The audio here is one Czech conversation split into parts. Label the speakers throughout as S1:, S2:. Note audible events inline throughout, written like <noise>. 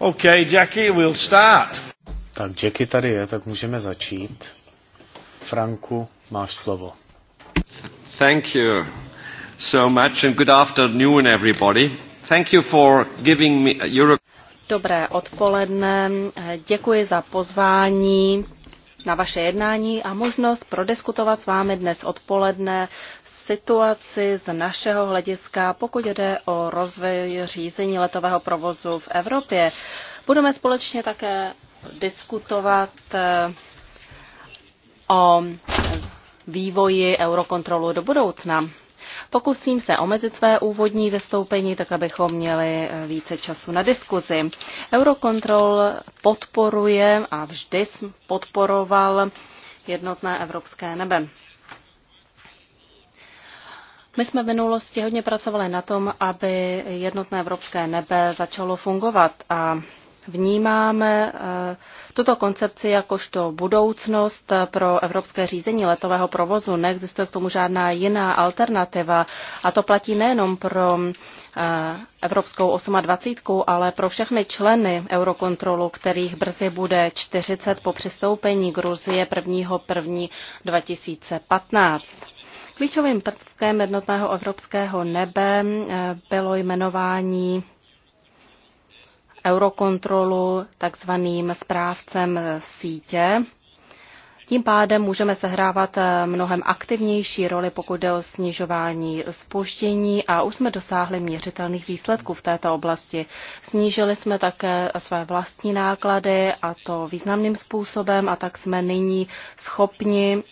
S1: OK, Jackie, we'll start. Tak Jackie tady je, tak můžeme začít. Franku, máš slovo. Thank you
S2: so much and good afternoon everybody. Thank you for giving me Europe.
S3: Dobré odpoledne. Děkuji za pozvání na vaše jednání a možnost prodiskutovat s vámi dnes odpoledne situaci z našeho hlediska, pokud jde o rozvoj řízení letového provozu v Evropě. Budeme společně také diskutovat eh, o vývoji eurokontrolu do budoucna. Pokusím se omezit své úvodní vystoupení, tak abychom měli eh, více času na diskuzi. Eurokontrol podporuje a vždy podporoval jednotné evropské nebe. My jsme v minulosti hodně pracovali na tom, aby jednotné evropské nebe začalo fungovat a vnímáme eh, tuto koncepci jakožto budoucnost eh, pro evropské řízení letového provozu. Neexistuje k tomu žádná jiná alternativa a to platí nejenom pro eh, Evropskou 28, ale pro všechny členy Eurokontrolu, kterých brzy bude 40 po přistoupení Gruzie 1. 1. 2015. Klíčovým prvkem jednotného evropského nebe eh, bylo jmenování eurokontrolu takzvaným správcem sítě. Tím pádem můžeme sehrávat eh, mnohem aktivnější roli, pokud jde o snižování spuštění a už jsme dosáhli měřitelných výsledků v této oblasti. Snížili jsme také své vlastní náklady a to významným způsobem a tak jsme nyní schopni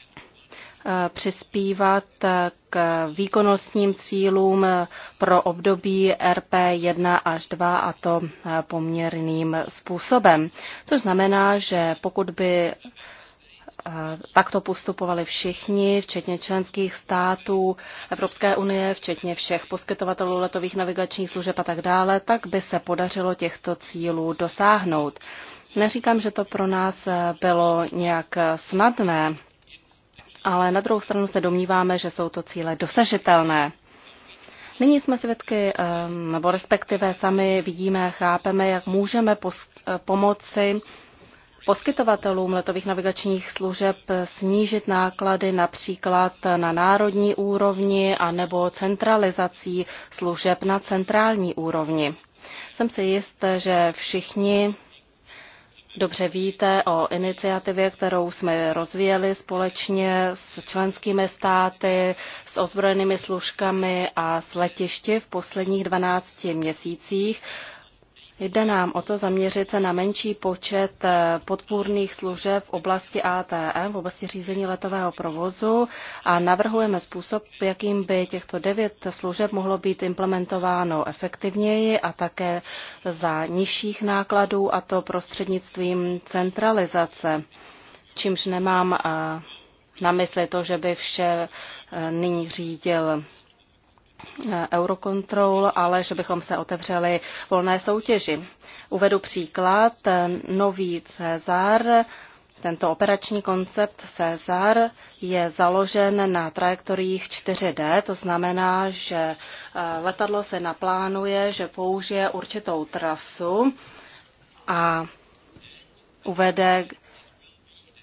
S3: přispívat eh, k výkonnostním cílům eh, pro období RP1 až 2 a to eh, poměrným způsobem. Což znamená, že pokud by takto postupovali všichni, včetně členských států Evropské unie, včetně všech poskytovatelů letových navigačních služeb a tak dále, tak by se podařilo těchto cílů dosáhnout. Neříkám, že to pro nás bylo nějak snadné, ale na druhou stranu se domníváme, že jsou to cíle dosažitelné. Nyní jsme svědky, nebo respektive sami vidíme, chápeme, jak můžeme eh, pomoci poskytovatelům letových navigačních služeb snížit náklady například na národní úrovni anebo centralizací služeb na centrální úrovni. Jsem si jist, že všichni dobře víte o iniciativě, kterou jsme rozvíjeli společně s členskými státy, s ozbrojenými služkami a s letišti v posledních 12 měsících. Jde nám o to zaměřit se na menší počet eh, podpůrných služeb v oblasti ATM, e, v oblasti řízení letového provozu a navrhujeme způsob, jakým by těchto devět služeb mohlo být implementováno efektivněji a také za nižších nákladů, a to prostřednictvím centralizace, čímž nemám eh, na mysli to, že by vše eh, nyní řídil Eh, Eurocontrol, ale že bychom se otevřeli volné soutěži. Uvedu příklad. Nový Cezar, tento operační koncept Cezar je založen na trajektoriích 4D, to znamená, že eh, letadlo se naplánuje, že použije určitou trasu a uvede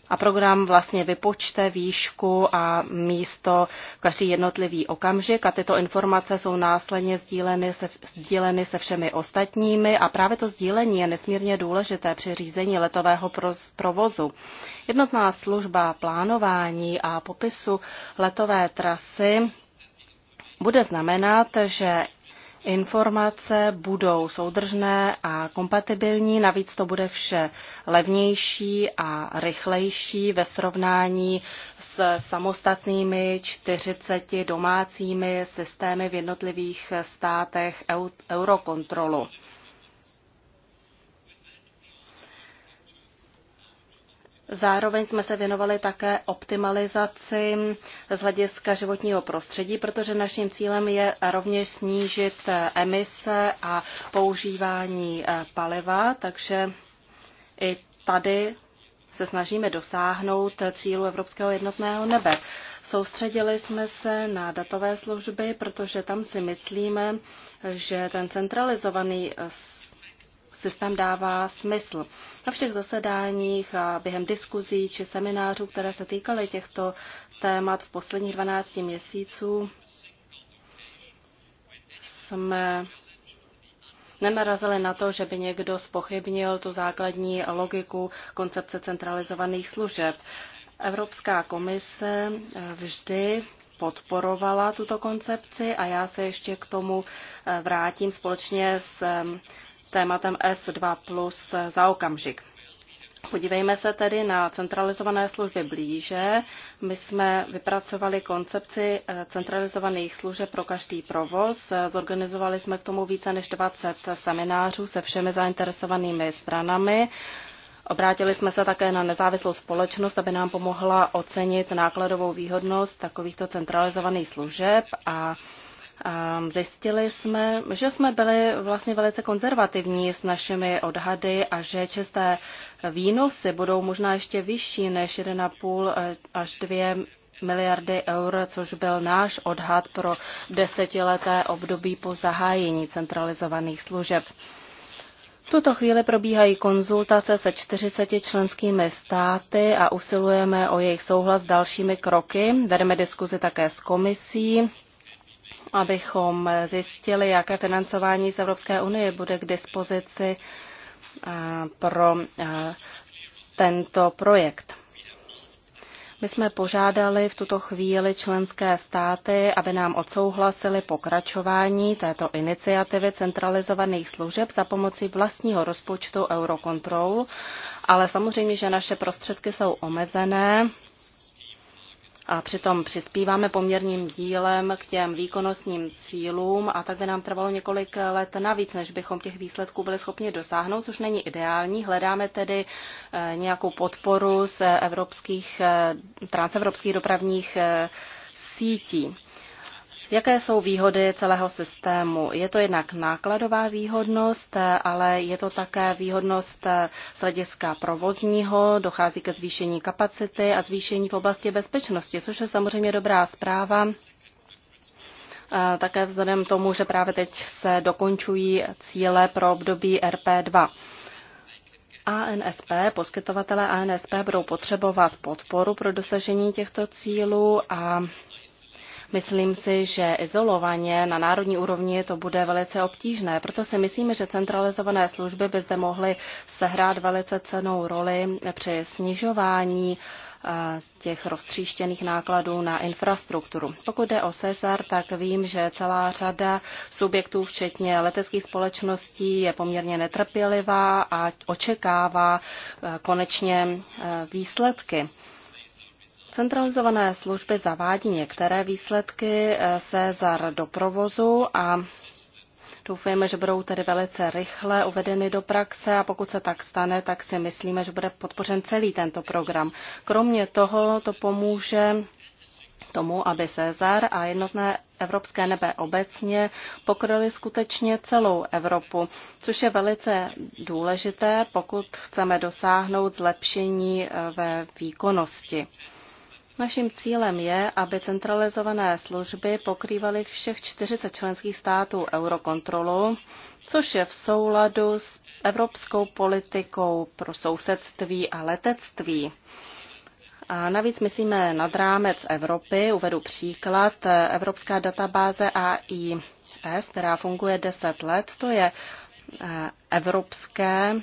S3: a program vlastně vypočte výšku a místo každý jednotlivý okamžik a tyto informace jsou následně sdíleny se, sdíleny se všemi ostatními a právě to sdílení je nesmírně důležité při řízení letového provozu. Jednotná služba plánování a popisu letové trasy bude znamenat, že informace budou soudržné a kompatibilní, navíc to bude vše levnější a rychlejší ve srovnání s samostatnými 40 domácími systémy v jednotlivých státech Eurokontrolu. Zároveň jsme se věnovali také optimalizaci z hlediska životního prostředí, protože naším cílem je rovněž snížit emise a používání eh, paliva, takže i tady se snažíme dosáhnout cílu Evropského jednotného nebe. Soustředili jsme se na datové služby, protože tam si myslíme, že ten centralizovaný systém dává smysl. Na všech zasedáních a během diskuzí či seminářů, které se týkaly těchto témat v posledních 12 měsíců, jsme nenarazili na to, že by někdo spochybnil tu základní logiku koncepce centralizovaných služeb. Evropská komise vždy podporovala tuto koncepci a já se ještě k tomu vrátím společně s tématem S2 plus za okamžik. Podívejme se tedy na centralizované služby blíže. My jsme vypracovali koncepci eh, centralizovaných služeb pro každý provoz. Zorganizovali jsme k tomu více než 20 seminářů se všemi zainteresovanými stranami. Obrátili jsme se také na nezávislou společnost, aby nám pomohla ocenit nákladovou výhodnost takovýchto centralizovaných služeb a zjistili jsme, že jsme byli vlastně velice konzervativní s našimi odhady a že čisté výnosy budou možná ještě vyšší než 1,5 eh, až 2 miliardy eur, což byl náš odhad pro desetileté období po zahájení centralizovaných služeb. V tuto chvíli probíhají konzultace se 40 členskými státy a usilujeme o jejich souhlas s dalšími kroky. Vedeme diskuzi také s komisí abychom zjistili, jaké financování z Evropské unie bude k dispozici pro tento projekt. My jsme požádali v tuto chvíli členské státy, aby nám odsouhlasili pokračování této iniciativy centralizovaných služeb za pomocí vlastního rozpočtu Eurocontrol, ale samozřejmě, že naše prostředky jsou omezené a přitom přispíváme poměrným dílem k těm výkonnostním cílům a tak by nám trvalo několik let navíc, než bychom těch výsledků byli schopni dosáhnout, což není ideální. Hledáme tedy eh, nějakou podporu z evropských, eh, transevropských dopravních eh, sítí. Jaké jsou výhody celého systému? Je to jednak nákladová výhodnost, ale je to také výhodnost z hlediska provozního, dochází ke zvýšení kapacity a zvýšení v oblasti bezpečnosti, což je samozřejmě dobrá zpráva. Také vzhledem tomu, že právě teď se dokončují cíle pro období RP2. ANSP, poskytovatele ANSP budou potřebovat podporu pro dosažení těchto cílů a Myslím si, že izolovaně na národní úrovni to bude velice obtížné. Proto si myslím, že centralizované služby by zde mohly sehrát velice cenou roli při snižování eh, těch roztříštěných nákladů na infrastrukturu. Pokud jde o Cesar, tak vím, že celá řada subjektů, včetně leteckých společností, je poměrně netrpělivá a očekává eh, konečně eh, výsledky. Centralizované služby zavádí některé výsledky Cezar eh, do provozu a Doufejme, že budou tedy velice rychle uvedeny do praxe a pokud se tak stane, tak si myslíme, že bude podpořen celý tento program. Kromě toho to pomůže tomu, aby Cezar a jednotné evropské nebe obecně pokryly skutečně celou Evropu, což je velice důležité, pokud chceme dosáhnout zlepšení eh, ve výkonnosti. Naším cílem je, aby centralizované služby pokrývaly všech 40 členských států eurokontrolu, což je v souladu s evropskou politikou pro sousedství a letectví. A navíc myslíme nad rámec Evropy. Uvedu příklad. Evropská databáze AIS, která funguje 10 let, to je eh, evropské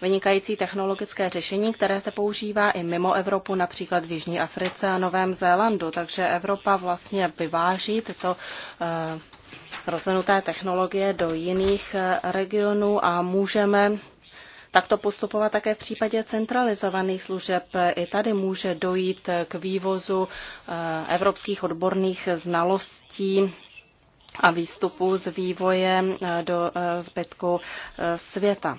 S3: vynikající technologické řešení, které se používá i mimo Evropu, například v Jižní Africe a Novém Zélandu. Takže Evropa vlastně vyváží tyto eh, rozvinuté technologie do jiných eh, regionů a můžeme Takto postupovat také v případě centralizovaných služeb. I tady může dojít eh, k vývozu evropských odborných znalostí a výstupu z vývoje do zbytku světa.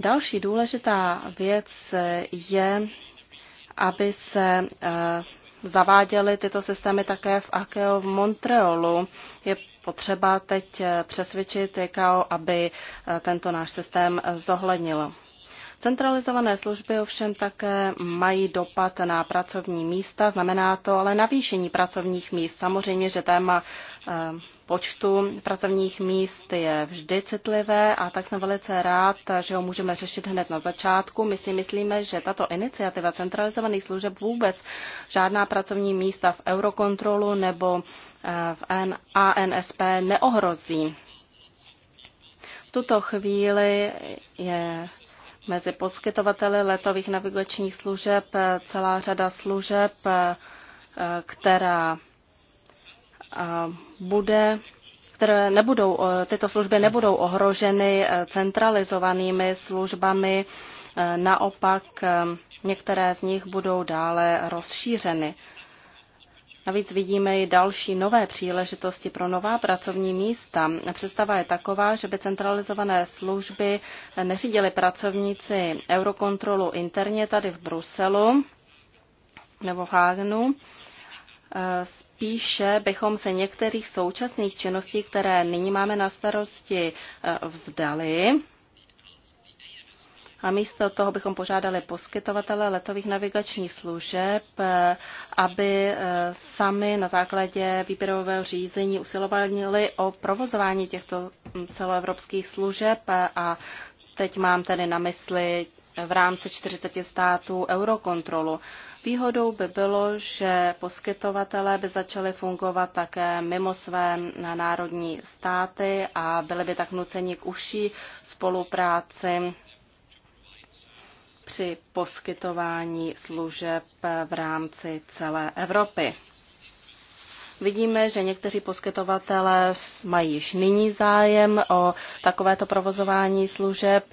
S3: Další důležitá věc je, aby se eh, zaváděly tyto systémy také v AKEO v Montrealu. Je potřeba teď eh, přesvědčit ICAO, aby eh, tento náš systém zohlednil. Centralizované služby ovšem také mají dopad na pracovní místa, znamená to ale navýšení pracovních míst. Samozřejmě, že téma počtu pracovních míst je vždy citlivé a tak jsem velice rád, že ho můžeme řešit hned na začátku. My si myslíme, že tato iniciativa centralizovaných služeb vůbec žádná pracovní místa v Eurokontrolu nebo eh, v ANSP neohrozí. V tuto chvíli je mezi poskytovateli letových navigačních služeb eh, celá řada služeb, eh, která bude které nebudou, eh, tyto služby nebudou ohroženy eh, centralizovanými službami, eh, naopak některé z nich budou dále rozšířeny. Navíc vidíme i další nové příležitosti pro nová pracovní místa. Představa je taková, že by centralizované služby neřídili pracovníci Eurokontrolu interně tady v Bruselu nebo v Hágnu, spíše bychom se některých současných činností, které nyní máme na starosti, eh, vzdali. A místo toho bychom požádali poskytovatele letových navigačních služeb, eh, aby eh, sami na základě výběrového řízení usilovali o provozování těchto hm, celoevropských služeb. A teď mám tedy na mysli v rámci 40 států eurokontrolu. Výhodou by bylo, že poskytovatelé by začaly fungovat také mimo své národní státy a byly by tak nuceni k užší spolupráci při poskytování služeb v rámci celé Evropy. Vidíme, že někteří poskytovatelé mají již nyní zájem o takovéto provozování služeb.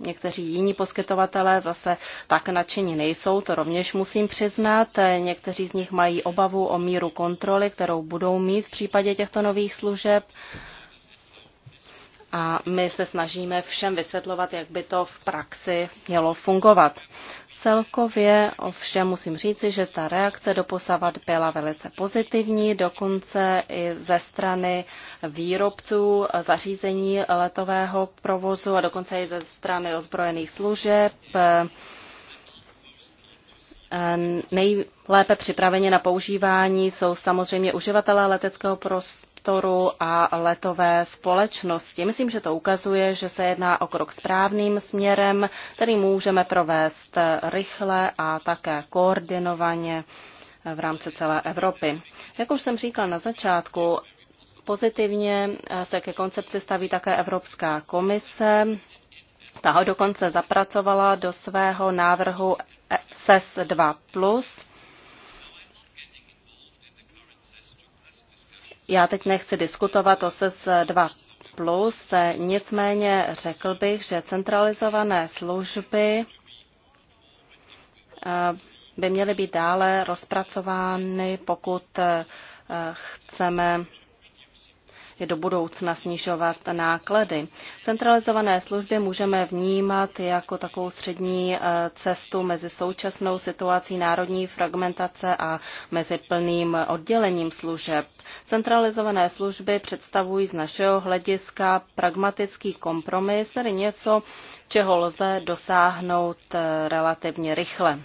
S3: Někteří jiní poskytovatelé zase tak nadšení nejsou, to rovněž musím přiznat. Někteří z nich mají obavu o míru kontroly, kterou budou mít v případě těchto nových služeb a my se snažíme všem vysvětlovat, jak by to v praxi mělo fungovat. Celkově ovšem musím říci, že ta reakce doposavat byla velice pozitivní, dokonce i ze strany výrobců zařízení letového provozu a dokonce i ze strany ozbrojených služeb eh, nejlépe připraveni na používání jsou samozřejmě uživatelé leteckého prostoru sektoru a letové společnosti. Myslím, že to ukazuje, že se jedná o krok správným směrem, který můžeme provést rychle a také koordinovaně v rámci celé Evropy. Jak už jsem říkal na začátku, pozitivně se ke koncepci staví také Evropská komise. Ta ho dokonce zapracovala do svého návrhu SES 2+, Já teď nechci diskutovat o SES 2 plus, eh, nicméně řekl bych, že centralizované služby eh, by měly být dále rozpracovány, pokud eh, chceme je do budoucna snižovat náklady. Centralizované služby můžeme vnímat jako takovou střední eh, cestu mezi současnou situací národní fragmentace a mezi plným oddělením služeb. Centralizované služby představují z našeho hlediska pragmatický kompromis, tedy něco, čeho lze dosáhnout eh, relativně rychle.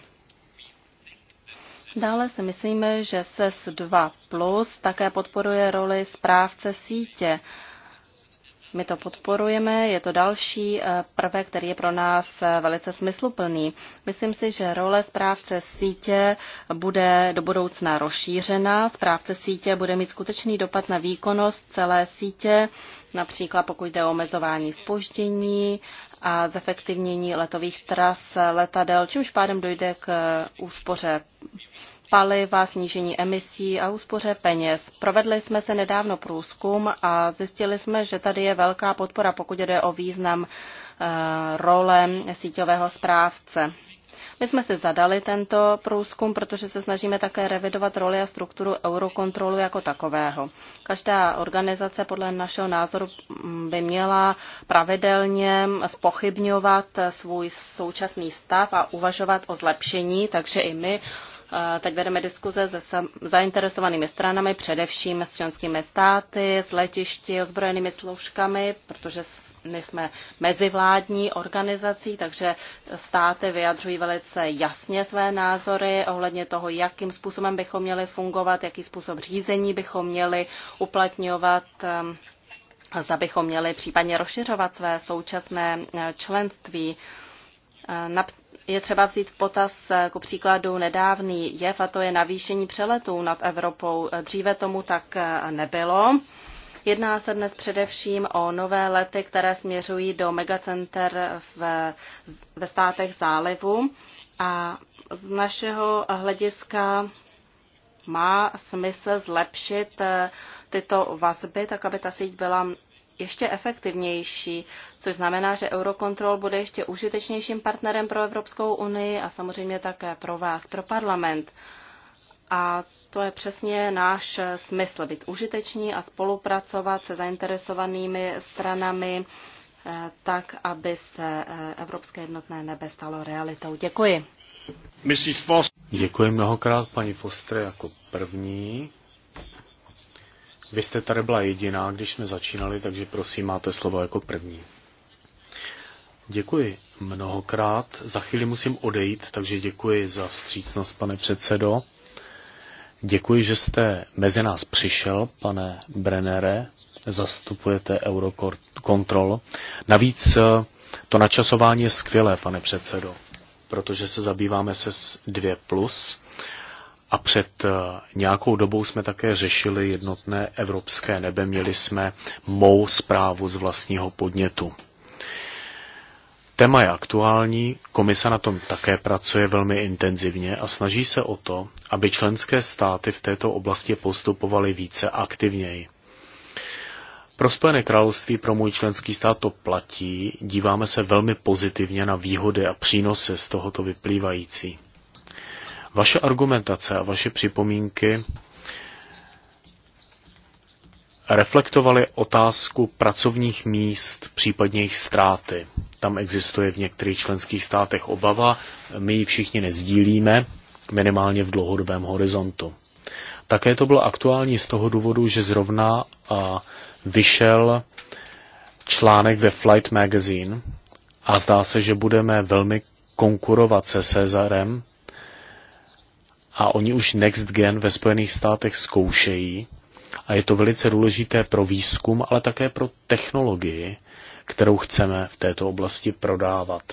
S3: Dále si myslíme, že SES 2 e Plus také podporuje roli správce sítě. My to podporujeme, je to další eh, prvek, který je pro nás eh, velice smysluplný. Myslím si, že role správce sítě bude do budoucna rozšířena. Správce sítě bude mít skutečný dopad na výkonnost celé sítě, například pokud jde o omezování spoždění a zefektivnění letových tras letadel, čímž pádem dojde k úspoře paliva, snížení emisí a úspoře peněz. Provedli jsme se nedávno průzkum a zjistili jsme, že tady je velká podpora, pokud jde o význam eh, role síťového správce. My jsme si zadali tento průzkum, protože se snažíme také revidovat roli a strukturu eurokontrolu jako takového. Každá organizace podle našeho názoru mm, by měla pravidelně spochybňovat svůj současný stav a uvažovat o zlepšení, takže i my eh, Teď vedeme diskuze se zainteresovanými stranami, především s členskými státy, s letišti, ozbrojenými složkami, protože my jsme mezivládní organizací, takže státy vyjadřují velice jasně své názory ohledně toho, jakým způsobem bychom měli fungovat, jaký způsob řízení bychom měli uplatňovat ehm, zda bychom měli případně rozšiřovat své současné eh, členství. Eh, je třeba vzít v potaz eh, ku příkladu nedávný jev, a to je navýšení přeletů nad Evropou. Dříve tomu tak nebylo. Jedná se dnes především o nové lety, které směřují do megacenter ve, ve státech zálivu a z našeho hlediska má smysl zlepšit eh, tyto vazby, tak aby ta síť byla ještě efektivnější, což znamená, že Eurocontrol bude ještě užitečnějším partnerem pro Evropskou unii a samozřejmě také pro vás, pro parlament. A to je přesně náš smysl, být užiteční a spolupracovat se zainteresovanými stranami eh, tak, aby se eh, Evropské jednotné nebe stalo realitou. Děkuji.
S1: Děkuji mnohokrát, paní Foster, jako první. Vy jste tady byla jediná, když jsme začínali, takže prosím, máte slovo jako první. Děkuji mnohokrát. Za chvíli musím odejít, takže děkuji za vstřícnost, pane předsedo. Děkuji, že jste mezi nás přišel, pane Brennere, zastupujete Eurocontrol. Navíc eh, to načasování je skvělé, pane předsedo, protože se zabýváme se s 2+, plus a před eh, nějakou dobou jsme také řešili jednotné evropské nebe, měli jsme mou zprávu z vlastního podnětu. Téma je aktuální, komise na tom také pracuje velmi intenzivně a snaží se o to, aby členské státy v této oblasti postupovaly více aktivněji. Pro Spojené království, pro můj členský stát to platí, díváme se velmi pozitivně na výhody a přínosy z tohoto vyplývající. Vaše argumentace a vaše připomínky reflektovaly otázku pracovních míst, případně jejich ztráty. Tam existuje v některých členských státech obava, my ji všichni nezdílíme, minimálně v dlouhodobém horizontu. Také to bylo aktuální z toho důvodu, že zrovna vyšel článek ve Flight Magazine a zdá se, že budeme velmi konkurovat se Cezarem a oni už Next Gen ve Spojených státech zkoušejí a je to velice důležité pro výzkum, ale také pro technologii, kterou chceme v této oblasti prodávat.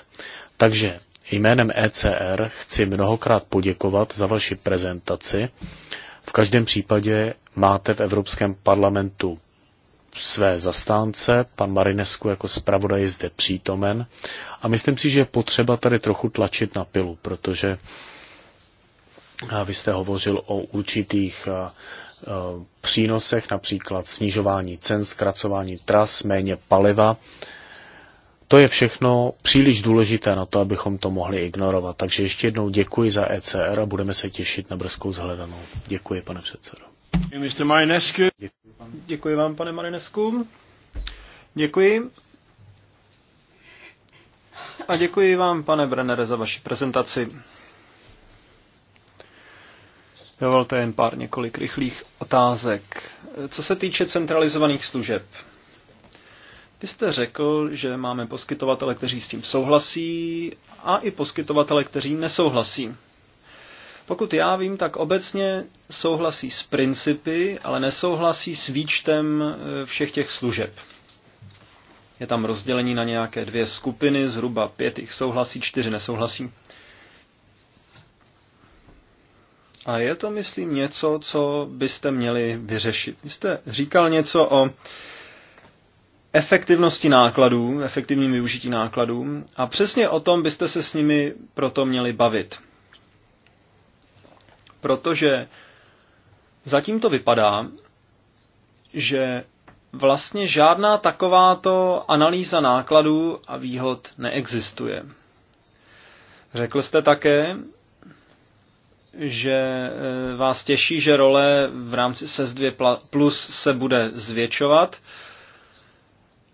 S1: Takže jménem ECR chci mnohokrát poděkovat za vaši prezentaci. V každém případě máte v Evropském parlamentu své zastánce, pan Marinesku jako zpravodaj je zde přítomen a myslím si, že je potřeba tady trochu tlačit na pilu, protože vy jste hovořil o určitých Eh, přínosech, například snižování cen, zkracování tras, méně paliva. To je všechno příliš důležité na to, abychom to mohli ignorovat. Takže ještě jednou děkuji za ECR a budeme se těšit na brzkou zhledanou. Děkuji, pane předsedo.
S4: Děkuji vám, pane Marinesku. Děkuji. A děkuji vám, pane Brenner, za vaši prezentaci. Dovolte jen pár několik rychlých otázek. Co se týče centralizovaných služeb, vy jste řekl, že máme poskytovatele, kteří s tím souhlasí a i poskytovatele, kteří nesouhlasí. Pokud já vím, tak obecně souhlasí s principy, ale nesouhlasí s výčtem eh, všech těch služeb. Je tam rozdělení na nějaké dvě skupiny, zhruba pět jich souhlasí, čtyři nesouhlasí. A je to, myslím, něco, co byste měli vyřešit. Vy jste říkal něco o efektivnosti nákladů, efektivním využití nákladů a přesně o tom byste se s nimi proto měli bavit. Protože zatím to vypadá, že vlastně žádná takováto analýza nákladů a výhod neexistuje. Řekl jste také, že eh, vás těší, že role v rámci SES 2 plus se bude zvětšovat.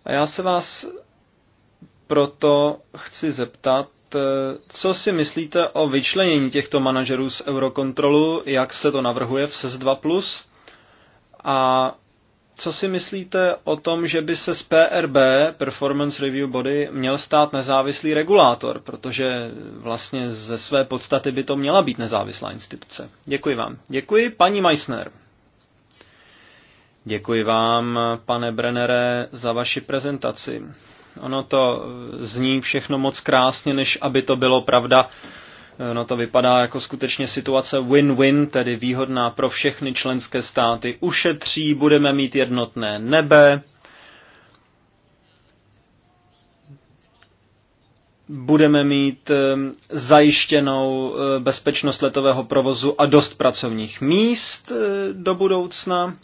S4: A já se vás proto chci zeptat, eh, co si myslíte o vyčlenění těchto manažerů z Eurokontrolu, jak se to navrhuje v SES 2 plus a co si myslíte o tom, že by se z PRB, Performance Review Body, měl stát nezávislý regulátor, protože vlastně ze své podstaty by to měla být nezávislá instituce? Děkuji vám. Děkuji, paní Meissner. Děkuji vám, pane Brennere, za vaši prezentaci. Ono to zní všechno moc krásně, než aby to bylo pravda Eh, no to vypadá jako skutečně situace win-win, tedy výhodná pro všechny členské státy. Ušetří, budeme mít jednotné nebe, budeme mít ehm, zajištěnou eh, bezpečnost letového provozu a dost pracovních míst eh, do budoucna.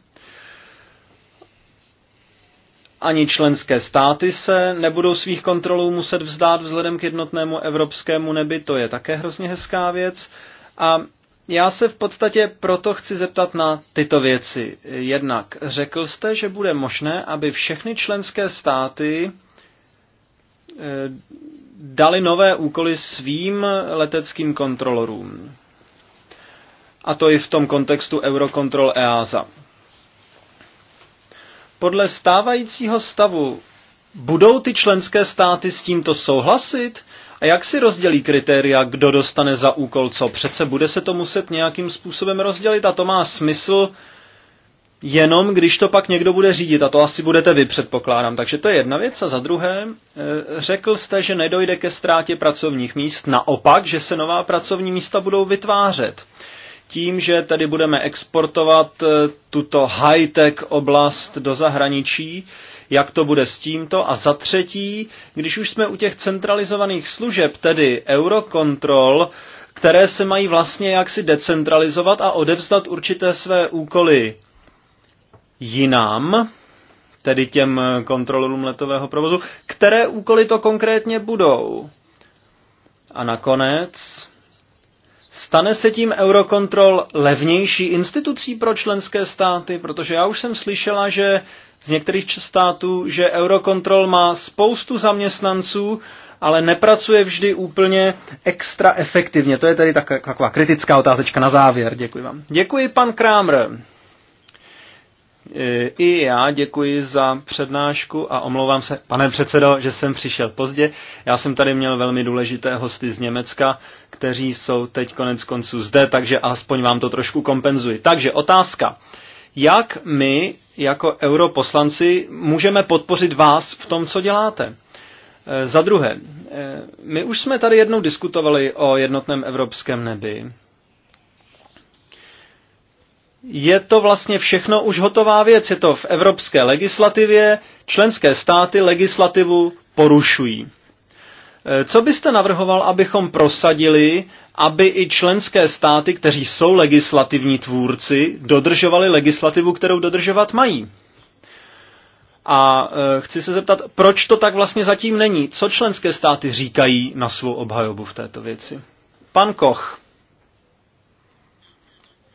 S4: Ani členské státy se nebudou svých kontrolů muset vzdát vzhledem k jednotnému evropskému nebi, to je také hrozně hezká věc. A já se v podstatě proto chci zeptat na tyto věci. Jednak řekl jste, že bude možné, aby všechny členské státy eh, dali nové úkoly svým leteckým kontrolorům. A to i v tom kontextu Eurocontrol EASA. Podle stávajícího stavu budou ty členské státy s tímto souhlasit? A jak si rozdělí kritéria, kdo dostane za úkol co? Přece bude se to muset nějakým způsobem rozdělit a to má smysl jenom, když to pak někdo bude řídit. A to asi budete vy, předpokládám. Takže to je jedna věc. A za druhé, eh, řekl jste, že nedojde ke ztrátě pracovních míst, naopak, že se nová pracovní místa budou vytvářet tím, že tady budeme exportovat eh, tuto high-tech oblast do zahraničí, jak to bude s tímto. A za třetí, když už jsme u těch centralizovaných služeb, tedy Eurocontrol, které se mají vlastně jaksi decentralizovat a odevzdat určité své úkoly jinam, tedy těm kontrolorům letového provozu, které úkoly to konkrétně budou. A nakonec, Stane se tím Eurocontrol levnější institucí pro členské státy? Protože já už jsem slyšela, že z některých států, že Eurocontrol má spoustu zaměstnanců, ale nepracuje vždy úplně extra efektivně. To je tedy taková kritická otázečka na závěr. Děkuji vám. Děkuji, pan Krámr. E, I já děkuji za přednášku a omlouvám se, pane předsedo, že jsem přišel pozdě. Já jsem tady měl velmi důležité hosty z Německa, kteří jsou teď konec konců zde, takže alespoň vám to trošku kompenzuji. Takže otázka. Jak my jako europoslanci můžeme podpořit vás v tom, co děláte? E, za druhé, e, my už jsme tady jednou diskutovali o jednotném evropském nebi je to vlastně všechno už hotová věc. Je to v evropské legislativě, členské státy legislativu porušují. E, co byste navrhoval, abychom prosadili, aby i členské státy, kteří jsou legislativní tvůrci, dodržovali legislativu, kterou dodržovat mají? A e, chci se zeptat, proč to tak vlastně zatím není? Co členské státy říkají na svou obhajobu v této věci? Pan Koch.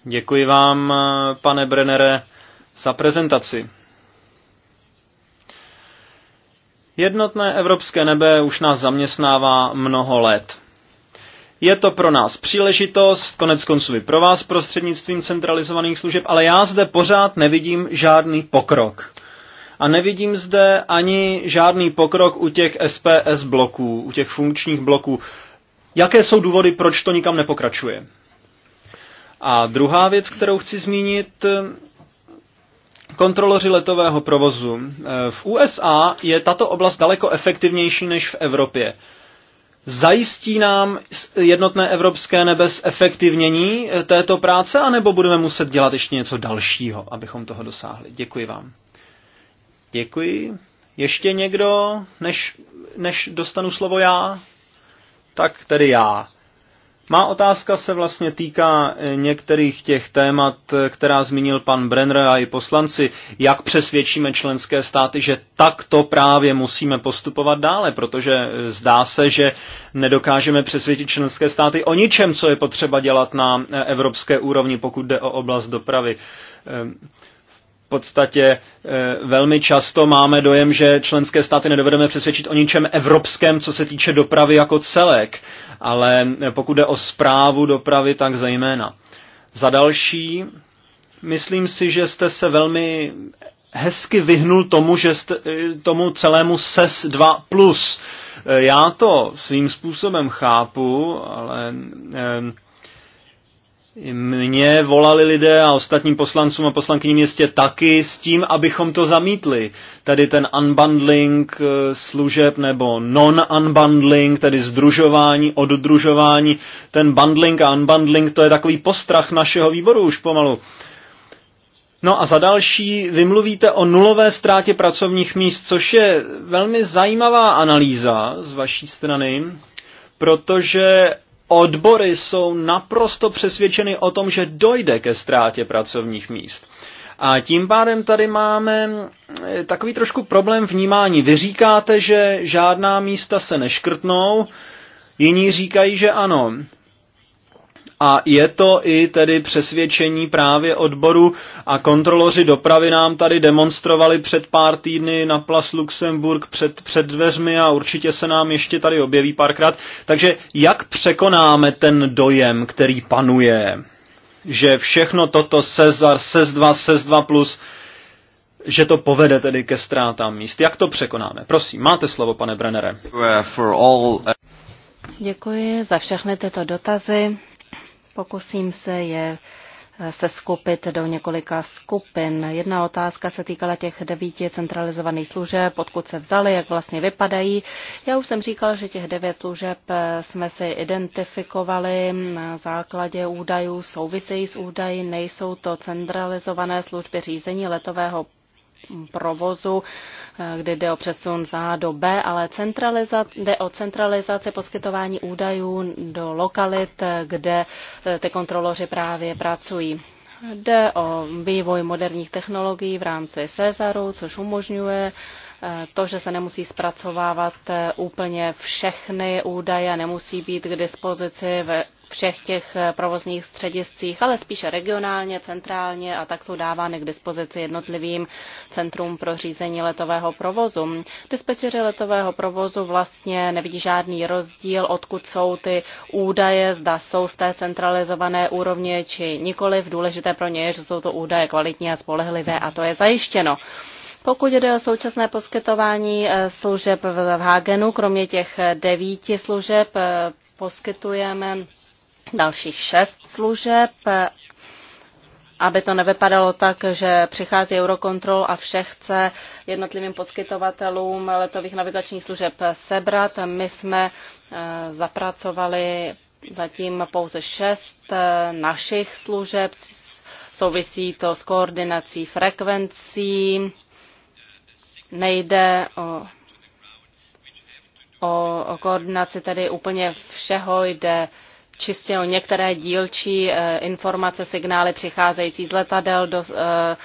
S4: Děkuji vám, pane Brennere, za prezentaci. Jednotné evropské nebe už nás zaměstnává mnoho let. Je to pro nás příležitost, konec konců i pro vás prostřednictvím centralizovaných služeb, ale já zde pořád nevidím žádný pokrok. A nevidím zde ani žádný pokrok u těch SPS bloků, u těch funkčních bloků. Jaké jsou důvody, proč to nikam nepokračuje? A druhá věc, kterou chci zmínit, kontroloři letového provozu. Eh, v USA je tato oblast daleko efektivnější než v Evropě. Zajistí nám jednotné evropské nebes efektivnění eh, této práce, anebo budeme muset dělat ještě něco dalšího, abychom toho dosáhli? Děkuji vám. Děkuji. Ještě někdo, než, než dostanu slovo já? Tak tedy já. Má otázka se vlastně týká eh, některých těch témat, eh, která zmínil pan Brenner a i poslanci. Jak přesvědčíme členské státy, že takto právě musíme postupovat dále, protože eh, zdá se, že nedokážeme přesvědčit členské státy o ničem, co je potřeba dělat na evropské úrovni, pokud jde o oblast dopravy. Ehm, podstatě eh, velmi často máme dojem, že členské státy nedovedeme přesvědčit o ničem evropském, co se týče dopravy jako celek, ale eh, pokud jde o zprávu dopravy, tak zejména. Za další, myslím si, že jste se velmi hezky vyhnul tomu, že jste, eh, tomu celému SES 2+. Plus. Já to svým způsobem chápu, ale... Eh, mě volali lidé a ostatním poslancům a poslankyním městě taky s tím, abychom to zamítli. Tady ten unbundling eh, služeb nebo non-unbundling, tedy združování, oddružování. Ten bundling a unbundling to je takový postrach našeho výboru už pomalu. No a za další vymluvíte o nulové ztrátě pracovních míst, což je velmi zajímavá analýza z vaší strany, protože Odbory jsou naprosto přesvědčeny o tom, že dojde ke ztrátě pracovních míst. A tím pádem tady máme eh, takový trošku problém vnímání. Vy říkáte, že žádná místa se neškrtnou, jiní říkají, že ano. A je to i tedy přesvědčení právě odboru a kontroloři dopravy nám tady demonstrovali před pár týdny na Plas Luxemburg před, před dveřmi a určitě se nám ještě tady objeví párkrát. Takže jak překonáme ten dojem, který panuje, že všechno toto Cezar, SES2, SES2+, plus, že to povede tedy ke ztrátám míst. Jak to překonáme? Prosím, máte slovo, pane Brennere.
S3: Děkuji za všechny tyto dotazy. Pokusím se je eh, se skupit do několika skupin. Jedna otázka se týkala těch devíti centralizovaných služeb, odkud se vzaly, jak vlastně vypadají. Já už jsem říkal, že těch devět služeb eh, jsme si identifikovali na základě údajů, souvisejí s údaji, nejsou to centralizované služby řízení letového provozu, kdy jde o přesun z A do B, ale jde o centralizaci poskytování údajů do lokalit, kde eh, ty kontroloři právě pracují. Jde o vývoj moderních technologií v rámci Cezaru, což umožňuje to, že se nemusí zpracovávat eh, úplně všechny údaje, nemusí být k dispozici ve všech těch eh, provozních střediscích, ale spíše regionálně, centrálně a tak jsou dávány k dispozici jednotlivým centrum pro řízení letového provozu. Dispečeři letového provozu vlastně nevidí žádný rozdíl, odkud jsou ty údaje, zda jsou z té centralizované úrovně či nikoli. V Důležité pro ně je, že jsou to údaje kvalitní a spolehlivé a to je zajištěno. Pokud jde o současné poskytování eh, služeb v Hagenu, kromě těch eh, devíti služeb, eh, poskytujeme dalších šest služeb aby to nevypadalo tak, že přichází Eurokontrol a vše chce jednotlivým poskytovatelům letových navigačních služeb sebrat. My jsme zapracovali zatím pouze šest našich služeb. Souvisí to s koordinací frekvencí, Nejde o, o, o koordinaci tedy úplně všeho, jde čistě o některé dílčí eh, informace, signály přicházející z letadel do eh,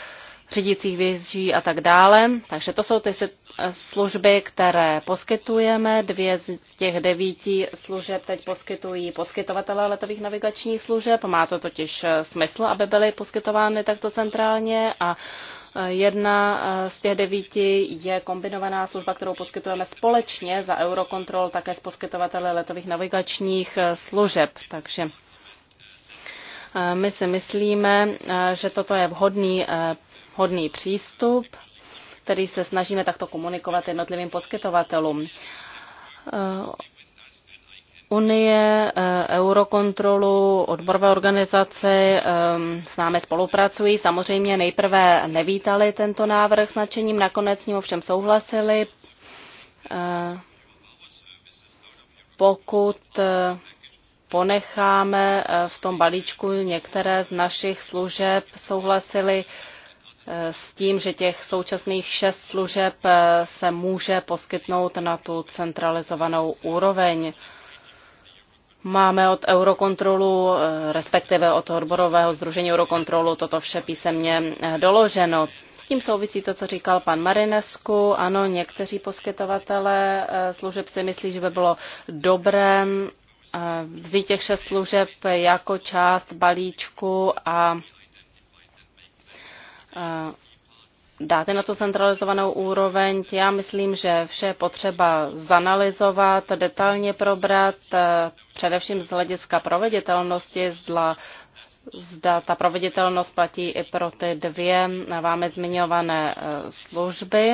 S3: řídících věží a tak dále. Takže to jsou ty eh, služby, které poskytujeme. Dvě z těch devíti služeb teď poskytují poskytovatele letových navigačních služeb. Má to totiž smysl, aby byly poskytovány takto centrálně a Jedna eh, z těch devíti je kombinovaná služba, kterou poskytujeme společně za Eurocontrol, také s poskytovateli letových navigačních eh, služeb. Takže eh, my si myslíme, že toto je vhodný, vhodný přístup, který se snažíme takto komunikovat jednotlivým poskytovatelům unie, eh, Eurokontrolu, odborové organizace ehm, s námi spolupracují. Samozřejmě nejprve nevítali tento návrh s nadšením, nakonec s ním ovšem souhlasili. Eh, pokud eh, ponecháme v tom balíčku některé z našich služeb, souhlasili s tím, že těch současných šest služeb se může poskytnout na tu centralizovanou úroveň. Máme od Eurokontrolu, eh, respektive od odborového združení Eurokontrolu, toto vše písemně eh, doloženo. S tím souvisí to, co říkal pan Marinesku. Ano, někteří poskytovatelé eh, služeb si myslí, že by bylo dobré vzít těch šest služeb jako část balíčku a dáte na tu centralizovanou úroveň. Já myslím, že vše je potřeba zanalizovat, detailně probrat, eh, především z hlediska proveditelnosti, zda, zda ta proveditelnost platí i pro ty dvě vámi zmiňované eh, služby.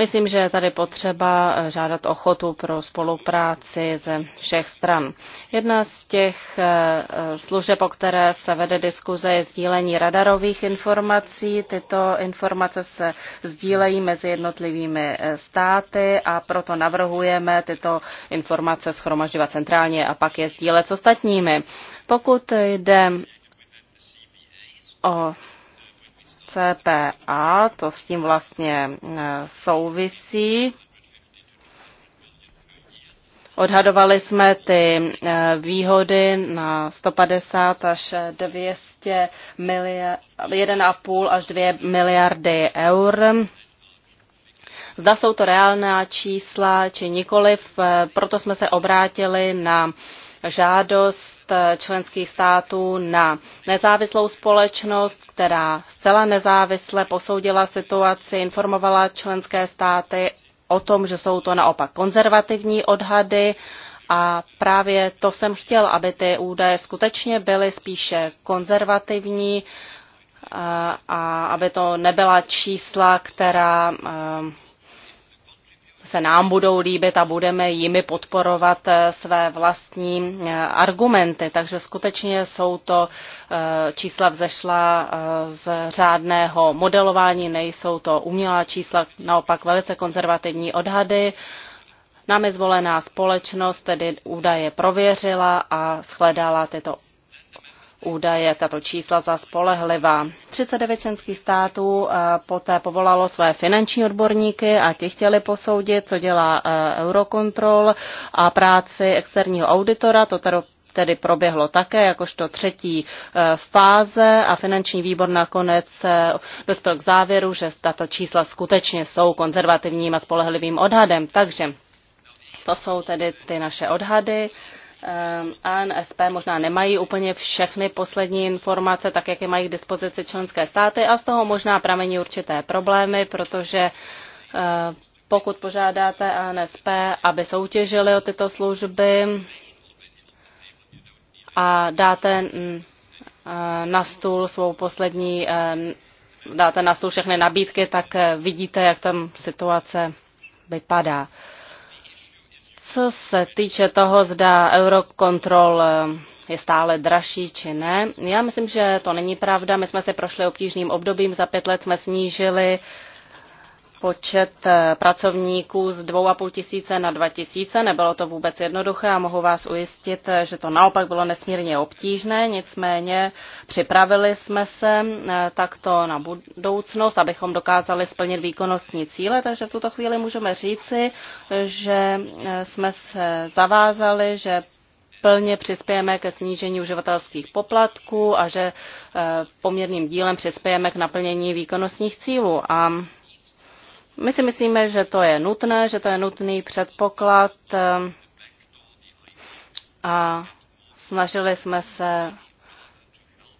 S3: Myslím, že je tady potřeba eh, žádat ochotu pro spolupráci ze všech stran. Jedna z těch eh, eh, služeb, o které se vede diskuze, je sdílení radarových informací. Tyto informace se sdílejí mezi jednotlivými státy a proto navrhujeme tyto informace schromažďovat centrálně a pak je sdílet s ostatními. Pokud jde o CPA, to s tím vlastně e, souvisí. Odhadovali jsme ty e, výhody na 150 až 200 miliard, 1,5 až 2 miliardy eur. Zda jsou to reálná čísla či nikoliv, e, proto jsme se obrátili na žádost členských států na nezávislou společnost, která zcela nezávisle posoudila situaci, informovala členské státy o tom, že jsou to naopak konzervativní odhady a právě to jsem chtěl, aby ty údaje skutečně byly spíše konzervativní a aby to nebyla čísla, která se nám budou líbit a budeme jimi podporovat eh, své vlastní eh, argumenty. Takže skutečně jsou to eh, čísla vzešla z řádného modelování, nejsou to umělá čísla, naopak velice konzervativní odhady. Námi zvolená společnost tedy údaje prověřila a shledala tyto údaje, tato čísla za spolehlivá. 39 členských států eh, poté povolalo své finanční odborníky a ti chtěli posoudit, co dělá eh, Eurocontrol a práci externího auditora, to tedy tedy proběhlo také jakožto třetí eh, fáze a finanční výbor nakonec dospěl k závěru, že tato čísla skutečně jsou konzervativním a spolehlivým odhadem. Takže to jsou tedy ty naše odhady. Ehm, ANSP možná nemají úplně všechny poslední informace, tak jak je mají k dispozici členské státy a z toho možná pramení určité problémy, protože eh, pokud požádáte ANSP, aby soutěžili o tyto služby a dáte mm, eh, na stůl svou poslední, eh, dáte na stůl všechny nabídky, tak vidíte, jak tam situace vypadá. Co se týče toho, zda Eurocontrol eh, je stále dražší či ne, já myslím, že to není pravda. My jsme se prošli obtížným obdobím, za pět let jsme snížili počet eh, pracovníků z 2,5 tisíce na 2 tisíce. Nebylo to vůbec jednoduché a mohu vás ujistit, eh, že to naopak bylo nesmírně obtížné, nicméně připravili jsme se eh, takto na budoucnost, abychom dokázali splnit výkonnostní cíle, takže v tuto chvíli můžeme říci, že jsme se zavázali, že plně přispějeme ke snížení uživatelských poplatků a že poměrným dílem přispějeme k naplnění výkonnostních cílů. A my si myslíme, že to je nutné, že to je nutný předpoklad ehm, a snažili jsme se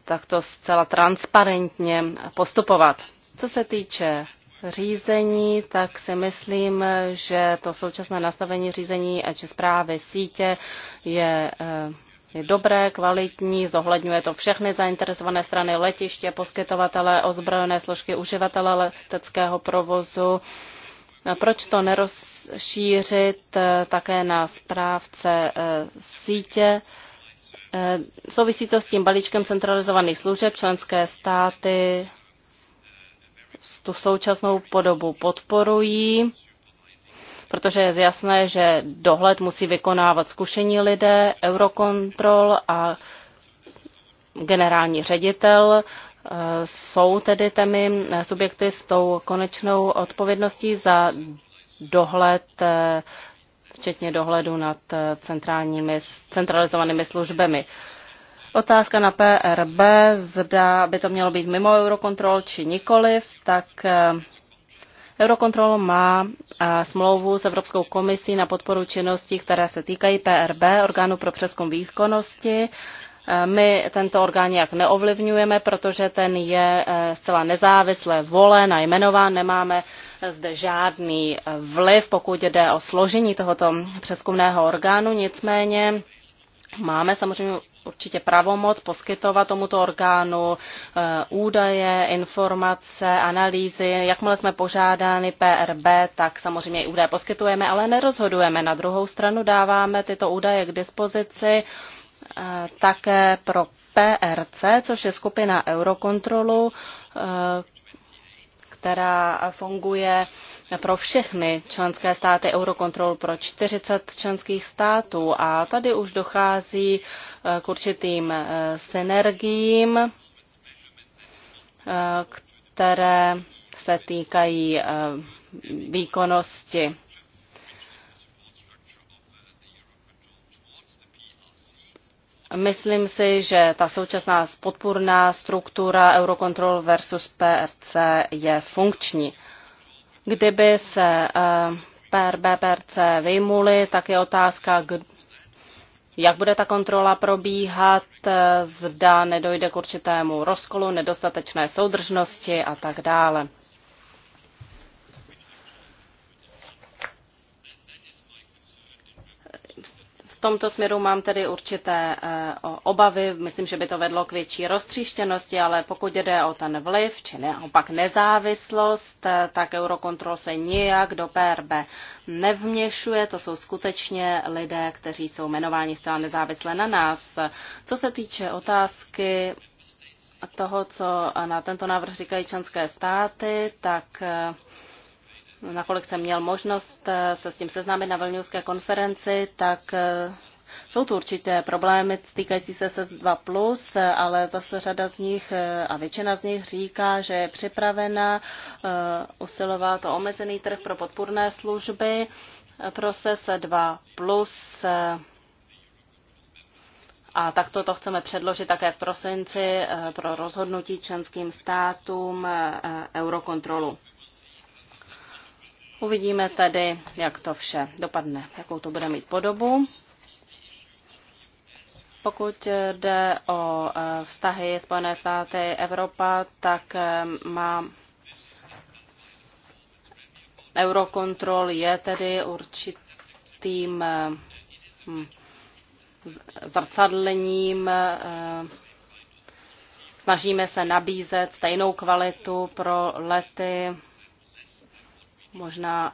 S3: takto zcela transparentně postupovat. Co se týče řízení, tak si myslím, že to současné nastavení řízení a či zprávy sítě je ehm, je dobré, kvalitní, zohledňuje to všechny zainteresované strany letiště, poskytovatele, ozbrojené složky, uživatele leteckého provozu. Proč to nerozšířit eh, také na správce eh, sítě? Eh, souvisí to s tím balíčkem centralizovaných služeb. Členské státy tu současnou podobu podporují protože je jasné, že dohled musí vykonávat zkušení lidé, eurokontrol a generální ředitel e, jsou tedy těmi e, subjekty s tou konečnou odpovědností za dohled, e, včetně dohledu nad centrálními, centralizovanými službami. Otázka na PRB, zda by to mělo být mimo eurokontrol či nikoliv, tak Eurocontrol má smlouvu s Evropskou komisí na podporu činností, které se týkají PRB, orgánu pro přeskum výkonnosti. My tento orgán nějak neovlivňujeme, protože ten je e, zcela nezávisle volen a jmenován. Nemáme zde žádný vliv, pokud jde o složení tohoto přeskumného orgánu. Nicméně máme samozřejmě určitě pravomoc poskytovat tomuto orgánu eh, údaje, informace, analýzy. Jakmile jsme požádány PRB, tak samozřejmě i údaje poskytujeme, ale nerozhodujeme. Na druhou stranu dáváme tyto údaje k dispozici eh, také pro PRC, což je skupina Eurokontrolu, eh, která funguje pro všechny členské státy Eurocontrol pro 40 členských států a tady už dochází eh, k určitým eh, synergiím, eh, které se týkají výkonnosti Myslím si, že ta současná podpůrná struktura Eurocontrol versus PRC je funkční. Kdyby se eh, PRB, PRC vyjmuli, tak je otázka, jak bude ta kontrola probíhat, eh, zda nedojde k určitému rozkolu, nedostatečné soudržnosti a tak dále. V tomto směru mám tedy určité eh, obavy. Myslím, že by to vedlo k větší roztříštěnosti, ale pokud jde o ten vliv, či naopak nezávislost, eh, tak Eurokontrol se nijak do PRB nevměšuje. To jsou skutečně lidé, kteří jsou jmenováni zcela nezávisle na nás. Co se týče otázky toho, co na tento návrh říkají členské státy, tak eh, nakolik jsem měl možnost eh, se s tím seznámit na Vilniuské konferenci, tak eh, jsou tu určité problémy týkající se SES 2+, eh, ale zase řada z nich a většina z nich říká, že je připravena usilovat o omezený trh pro podpůrné služby pro SES 2+. A takto to chceme předložit také v prosinci pro rozhodnutí členským státům Eurokontrolu. Uvidíme tedy, jak to vše dopadne, jakou to bude mít podobu. Pokud jde o e, vztahy Spojené státy Evropa, tak e, má Eurokontrol je tedy určitým e, hm, zrcadlením. Snažíme se nabízet stejnou kvalitu pro lety Možná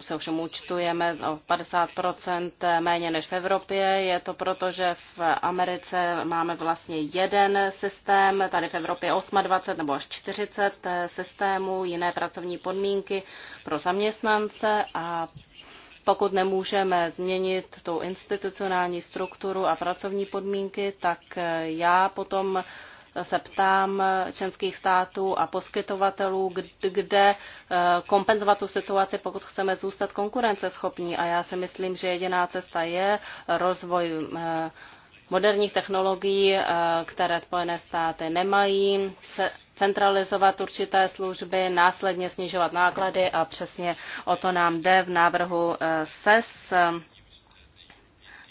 S3: se ovšem účtujeme o 50 méně než v Evropě. Je to proto, že v Americe máme vlastně jeden systém, tady v Evropě 28 nebo až 40 systémů, jiné pracovní podmínky pro zaměstnance a pokud nemůžeme změnit tu institucionální strukturu a pracovní podmínky, tak já potom se ptám členských států a poskytovatelů, kde eh, kompenzovat tu situaci, pokud chceme zůstat konkurenceschopní. A já si myslím, že jediná cesta je rozvoj eh, moderních technologií, eh, které Spojené státy nemají, centralizovat určité služby, následně snižovat náklady a přesně o to nám jde v návrhu SES. E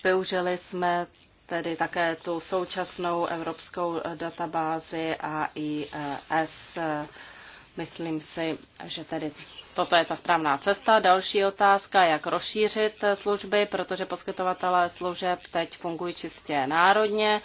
S3: Využili jsme tedy také tu současnou evropskou databázi AIS. Myslím si, že tedy toto je ta správná cesta. Další otázka, jak rozšířit služby, protože poskytovatelé služeb teď fungují čistě národně.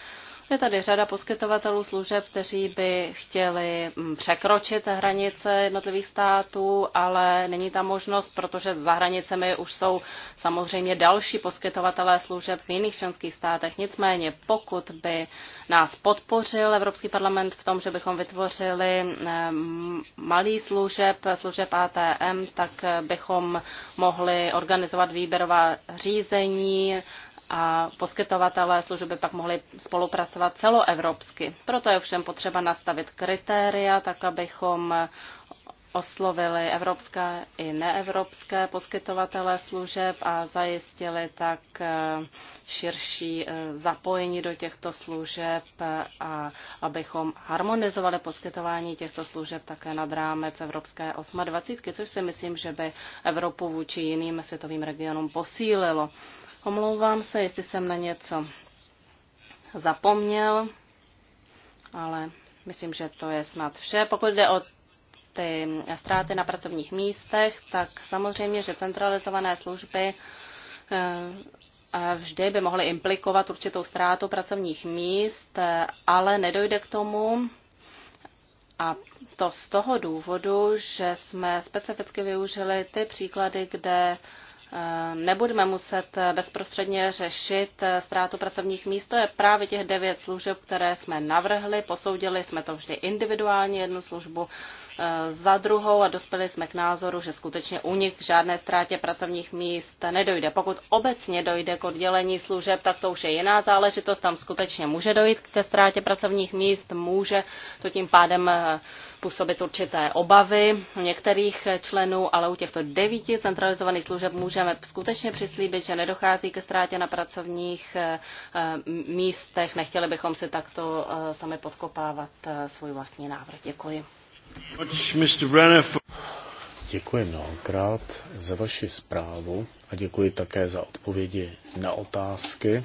S3: Je tady řada poskytovatelů služeb, kteří by chtěli mm, překročit hranice jednotlivých států, ale není tam možnost, protože za hranicemi už jsou samozřejmě další poskytovatelé služeb v jiných členských státech. Nicméně, pokud by nás podpořil Evropský parlament v tom, že bychom vytvořili mm, malý služeb, služeb ATM, tak bychom mohli organizovat výběrová řízení, a poskytovatelé služby pak mohli spolupracovat celoevropsky. Proto je všem potřeba nastavit kritéria, tak abychom oslovili evropské i neevropské poskytovatele služeb a zajistili tak eh, širší eh, zapojení do těchto služeb a abychom harmonizovali poskytování těchto služeb také nad rámec Evropské 28, což si myslím, že by Evropu vůči jiným světovým regionům posílilo. Omlouvám se, jestli jsem na něco zapomněl, ale myslím, že to je snad vše. Pokud jde o ty ztráty na pracovních místech, tak samozřejmě, že centralizované služby eh, vždy by mohly implikovat určitou ztrátu pracovních míst, eh, ale nedojde k tomu, a to z toho důvodu, že jsme specificky využili ty příklady, kde Ehm, nebudeme muset eh, bezprostředně řešit eh, ztrátu pracovních míst. To je právě těch devět služeb, které jsme navrhli. Posoudili jsme to vždy individuálně, jednu službu Eh, za druhou a dospěli jsme k názoru, že skutečně únik k žádné ztrátě pracovních míst nedojde. Pokud obecně dojde k oddělení služeb, tak to už je jiná záležitost. Tam skutečně může dojít ke ztrátě pracovních míst, může to tím pádem eh, působit určité obavy některých členů, ale u těchto devíti centralizovaných služeb můžeme skutečně přislíbit, že nedochází ke ztrátě na pracovních eh, místech. Nechtěli bychom si takto sami podkopávat svůj vlastní návrh. Děkuji.
S1: Děkuji mnohokrát za vaši zprávu a děkuji také za odpovědi na otázky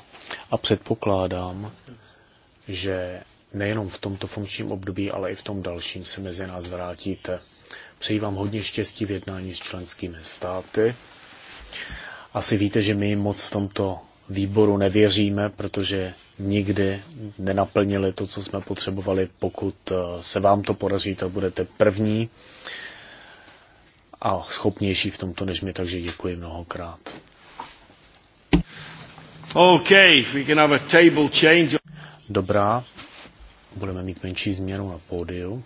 S1: a předpokládám, že nejenom v tomto funkčním období, ale i v tom dalším se mezi nás vrátíte. Přeji vám hodně štěstí v jednání s členskými státy. Asi víte, že my moc v tomto výboru nevěříme, protože nikdy nenaplnili to, co jsme potřebovali. Pokud eh, se vám to podaří, tak budete první a schopnější v tomto než my, takže děkuji mnohokrát. Okay, we can have a table change. Dobrá, budeme mít menší změnu na pódiu.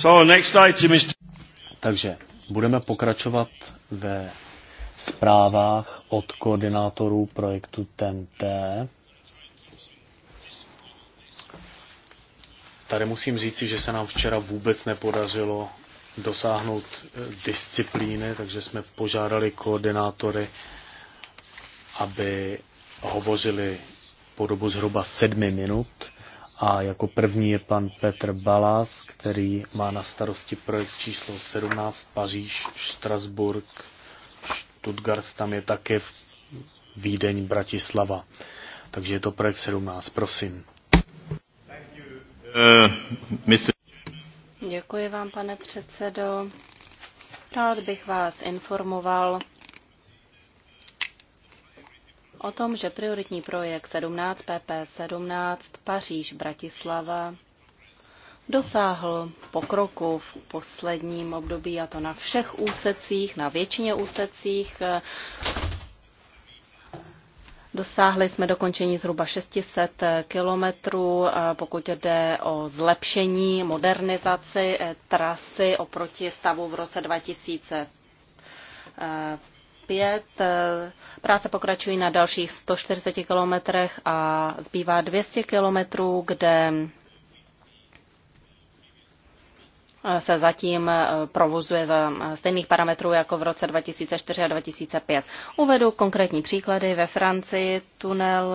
S1: So next item is... Takže budeme pokračovat ve zprávách od koordinátorů projektu TNT. Tady musím říci, že se nám včera vůbec nepodařilo dosáhnout eh, disciplíny, takže jsme požádali koordinátory, aby hovořili po dobu zhruba sedmi minut a jako první je pan Petr Balas, který má na starosti projekt číslo 17 Paříž, Štrasburg, Stuttgart, tam je také v Vídeň, Bratislava. Takže je to projekt 17, prosím.
S3: Děkuji vám, pane předsedo. Rád bych vás informoval o tom, že prioritní projekt 17 PP17 Paříž-Bratislava dosáhl pokroku v posledním období, a to na všech úsecích, na většině úsecích. Dosáhli jsme dokončení zhruba 600 kilometrů, pokud jde o zlepšení, modernizaci e, trasy oproti stavu v roce 2000. 5. Práce pokračují na dalších 140 kilometrech a zbývá 200 kilometrů, kde se zatím provozuje za stejných parametrů jako v roce 2004 a 2005. Uvedu konkrétní příklady. Ve Francii tunel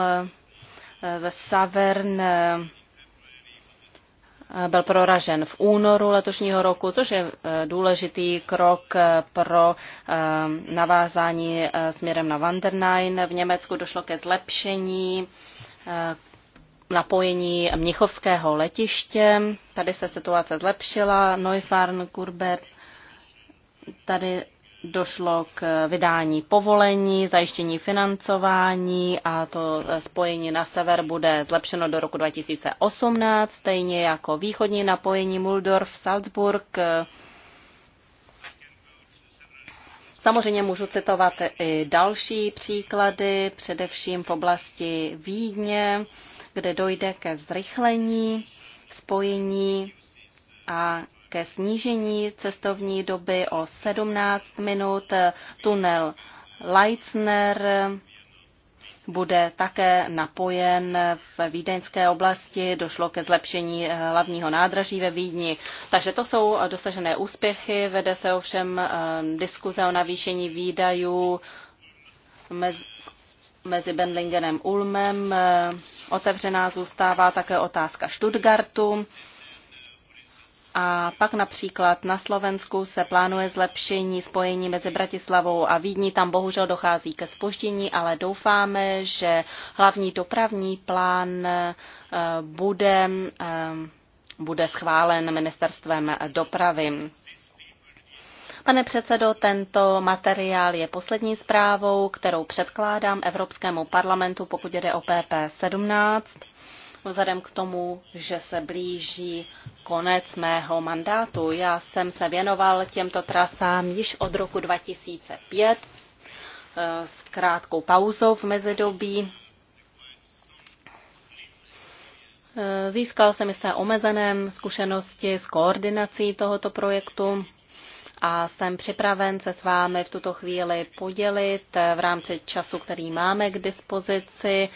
S3: ze Savern Eh, byl proražen v únoru letošního roku, což je eh, důležitý krok eh, pro navázání směrem na Wandernein. V Německu došlo ke zlepšení napojení Mnichovského letiště. Tady se situace zlepšila. Neufarn, Kurbert, tady došlo k vydání povolení, zajištění financování a to spojení na sever bude zlepšeno do roku 2018, stejně jako východní napojení Muldorf, Salzburg. Samozřejmě můžu citovat i další příklady, především v oblasti Vídně, kde dojde ke zrychlení spojení a ke snížení cestovní doby o 17 minut. Tunel Leitzner bude také napojen v vídeňské oblasti. Došlo ke zlepšení hlavního nádraží ve Vídni. Takže to jsou dosažené úspěchy. Vede se ovšem eh, diskuze o navýšení výdajů mezi mezi Benlingenem a Ulmem. Eh, otevřená zůstává také otázka Stuttgartu. A pak například na Slovensku se plánuje zlepšení spojení mezi Bratislavou a Vídní. Tam bohužel dochází ke spoždění, ale doufáme, že hlavní dopravní plán eh, bude, eh, bude schválen ministerstvem dopravy. Pane předsedo, tento materiál je poslední zprávou, kterou předkládám Evropskému parlamentu, pokud jde o PP 17 vzhledem k tomu, že se blíží konec mého mandátu. Já jsem se věnoval těmto trasám již od roku 2005 eh, s krátkou pauzou v mezidobí. Eh, získal jsem jisté omezené zkušenosti s koordinací tohoto projektu a jsem připraven se s vámi v tuto chvíli podělit eh, v rámci času, který máme k dispozici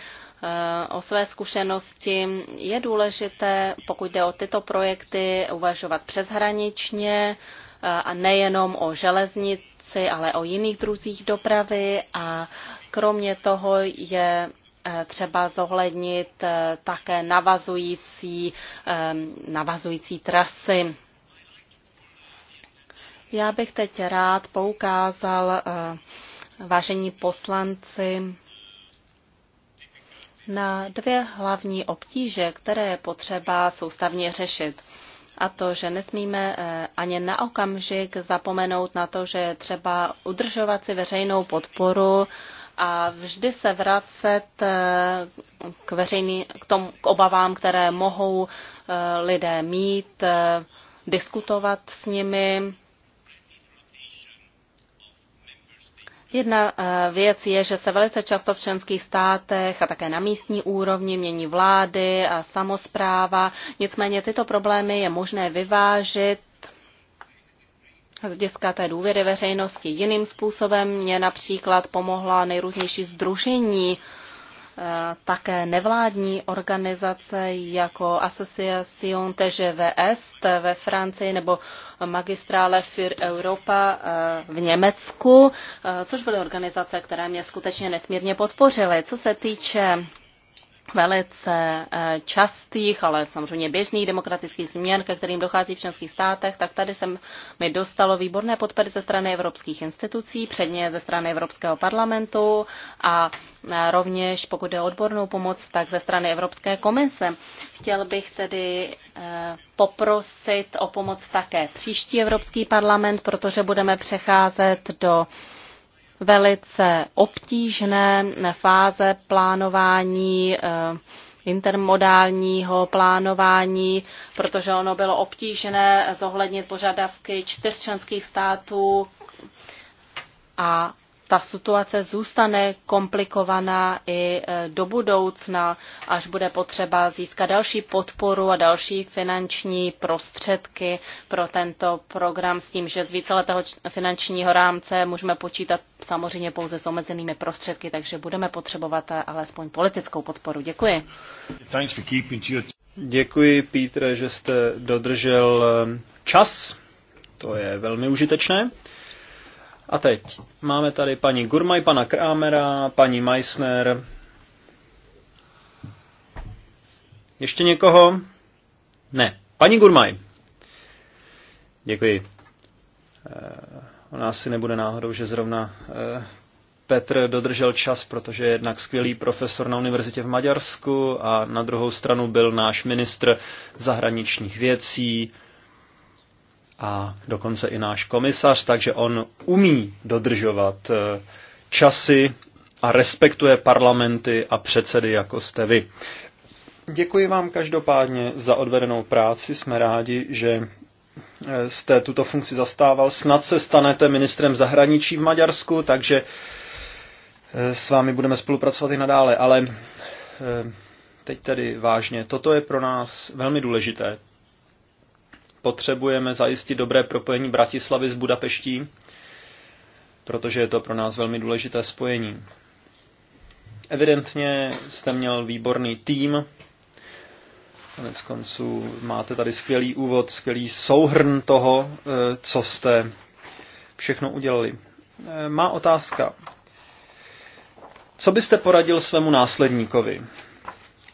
S3: Eh, o své zkušenosti. Je důležité, pokud jde o tyto projekty, uvažovat přeshraničně eh, a nejenom o železnici, ale o jiných druzích dopravy a kromě toho je eh, třeba zohlednit také navazující, ehm, navazující trasy. Já bych teď rád poukázal, vážení poslanci, na dvě hlavní obtíže, které je potřeba soustavně řešit. A to, že nesmíme eh, ani na okamžik zapomenout na to, že je třeba udržovat si veřejnou podporu a vždy se vracet eh, k, veřejný, k, tom, k obavám, které mohou eh, lidé mít, diskutovat s nimi, Jedna eh, věc je, že se velice často v členských státech a také na místní úrovni mění vlády a samozpráva. Nicméně tyto problémy je možné vyvážit z hlediska té důvěry veřejnosti jiným způsobem. Mě například pomohla nejrůznější združení Eh, také nevládní organizace jako Association TGVS ve Francii nebo Magistrále für Europa eh, v Německu, eh, což byly organizace, které mě skutečně nesmírně podpořily. Co se týče velice eh, častých, ale samozřejmě běžných demokratických změn, ke kterým dochází v členských státech, tak tady se mi dostalo výborné podpory ze strany evropských institucí, předně ze strany Evropského parlamentu a eh, rovněž pokud jde o odbornou pomoc, tak ze strany Evropské komise. Chtěl bych tedy eh, poprosit o pomoc také příští Evropský parlament, protože budeme přecházet do velice obtížné fáze plánování eh, intermodálního plánování, protože ono bylo obtížné zohlednit požadavky čtyř členských států a ta situace zůstane komplikovaná i e, do budoucna, až bude potřeba získat další podporu a další finanční prostředky pro tento program s tím, že z víceletého finančního rámce můžeme počítat samozřejmě pouze s omezenými prostředky, takže budeme potřebovat e, alespoň politickou podporu. Děkuji.
S4: Děkuji, Pítre, že jste dodržel e, čas. To je velmi užitečné. A teď máme tady paní Gurmaj, pana Krámera, paní Meissner. Ještě někoho? Ne. Paní Gurmaj. Děkuji. Eh, ona asi nebude náhodou, že zrovna eh, Petr dodržel čas, protože je jednak skvělý profesor na univerzitě v Maďarsku a na druhou stranu byl náš ministr zahraničních věcí, a dokonce i náš komisař, takže on umí dodržovat eh, časy a respektuje parlamenty a předsedy, jako jste vy. Děkuji vám každopádně za odvedenou práci. Jsme rádi, že eh, jste tuto funkci zastával. Snad se stanete ministrem zahraničí v Maďarsku, takže eh, s vámi budeme spolupracovat i nadále. Ale teď tedy vážně, toto je pro nás velmi důležité potřebujeme zajistit dobré propojení Bratislavy s Budapeští, protože je to pro nás velmi důležité spojení. Evidentně jste měl výborný tým. Konec konců máte tady skvělý úvod, skvělý souhrn toho, eh, co jste všechno udělali. Eh, má otázka. Co byste poradil svému následníkovi?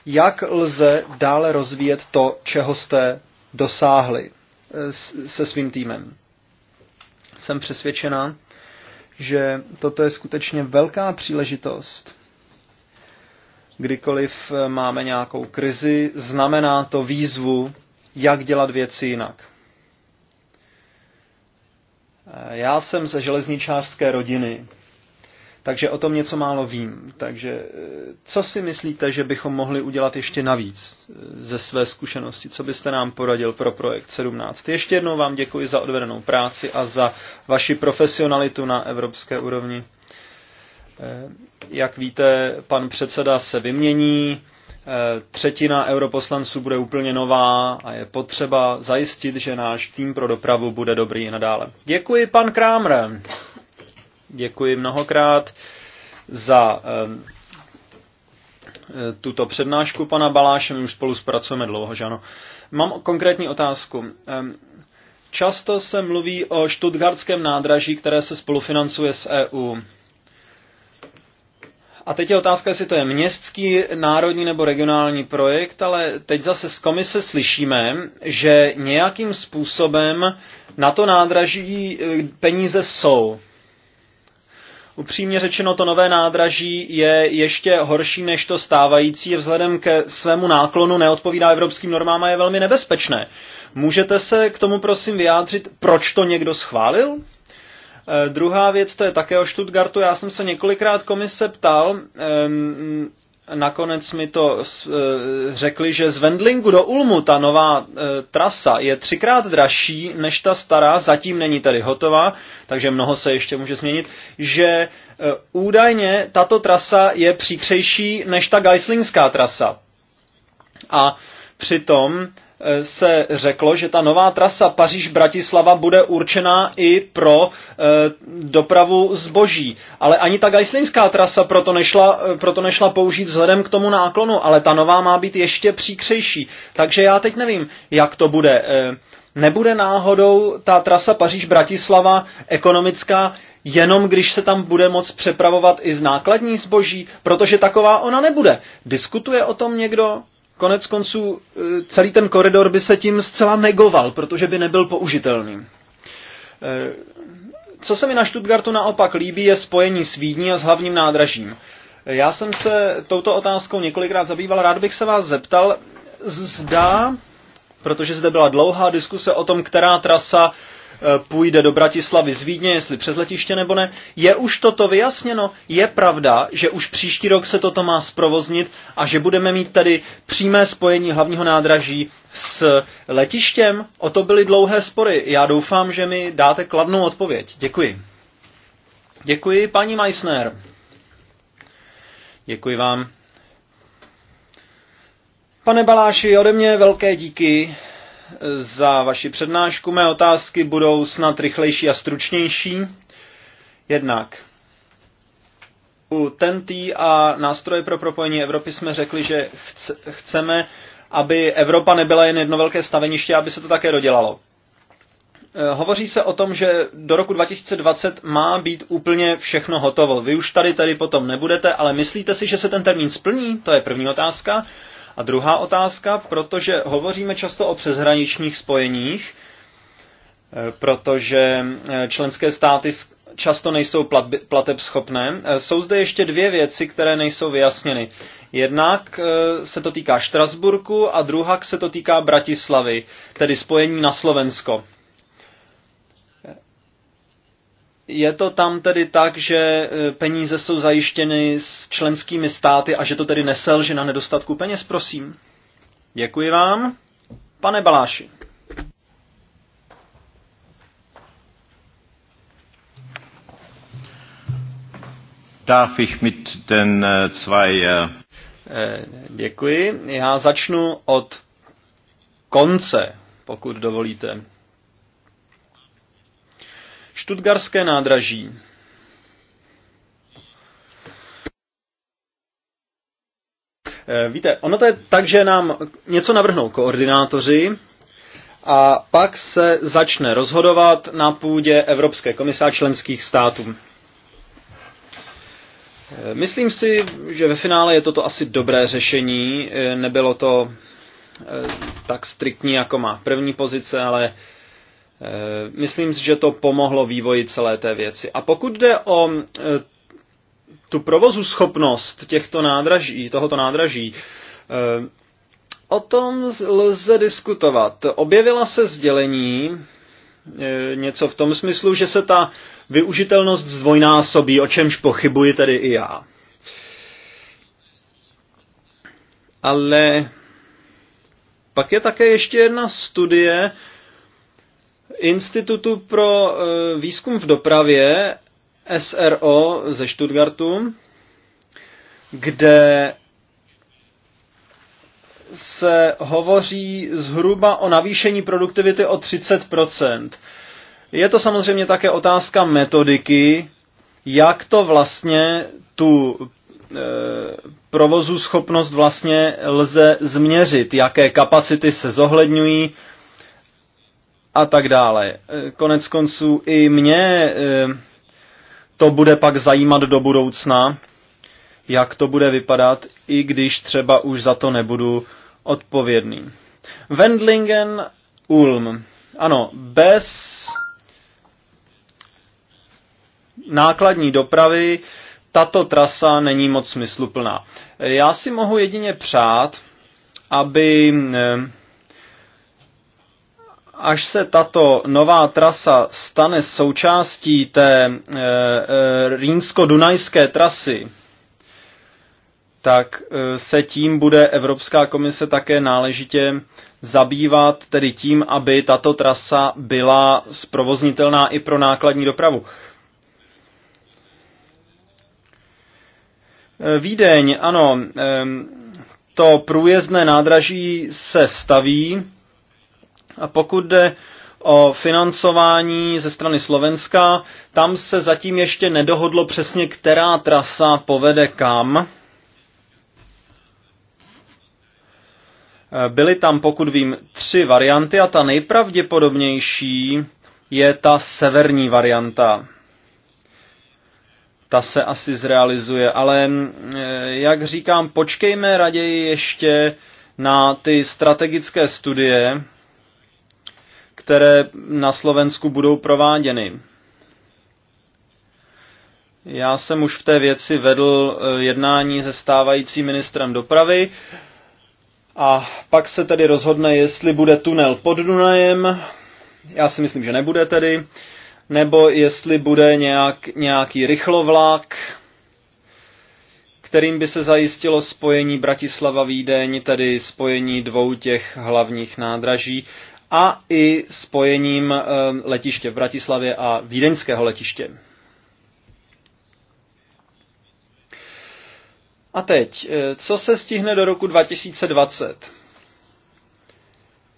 S4: Jak lze dále rozvíjet to, čeho jste dosáhli eh, se svým týmem. Jsem přesvědčena, že toto je skutečně velká příležitost. Kdykoliv eh, máme nějakou krizi, znamená to výzvu, jak dělat věci jinak. Eh, já jsem ze železničářské rodiny, takže o tom něco málo vím. Takže eh, co si myslíte, že bychom mohli udělat ještě navíc eh, ze své zkušenosti? Co byste nám poradil pro projekt 17? Ještě jednou vám děkuji za odvedenou práci a za vaši profesionalitu na evropské úrovni. Eh, jak víte, pan předseda se vymění, třetina europoslanců bude úplně nová a je potřeba zajistit, že náš tým pro dopravu bude dobrý nadále. Děkuji, pan Krámer. Děkuji mnohokrát za ehm, e, tuto přednášku pana Baláše, my už spolu zpracujeme dlouho, že ano. Mám konkrétní otázku. Ehm, často se mluví o štutgardském nádraží, které se spolufinancuje s EU. A teď je otázka, jestli to je městský, národní nebo regionální projekt, ale teď zase z komise slyšíme, že nějakým způsobem na to nádraží e, peníze jsou. Upřímně řečeno, to nové nádraží je ještě horší než to stávající, vzhledem ke svému náklonu neodpovídá evropským normám a je velmi nebezpečné. Můžete se k tomu prosím vyjádřit, proč to někdo schválil? Eh, druhá věc, to je také o Stuttgartu. Já jsem se několikrát komise ptal, eh, Nakonec mi to e, řekli, že z Wendlingu do Ulmu ta nová e, trasa je třikrát dražší než ta stará, zatím není tady hotová, takže mnoho se ještě může změnit, že e, údajně tato trasa je příkřejší než ta Geislingská trasa. A přitom se řeklo, že ta nová trasa Paříž-Bratislava bude určená i pro e, dopravu zboží. Ale ani ta gajslinská trasa proto nešla, eh, proto nešla použít vzhledem k tomu náklonu, ale ta nová má být ještě příkřejší. Takže já teď nevím, jak to bude. E, nebude náhodou ta trasa Paříž-Bratislava ekonomická jenom když se tam bude moc přepravovat i z nákladní zboží, protože taková ona nebude. Diskutuje o tom někdo? Konec konců eh, celý ten koridor by se tím zcela negoval, protože by nebyl použitelný. Eh, co se mi na Stuttgartu naopak líbí, je spojení s Vídní a s hlavním nádražím. Eh, já jsem se touto otázkou několikrát zabýval, rád bych se vás zeptal, zda, protože zde byla dlouhá diskuse o tom, která trasa Eh, půjde do Bratislavy z Vídně, jestli přes letiště nebo ne. Je už toto vyjasněno? Je pravda, že už příští rok se toto má zprovoznit a že budeme mít tady přímé spojení hlavního nádraží s letištěm? O to byly dlouhé spory. Já doufám, že mi dáte kladnou odpověď. Děkuji. Děkuji, paní Meissner. Děkuji vám. Pane Baláši, ode mě velké díky za vaši přednášku. Mé otázky budou snad rychlejší a stručnější. Jednak u TNT a nástroje pro propojení Evropy jsme řekli, že chceme, aby Evropa nebyla jen jedno velké staveniště, aby se to také dodělalo. Eh, hovoří se o tom, že do roku 2020 má být úplně všechno hotovo. Vy už tady tady potom nebudete, ale myslíte si, že se ten termín splní? To je první otázka. A druhá otázka, protože hovoříme často o přeshraničních spojeních, eh, protože eh, členské státy často nejsou plateb schopné. Eh, jsou zde ještě dvě věci, které nejsou vyjasněny. Jednak se to týká Štrasburku a druhá se to týká Bratislavy, tedy spojení na Slovensko. je to tam tedy tak, že e, peníze jsou zajištěny s členskými státy a že to tedy neselže na nedostatku peněz, prosím. Děkuji vám. Pane Baláši. Darf ich mit den e, zwei... E, děkuji. Já začnu od konce, pokud dovolíte. Štutgarské nádraží. Eh, víte, ono to je tak, že nám něco navrhnou koordinátoři a pak se začne rozhodovat na půdě Evropské komise a členských států. Eh, myslím si, že ve finále je toto asi dobré řešení. Eh, nebylo to tak striktní, jako má první pozice, ale Eh, myslím si, že to pomohlo vývoji celé té věci. A pokud jde o eh, tu provozu schopnost těchto nádraží, tohoto nádraží, eh, o tom lze diskutovat. Objevila se sdělení, něco v tom smyslu, že se ta využitelnost zdvojnásobí, o čemž pochybuji tedy i já. Ale pak je také ještě jedna studie, Institutu pro eh, výzkum v dopravě SRO ze Stuttgartu, kde se hovoří zhruba o navýšení produktivity o 30 Je to samozřejmě také otázka metodiky, jak to vlastně tu e, provozu schopnost vlastně lze změřit, jaké kapacity se zohledňují, a tak dále. E, konec konců i mě e, to bude pak zajímat do budoucna, jak to bude vypadat, i když třeba už za to nebudu odpovědný. Wendlingen Ulm. Ano, bez nákladní dopravy tato trasa není moc smysluplná. E, já si mohu jedině přát, aby až se tato nová trasa stane součástí té e, e, rýnsko-dunajské trasy, tak e, se tím bude Evropská komise také náležitě zabývat, tedy tím, aby tato trasa byla zprovoznitelná i pro nákladní dopravu. E, Vídeň, ano, e, to průjezdné nádraží se staví, a pokud jde o financování ze strany Slovenska, tam se zatím ještě nedohodlo přesně, která trasa povede kam. Eh, byly tam, pokud vím, tři varianty a ta nejpravděpodobnější je ta severní varianta. Ta se asi zrealizuje, ale mm, eh, jak říkám, počkejme raději ještě na ty strategické studie, které na Slovensku budou prováděny. Já jsem už v té věci vedl eh, jednání se stávajícím ministrem dopravy a pak se tedy rozhodne, jestli bude tunel pod Dunajem, já si myslím, že nebude tedy, nebo jestli bude nějak, nějaký rychlovlák, kterým by se zajistilo spojení Bratislava-Vídeň, tedy spojení dvou těch hlavních nádraží, a i spojením eh, letiště v Bratislavě a Vídeňského letiště. A teď, eh, co se stihne do roku 2020?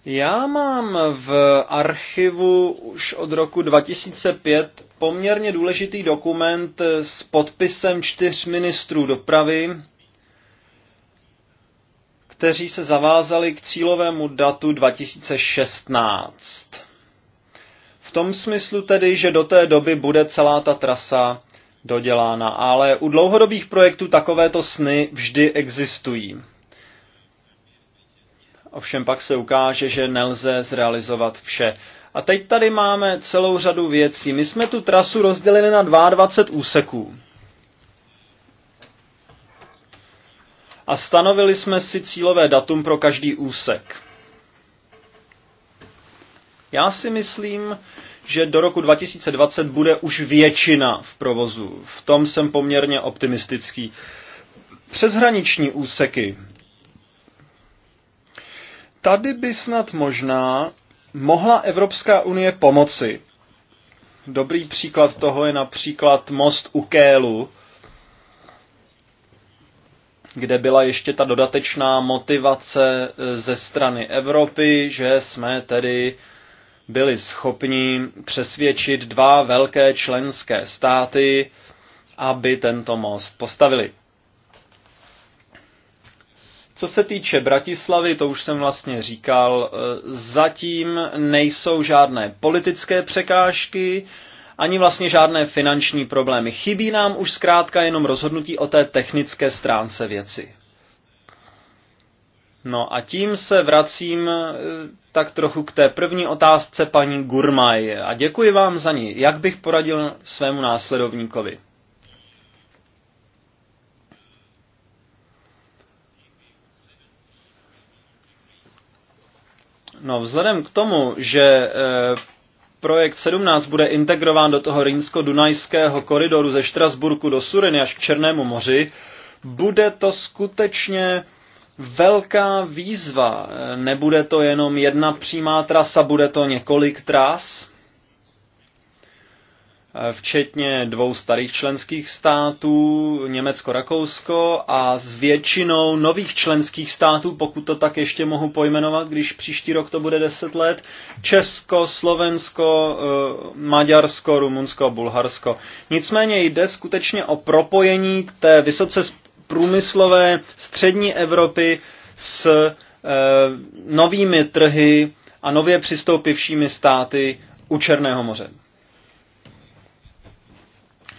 S4: Já mám v archivu už od roku 2005 poměrně důležitý dokument s podpisem čtyř ministrů dopravy kteří se zavázali k cílovému datu 2016. V tom smyslu tedy, že do té doby bude celá ta trasa dodělána, ale u dlouhodobých projektů takovéto sny vždy existují. Ovšem pak se ukáže, že nelze zrealizovat vše. A teď tady máme celou řadu věcí. My jsme tu trasu rozdělili na 22 úseků. a stanovili jsme si cílové datum pro každý úsek. Já si myslím, že do roku 2020 bude už většina v provozu. V tom jsem poměrně optimistický. Přeshraniční úseky. Tady by snad možná mohla Evropská unie pomoci. Dobrý příklad toho je například most u Kélu, kde byla ještě ta dodatečná motivace e, ze strany Evropy, že jsme tedy byli schopni přesvědčit dva velké členské státy, aby tento most postavili. Co se týče Bratislavy, to už jsem vlastně říkal, e, zatím nejsou žádné politické překážky, ani vlastně žádné finanční problémy. Chybí nám už zkrátka jenom rozhodnutí o té technické stránce věci. No a tím se vracím eh, tak trochu k té první otázce paní Gurmaj a děkuji vám za ní. Jak bych poradil svému následovníkovi? No, vzhledem k tomu, že eh, Projekt 17 bude integrován do toho rýnsko-dunajského koridoru ze Štrasburku do Suriny až k Černému moři, bude to skutečně velká výzva. Nebude to jenom jedna přímá trasa, bude to několik tras včetně dvou starých členských států, Německo-Rakousko, a s většinou nových členských států, pokud to tak ještě mohu pojmenovat, když příští rok to bude 10 let, Česko, Slovensko, eh, Maďarsko, Rumunsko, Bulharsko. Nicméně jde skutečně o propojení té vysoce průmyslové střední Evropy s eh, novými trhy a nově přistoupivšími státy u Černého moře.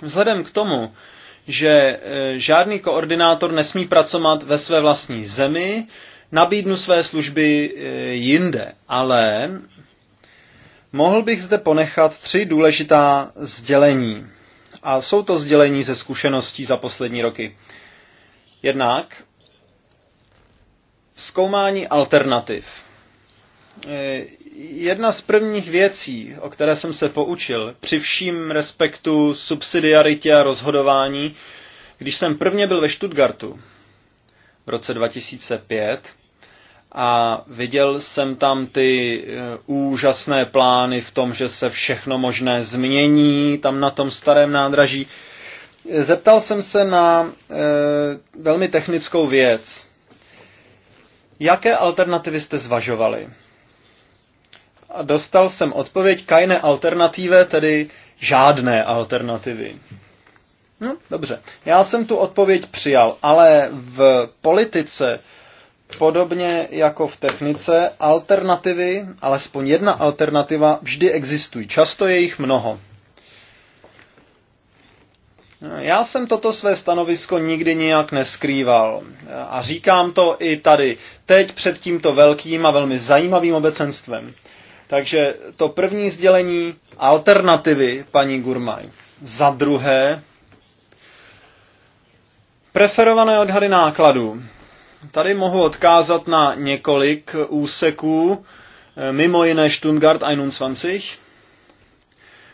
S4: Vzhledem k tomu, že e, žádný koordinátor nesmí pracovat ve své vlastní zemi, nabídnu své služby e, jinde, ale mohl bych zde ponechat tři důležitá sdělení. A jsou to sdělení ze zkušeností za poslední roky. Jednak zkoumání alternativ. E, Jedna z prvních věcí, o které jsem se poučil, při vším respektu subsidiaritě a rozhodování, když jsem prvně byl ve Stuttgartu v roce 2005 a viděl jsem tam ty eh, úžasné plány v tom, že se všechno možné změní tam na tom starém nádraží, eh, zeptal jsem se na e, velmi technickou věc. Jaké alternativy jste zvažovali? A dostal jsem odpověď kajné alternativy, tedy žádné alternativy. No, dobře. Já jsem tu odpověď přijal, ale v politice, podobně jako v technice, alternativy, alespoň jedna alternativa, vždy existují. Často je jich mnoho. Já jsem toto své stanovisko nikdy nijak neskrýval a říkám to i tady, teď před tímto velkým a velmi zajímavým obecenstvem. Takže to první sdělení alternativy paní Gurmaj. Za druhé, preferované odhady nákladů. Tady mohu odkázat na několik úseků, eh, mimo jiné Stuttgart 21,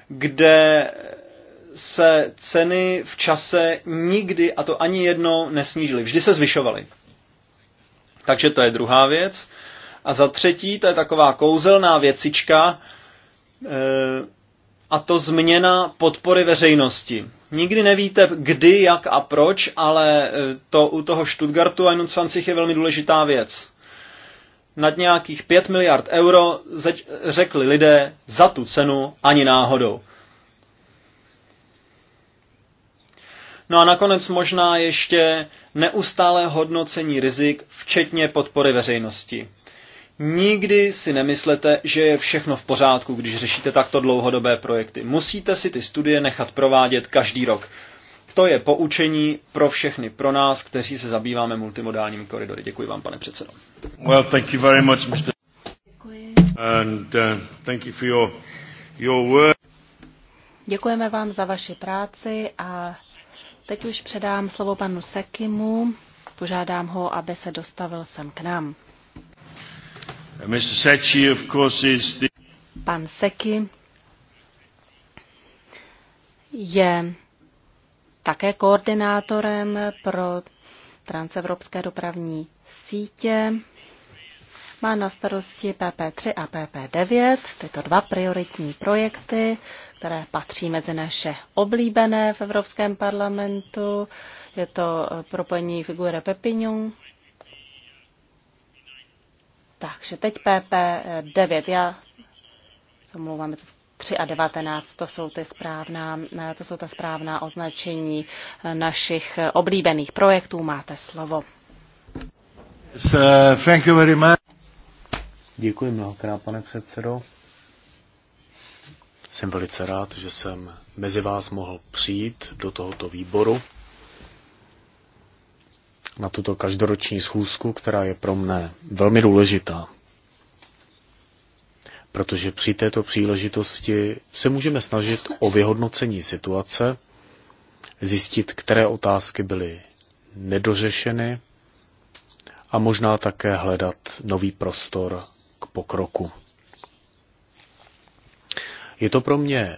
S4: kde se ceny v čase nikdy, a to ani jednou, nesnížily. Vždy se zvyšovaly. Takže to je druhá věc. A za třetí, to je taková kouzelná věcička, e, a to změna podpory veřejnosti. Nikdy nevíte, kdy, jak a proč, ale e, to u toho Stuttgartu a Nutzvancich je velmi důležitá věc. Nad nějakých 5 miliard euro řekli lidé za tu cenu ani náhodou. No a nakonec možná ještě neustálé hodnocení rizik, včetně podpory veřejnosti. Nikdy si nemyslete, že je všechno v pořádku, když řešíte takto dlouhodobé projekty. Musíte si ty studie nechat provádět každý rok. To je poučení pro všechny, pro nás, kteří se zabýváme multimodálními koridory. Děkuji vám, pane předsedo.
S2: Well, thank you very much, Mr.
S4: And, uh, thank you for your, your work.
S3: Děkujeme vám za vaši práci a teď už předám slovo panu Sekimu. Požádám ho, aby se dostavil sem k nám.
S2: Uh,
S3: Pan Seki je také koordinátorem pro transevropské dopravní sítě. Má na starosti PP3 a PP9, tyto dva prioritní projekty, které patří mezi naše oblíbené v Evropském parlamentu. Je to eh, propojení figure Pepignon takže teď PP9. Já se omlouvám, 3 a 19, to jsou, ty správná, to jsou ta správná označení eh, našich eh, oblíbených projektů. Máte slovo.
S1: Yes, uh, thank you very much. Děkuji mnohokrát, pane předsedo. Jsem velice rád, že jsem mezi vás mohl přijít do tohoto výboru na tuto každoroční schůzku, která je pro mne velmi důležitá. Protože při této příležitosti se můžeme snažit o vyhodnocení situace, zjistit, které otázky byly nedořešeny a možná také hledat nový prostor k pokroku. Je to pro mě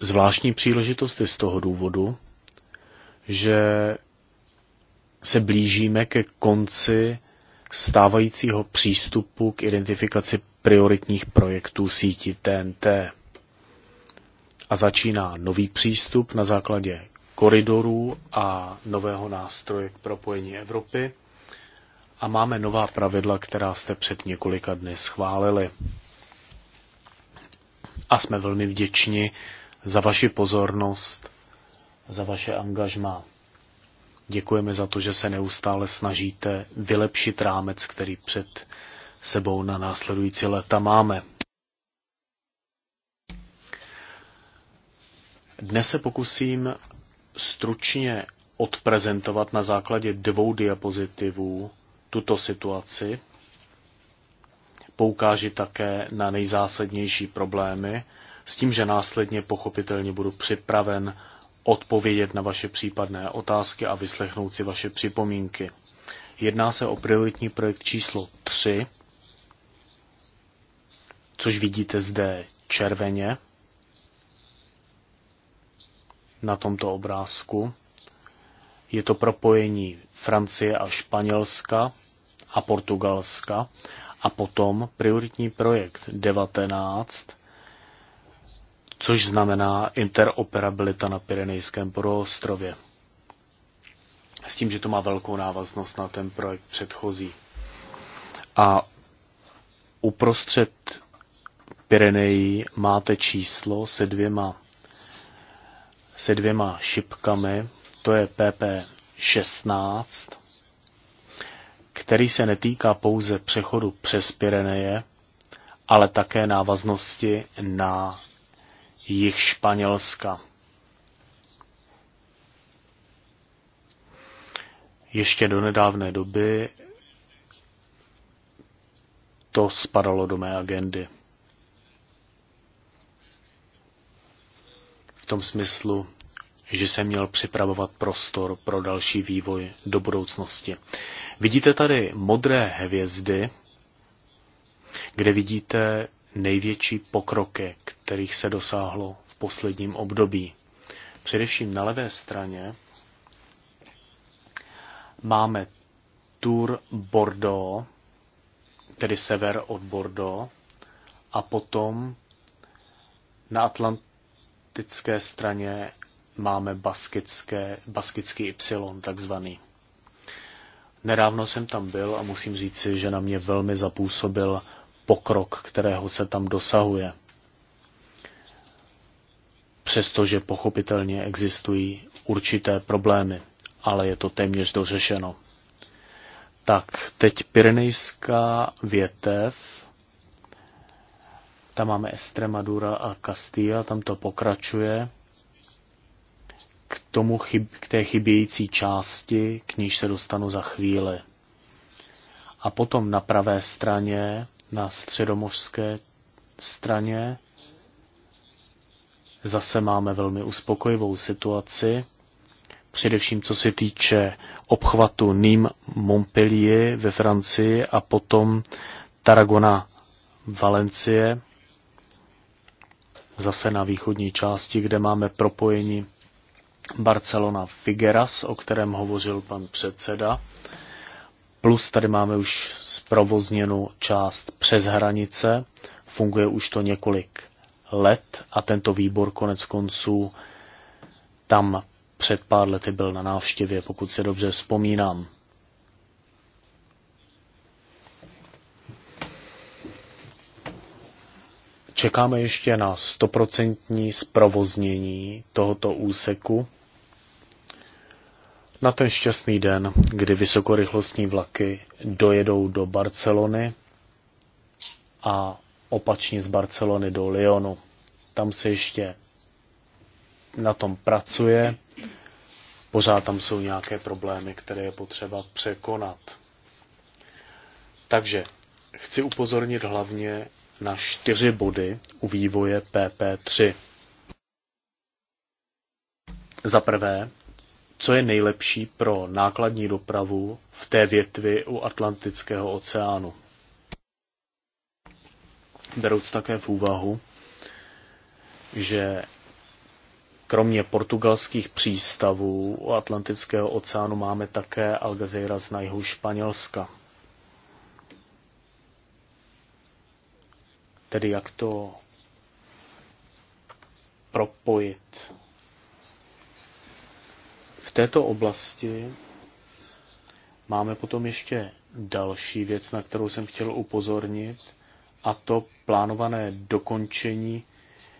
S1: zvláštní příležitost z toho důvodu, že se blížíme ke konci stávajícího přístupu k identifikaci prioritních projektů síti TNT. A začíná nový přístup na základě koridorů a nového nástroje k propojení Evropy. A máme nová pravidla, která jste před několika dny schválili. A jsme velmi vděční za vaši pozornost, za vaše angažmá. Děkujeme za to, že se neustále snažíte vylepšit rámec, který před sebou na následující léta máme. Dnes se pokusím stručně odprezentovat na základě dvou diapozitivů tuto situaci. Poukáži také na nejzásadnější problémy, s tím, že následně pochopitelně budu připraven odpovědět na vaše případné otázky a vyslechnout si vaše připomínky. Jedná se o prioritní projekt číslo 3, což vidíte zde červeně na tomto obrázku. Je to propojení Francie a Španělska a Portugalska a potom prioritní projekt 19, což znamená interoperabilita na Pirenejském poloostrově. S tím, že to má velkou návaznost na ten projekt předchozí. A uprostřed Pirenejí máte číslo se dvěma, se dvěma šipkami, to je PP16, který se netýká pouze přechodu přes Pireneje, ale také návaznosti na jich Španělska. Ještě do nedávné doby to spadalo do mé agendy. V tom smyslu, že jsem měl připravovat prostor pro další vývoj do budoucnosti. Vidíte tady modré hvězdy, kde vidíte největší pokroky, kterých se dosáhlo v posledním období. Především na levé straně máme Tour Bordeaux, tedy sever od Bordeaux, a potom na atlantické straně máme baskické, baskický Y, takzvaný. Nedávno jsem tam byl a musím říci, že na mě velmi zapůsobil pokrok, kterého se tam dosahuje. Přestože pochopitelně existují určité problémy, ale je to téměř dořešeno. Tak, teď Pyrenejská větev. Tam máme Estremadura a Castilla, tam to pokračuje. K, tomu chyb, k té chybějící části, k níž se dostanu za chvíli. A potom na pravé straně na středomořské straně. Zase máme velmi uspokojivou situaci, především co se týče obchvatu Nîmes Montpellier ve Francii a potom Tarragona Valencie, zase na východní části, kde máme propojení Barcelona Figueras, o kterém hovořil pan předseda. Plus tady máme už zprovozněnou část přes hranice, funguje už to několik let a tento výbor konec konců tam před pár lety byl na návštěvě, pokud se dobře vzpomínám. Čekáme ještě na stoprocentní zprovoznění tohoto úseku na ten šťastný den, kdy vysokorychlostní vlaky dojedou do Barcelony a opačně z Barcelony do Lyonu. Tam se ještě na tom pracuje, pořád tam jsou nějaké problémy, které je potřeba překonat. Takže chci upozornit hlavně na čtyři body u vývoje PP3. Za prvé, co je nejlepší pro nákladní dopravu v té větvi u Atlantického oceánu. Berouc také v úvahu, že kromě portugalských přístavů u Atlantického oceánu máme také Algezeira z na jihu Španělska. Tedy jak to propojit v této oblasti máme potom ještě další věc, na kterou jsem chtěl upozornit, a to plánované dokončení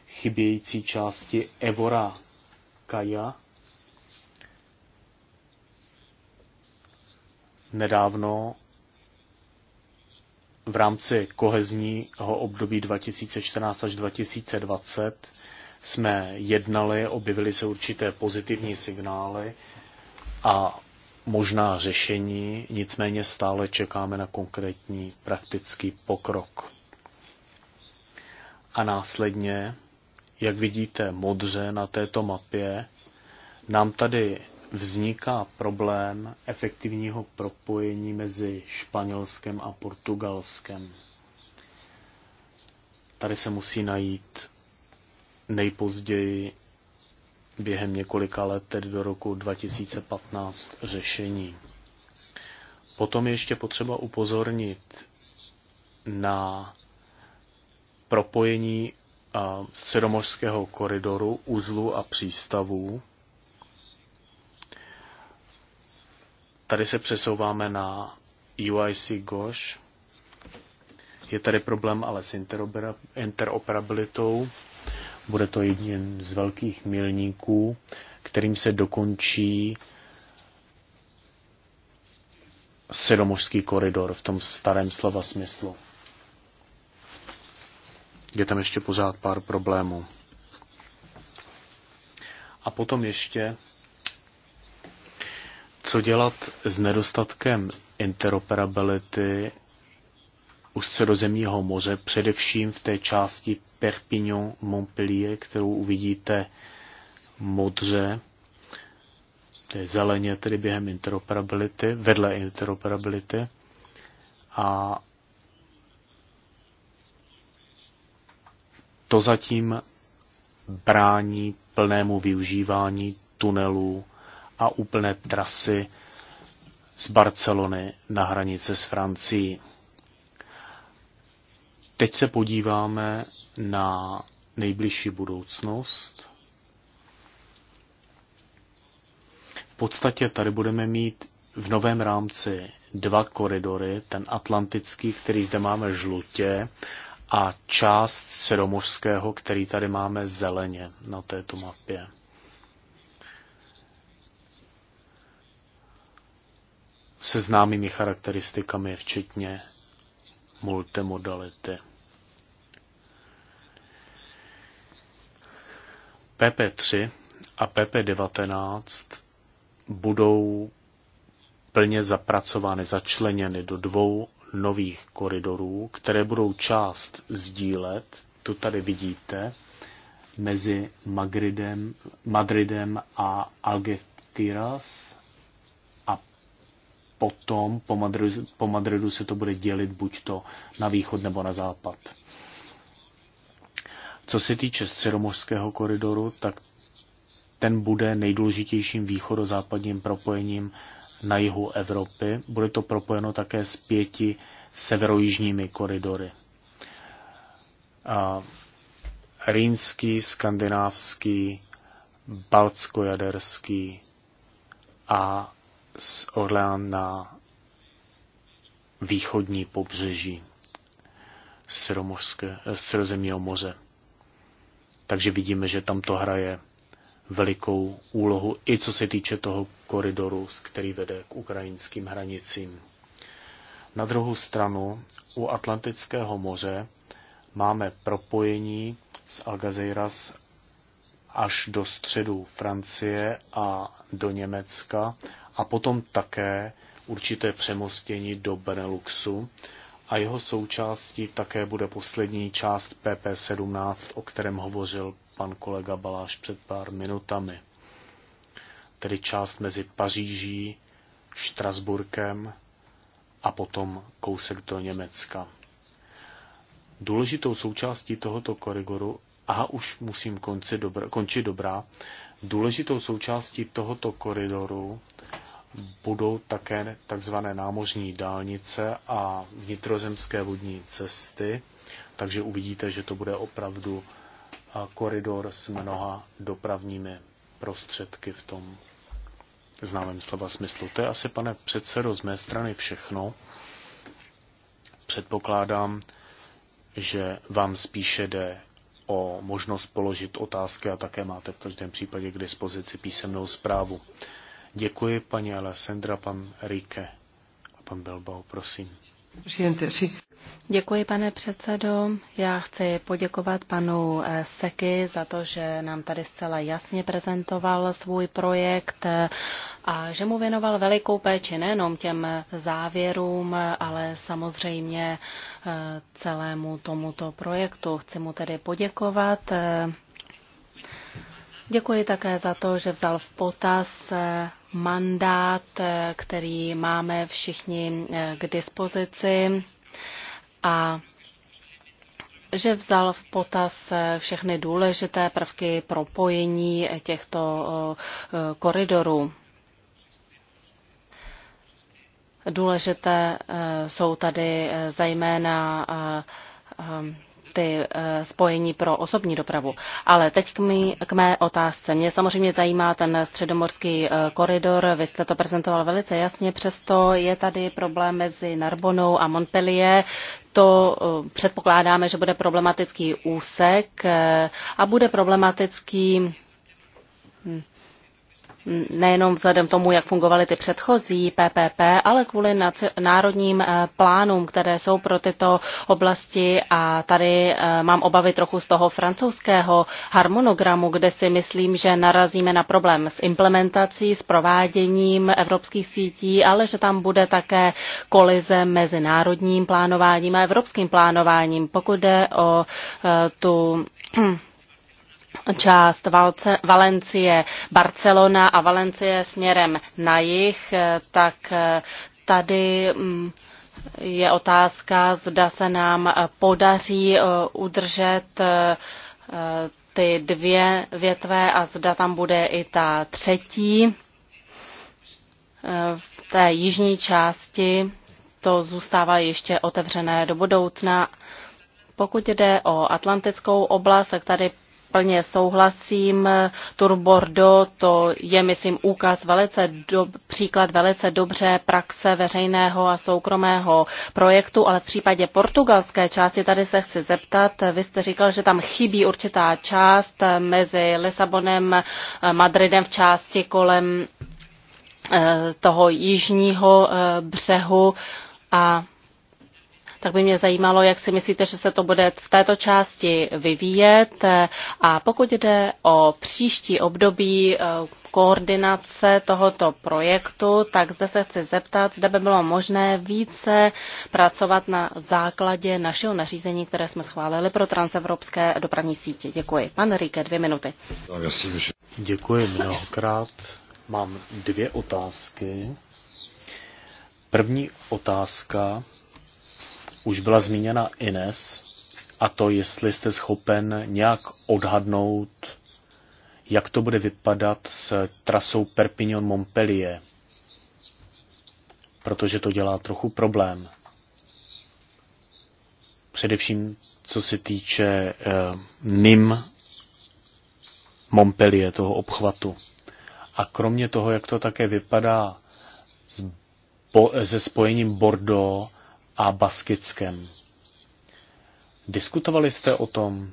S1: chybějící části Evora Kaja. Nedávno v rámci kohezního období 2014 až 2020 jsme jednali, objevily se určité pozitivní signály a možná řešení, nicméně stále čekáme na konkrétní praktický pokrok. A následně, jak vidíte modře na této mapě, nám tady vzniká problém efektivního propojení mezi Španělskem a Portugalskem. Tady se musí najít nejpozději během několika let, tedy do roku 2015, řešení. Potom ještě potřeba upozornit na propojení středomořského koridoru, uzlu a přístavů. Tady se přesouváme na UIC GOSH. Je tady problém ale s interoperabilitou. Bude to jeden z velkých milníků, kterým se dokončí sedomořský koridor v tom starém slova smyslu. Je tam ještě pořád pár problémů. A potom ještě, co dělat s nedostatkem interoperability u středozemního moře, především v té části Perpignan-Montpellier, kterou uvidíte modře, to je zeleně tedy během interoperability, vedle interoperability. A to zatím brání plnému využívání tunelů a úplné trasy z Barcelony na hranice s Francií. Teď se podíváme na nejbližší budoucnost. V podstatě tady budeme mít v novém rámci dva koridory, ten atlantický, který zde máme žlutě, a část středomořského, který tady máme zeleně na této mapě. Se známými charakteristikami, včetně multimodality. PP3 a PP19 budou plně zapracovány, začleněny do dvou nových koridorů, které budou část sdílet, tu tady vidíte, mezi Magridem, Madridem a Algetiras a potom po Madridu, po Madridu se to bude dělit buď to na východ nebo na západ. Co se týče středomořského koridoru, tak ten bude nejdůležitějším východozápadním propojením na jihu Evropy. Bude to propojeno také s pěti severojižními koridory. A rýnský, skandinávský, baltskojaderský a z Orleán na východní pobřeží středozemního moře. Takže vidíme, že tam to hraje velikou úlohu, i co se týče toho koridoru, který vede k ukrajinským hranicím. Na druhou stranu u Atlantického moře máme propojení z Algazeiras až do středu Francie a do Německa a potom také určité přemostění do Beneluxu, a jeho součástí také bude poslední část PP17, o kterém hovořil pan kolega Baláš před pár minutami. Tedy část mezi Paříží, Štrasburkem a potom kousek do Německa. Důležitou součástí tohoto koridoru, a už musím konci končit dobrá, důležitou součástí tohoto koridoru budou také tzv. námořní dálnice a vnitrozemské vodní cesty, takže uvidíte, že to bude opravdu koridor s mnoha dopravními prostředky v tom známém slova smyslu. To je asi, pane předsedo, z mé strany všechno. Předpokládám, že vám spíše jde o možnost položit otázky a také máte v každém případě k dispozici písemnou zprávu. Děkuji, paní Alessandra, pan Rike a pan Bilbao, prosím.
S3: Děkuji, pane předsedo. Já chci poděkovat panu eh, Seky za to, že nám tady zcela jasně prezentoval svůj projekt eh, a že mu věnoval velikou péči nejenom těm eh, závěrům, ale samozřejmě celému tomuto projektu. Chci mu tedy poděkovat. Děkuji také za to, že vzal v potaz mandát, eh, který máme všichni eh, k dispozici a že vzal v potaz eh, všechny důležité prvky propojení těchto koridorů. Důležité jsou tady zejména ty eh, spojení pro osobní dopravu. Ale teď k, mý, k mé otázce. Mě samozřejmě zajímá ten středomorský eh, koridor. Vy jste to prezentoval velice jasně, přesto je tady problém mezi Narbonou a Montpellier. To eh, předpokládáme, že bude problematický úsek a bude problematický hm, nejenom vzhledem tomu, jak fungovaly ty předchozí PPP, ale kvůli národním eh, plánům, které jsou pro tyto oblasti. A tady eh, mám obavy trochu z toho francouzského harmonogramu, kde si myslím, že narazíme na problém s implementací, s prováděním evropských sítí, ale že tam bude také kolize mezi národním plánováním a evropským plánováním. Pokud jde o eh, tu <clears throat> část Valce, Valencie Barcelona a Valencie směrem na jih, eh, tak eh, tady mm, je otázka, zda se nám eh, podaří udržet ty dvě větve a zda tam bude i ta třetí. V té jižní části to zůstává ještě otevřené do budoucna. Pokud jde o atlantickou oblast, tak tady plně souhlasím. Tour Bordeaux to je, myslím, úkaz velice do, příklad velice dobře praxe veřejného a soukromého projektu, ale v případě portugalské části tady se chci zeptat. Vy jste říkal, že tam chybí určitá část mezi Lisabonem, a Madridem v části kolem eh, toho jižního eh, břehu a tak by mě zajímalo, jak si myslíte, že se to bude v této části vyvíjet. A pokud jde o příští období eh, koordinace tohoto projektu, tak zde se chci zeptat, zda by bylo možné více pracovat na základě našeho nařízení, které jsme schválili pro transevropské dopravní sítě. Děkuji. Pan Ríke, dvě minuty.
S1: Děkuji mnohokrát. Mám dvě otázky. První otázka už byla zmíněna Ines a to, jestli jste schopen nějak odhadnout, jak to bude vypadat s trasou Perpignan-Montpellier, protože to dělá trochu problém. Především co se týče eh, NIM Montpellier, toho obchvatu. A kromě toho, jak to také vypadá s bo- se spojením Bordeaux a Baskickem. Diskutovali jste o tom?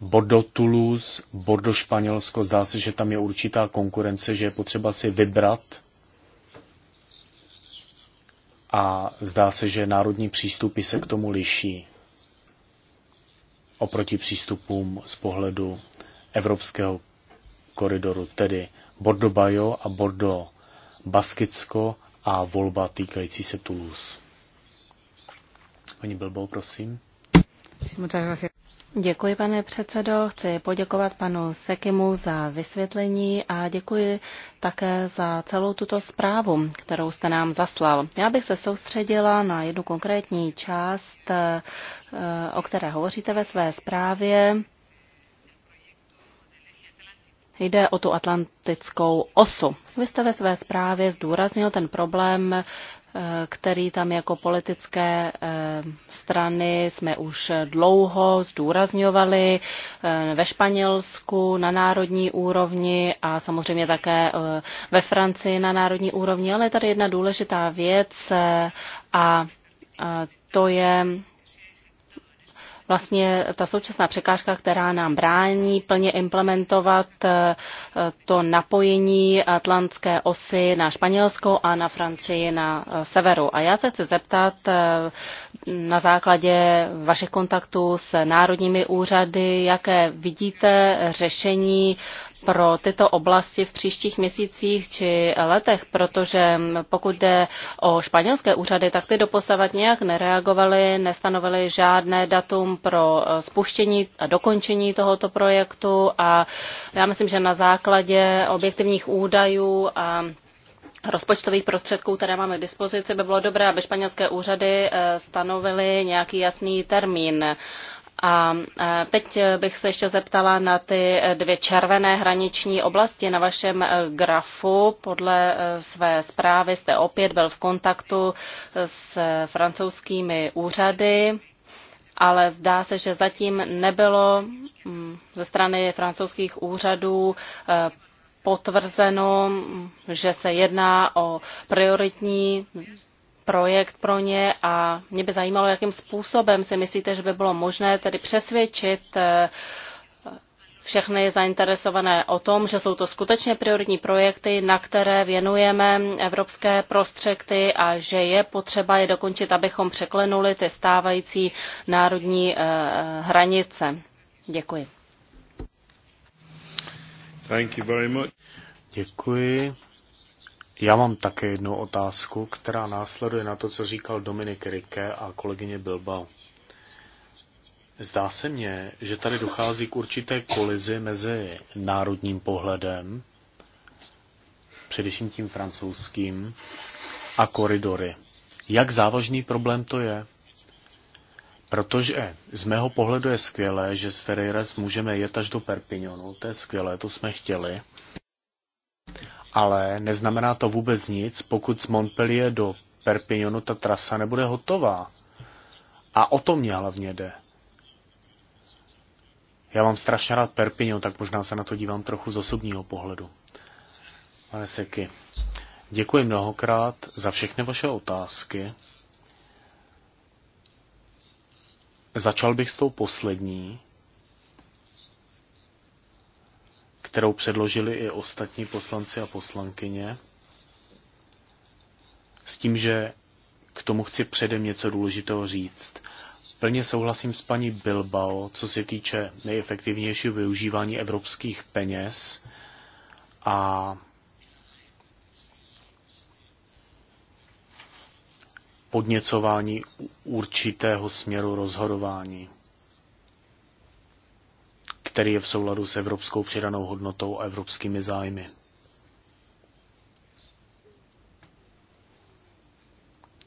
S1: Bordeaux Toulouse, Bordeaux Španělsko, zdá se, že tam je určitá konkurence, že je potřeba si vybrat a zdá se, že národní přístupy se k tomu liší oproti přístupům z pohledu evropského koridoru, tedy Bordeaux Bajo a Bordeaux Baskicko a volba týkající se Toulouse. Paní Bilbo, prosím.
S3: Děkuji, pane předsedo. Chci poděkovat panu Sekimu za vysvětlení a děkuji také za celou tuto zprávu, kterou jste nám zaslal. Já bych se soustředila na jednu konkrétní část, eh, o které hovoříte ve své zprávě. Jde o tu atlantickou osu. Vy jste ve své zprávě zdůraznil ten problém, eh, který tam jako politické eh, strany jsme už dlouho zdůrazňovali eh, ve Španělsku na národní úrovni a samozřejmě také ve Francii na národní úrovni, ale je tady jedna důležitá věc a to je vlastně ta současná překážka, která nám brání plně implementovat eh, to napojení atlantské osy na Španělsko a na Francii na eh, severu. A já se chci zeptat eh, na základě vašich kontaktů s národními úřady, jaké vidíte řešení pro tyto oblasti v příštích měsících či letech, protože pokud jde o španělské úřady, tak ty doposavat nějak nereagovaly, nestanovily žádné datum pro eh, spuštění a dokončení tohoto projektu a já myslím, že na základě objektivních údajů a rozpočtových prostředků, které máme k dispozici, by bylo dobré, aby španělské úřady eh, stanovily nějaký jasný termín. A eh, teď bych se ještě zeptala na ty dvě červené hraniční oblasti na vašem grafu. Podle své zprávy jste opět byl v kontaktu s francouzskými úřady ale zdá se, že zatím nebylo mm, ze strany francouzských úřadů eh, potvrzeno, mm, že se jedná o prioritní projekt pro ně a mě by zajímalo, jakým způsobem si myslíte, že by bylo možné tedy přesvědčit uh, všechny zainteresované o tom, že jsou to skutečně prioritní projekty, na které věnujeme evropské prostředky a že je potřeba je dokončit, abychom překlenuli ty stávající národní eh, hranice. Děkuji.
S1: Thank you very much. Děkuji. Já mám také jednu otázku, která následuje na to, co říkal Dominik Rike a kolegyně Bilbao. Zdá se mně, že tady dochází k určité kolizi mezi národním pohledem, především tím francouzským, a koridory. Jak závažný problém to je? Protože z mého pohledu je skvělé, že z Ferreres můžeme jet až do Perpignanu. To je skvělé, to jsme chtěli. Ale neznamená to vůbec nic, pokud z Montpellier do Perpignanu ta trasa nebude hotová. A o to mě hlavně jde. Já mám strašně rád Perpignan, tak možná se na to dívám trochu z osobního pohledu. Pane Seky, děkuji mnohokrát za všechny vaše otázky. Začal bych s tou poslední, kterou předložili i ostatní poslanci a poslankyně, s tím, že k tomu chci předem něco důležitého říct. Plně souhlasím s paní Bilbao, co se týče nejefektivnějšího využívání evropských peněz a podněcování určitého směru rozhodování, který je v souladu s evropskou přidanou hodnotou a evropskými zájmy.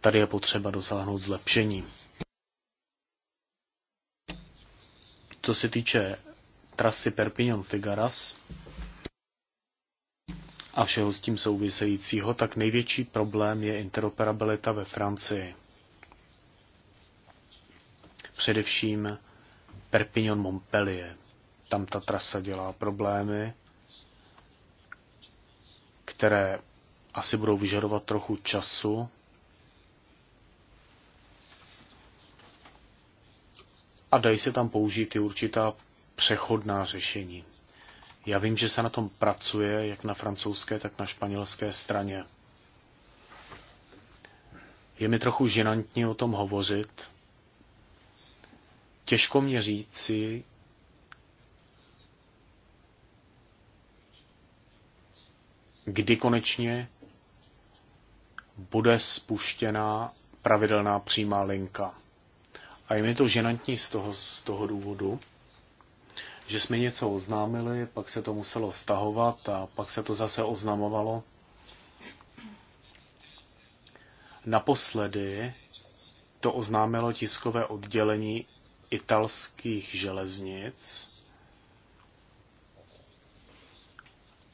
S1: Tady je potřeba dosáhnout zlepšení. co se týče trasy Perpignan-Figaras a všeho s tím souvisejícího, tak největší problém je interoperabilita ve Francii. Především Perpignan-Montpellier. Tam ta trasa dělá problémy, které asi budou vyžadovat trochu času, a dají se tam použít i určitá přechodná řešení. Já vím, že se na tom pracuje, jak na francouzské, tak na španělské straně. Je mi trochu žinantní o tom hovořit. Těžko mě říci, kdy konečně bude spuštěná pravidelná přímá linka. A je mi to ženantní z toho, z toho důvodu, že jsme něco oznámili, pak se to muselo stahovat a pak se to zase oznamovalo. Naposledy to oznámilo tiskové oddělení italských železnic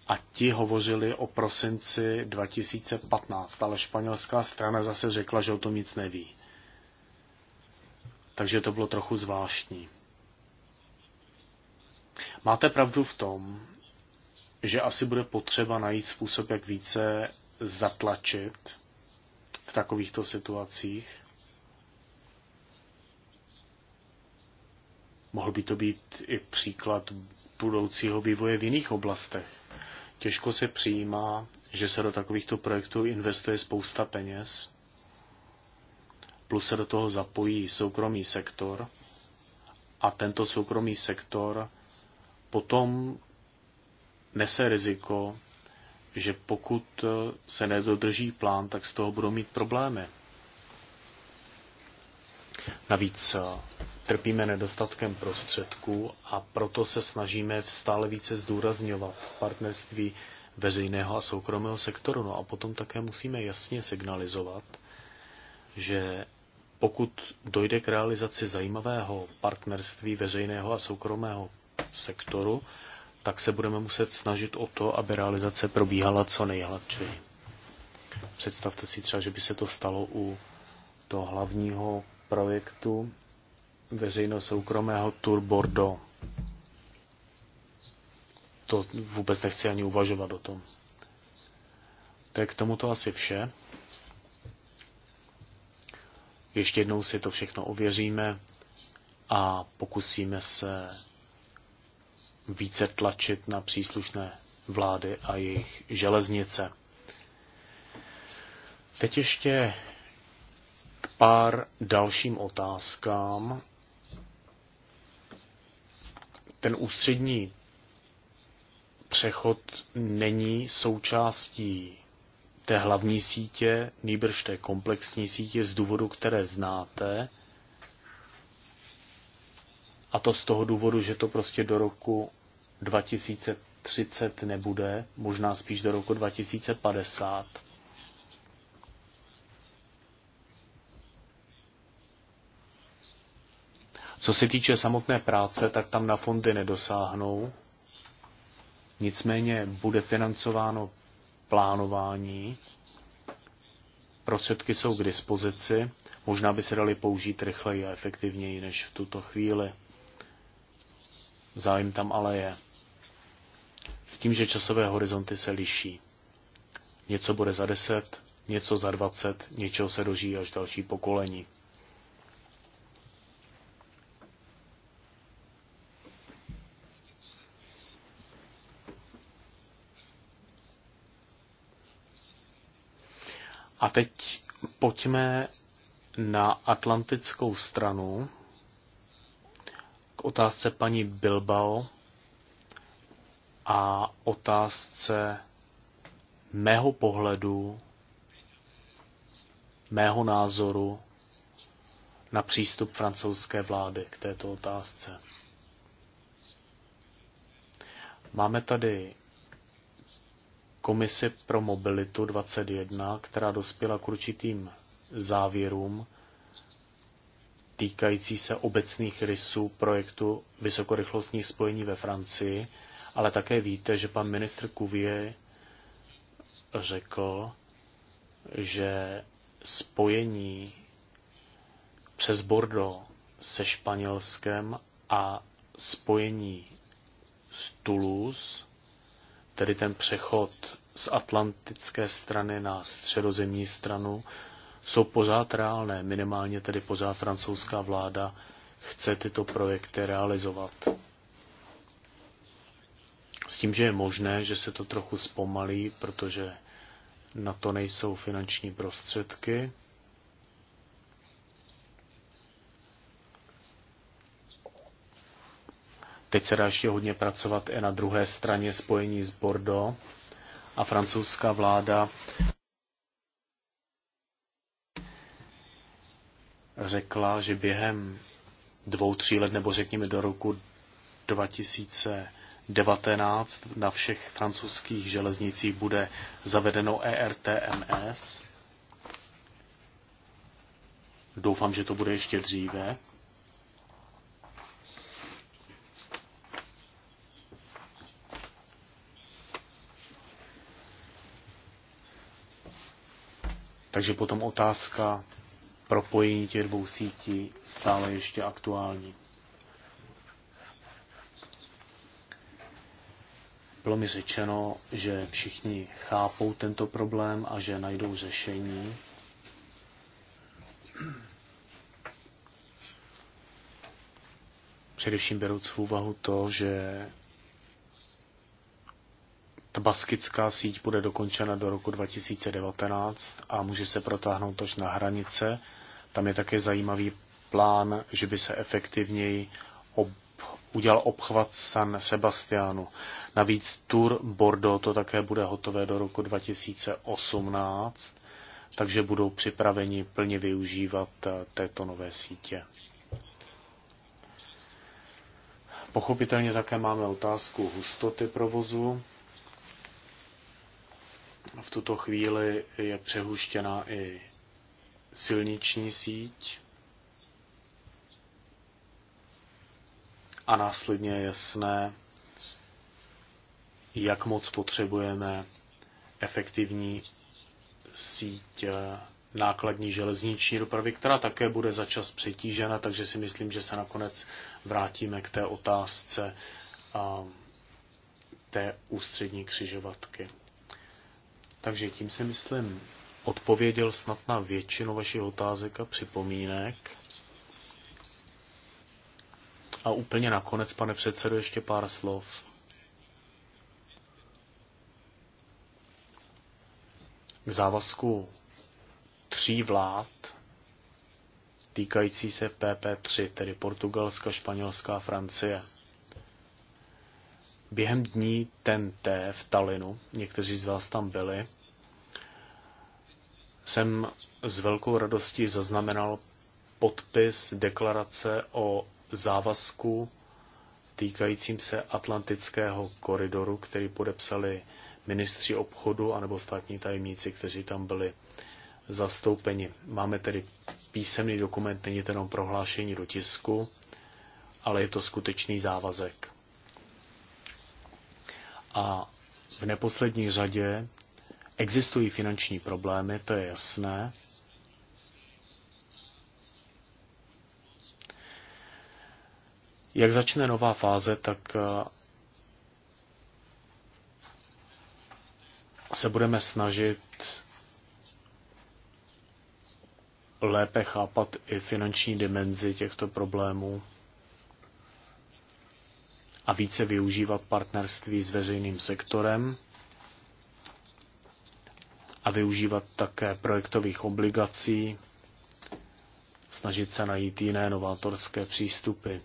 S1: a ti hovořili o prosinci 2015, ale španělská strana zase řekla, že o tom nic neví. Takže to bylo trochu zvláštní. Máte pravdu v tom, že asi bude potřeba najít způsob, jak více zatlačit v takovýchto situacích. Mohl by to být i příklad budoucího vývoje v jiných oblastech. Těžko se přijímá, že se do takovýchto projektů investuje spousta peněz, plus se do toho zapojí soukromý sektor a tento soukromý sektor potom nese riziko, že pokud se nedodrží plán, tak z toho budou mít problémy. Navíc eh, trpíme nedostatkem prostředků a proto se snažíme stále více zdůrazňovat partnerství veřejného a soukromého sektoru. No a potom také musíme jasně signalizovat, že pokud dojde k realizaci zajímavého partnerství veřejného a soukromého sektoru, tak se budeme muset snažit o to, aby realizace probíhala co nejhladčeji. Představte si třeba, že by se to stalo u toho hlavního projektu veřejno-soukromého Tour Bordeaux. To vůbec nechci ani uvažovat o tom. To k tomuto asi vše. Ještě jednou si to všechno ověříme a pokusíme se více tlačit na příslušné vlády a jejich železnice. Teď ještě k pár dalším otázkám. Ten ústřední přechod není součástí té hlavní sítě, nýbrž té komplexní sítě z důvodu, které znáte. A to z toho důvodu, že to prostě do roku 2030 nebude, možná spíš do roku 2050. Co se týče samotné práce, tak tam na fondy nedosáhnou. Nicméně bude financováno plánování. Prostředky jsou k dispozici, možná by se daly použít rychleji a efektivněji než v tuto chvíli. Zájem tam ale je. S tím, že časové horizonty se liší. Něco bude za 10, něco za 20, něčeho se dožijí až další pokolení. A teď pojďme na atlantickou stranu k otázce paní Bilbao a otázce mého pohledu, mého názoru na přístup francouzské vlády k této otázce. Máme tady Komise pro mobilitu 21, která dospěla k určitým závěrům týkající se obecných rysů projektu vysokorychlostních spojení ve Francii, ale také víte, že pan ministr Kuvě řekl, že spojení přes Bordeaux se Španělskem a spojení s Toulouse, tedy ten přechod z atlantické strany na středozemní stranu jsou pořád reálné. Minimálně tedy pořád francouzská vláda chce tyto projekty realizovat. S tím, že je možné, že se to trochu zpomalí, protože na to nejsou finanční prostředky. Teď se dá ještě hodně pracovat i na druhé straně spojení s Bordeaux a francouzská vláda řekla, že během dvou, tří let, nebo řekněme do roku 2019 na všech francouzských železnicích bude zavedeno ERTMS. Doufám, že to bude ještě dříve. Takže potom otázka propojení těch dvou sítí stále ještě aktuální. Bylo mi řečeno, že všichni chápou tento problém a že najdou řešení. Především berou v úvahu to, že ta baskická síť bude dokončena do roku 2019 a může se protáhnout až na hranice. Tam je také zajímavý plán, že by se efektivněji ob, udělal obchvat San Sebastianu. Navíc Tour Bordeaux to také bude hotové do roku 2018, takže budou připraveni plně využívat eh, této nové sítě. Pochopitelně také máme otázku hustoty provozu. V tuto chvíli je přehuštěna i silniční síť a následně je jasné, jak moc potřebujeme efektivní síť eh, nákladní železniční dopravy, která také bude za čas přetížena, takže si myslím, že se nakonec vrátíme k té otázce eh, té ústřední křižovatky. Takže tím si myslím, odpověděl snad na většinu vašich otázek a připomínek. A úplně nakonec, pane předsedo, ještě pár slov. K závazku tří vlád týkající se PP3, tedy Portugalska, Španělská a Francie během dní TNT v Talinu, někteří z vás tam byli, jsem s velkou radostí zaznamenal podpis deklarace o závazku týkajícím se Atlantického koridoru, který podepsali ministři obchodu anebo státní tajemníci, kteří tam byli zastoupeni. Máme tedy písemný dokument, není to jenom prohlášení do tisku, ale je to skutečný závazek. A v neposlední řadě existují finanční problémy, to je jasné. Jak začne nová fáze, tak eh, se budeme snažit lépe chápat i finanční dimenzi těchto problémů a více využívat partnerství s veřejným sektorem a využívat také projektových obligací, snažit se najít jiné novátorské přístupy.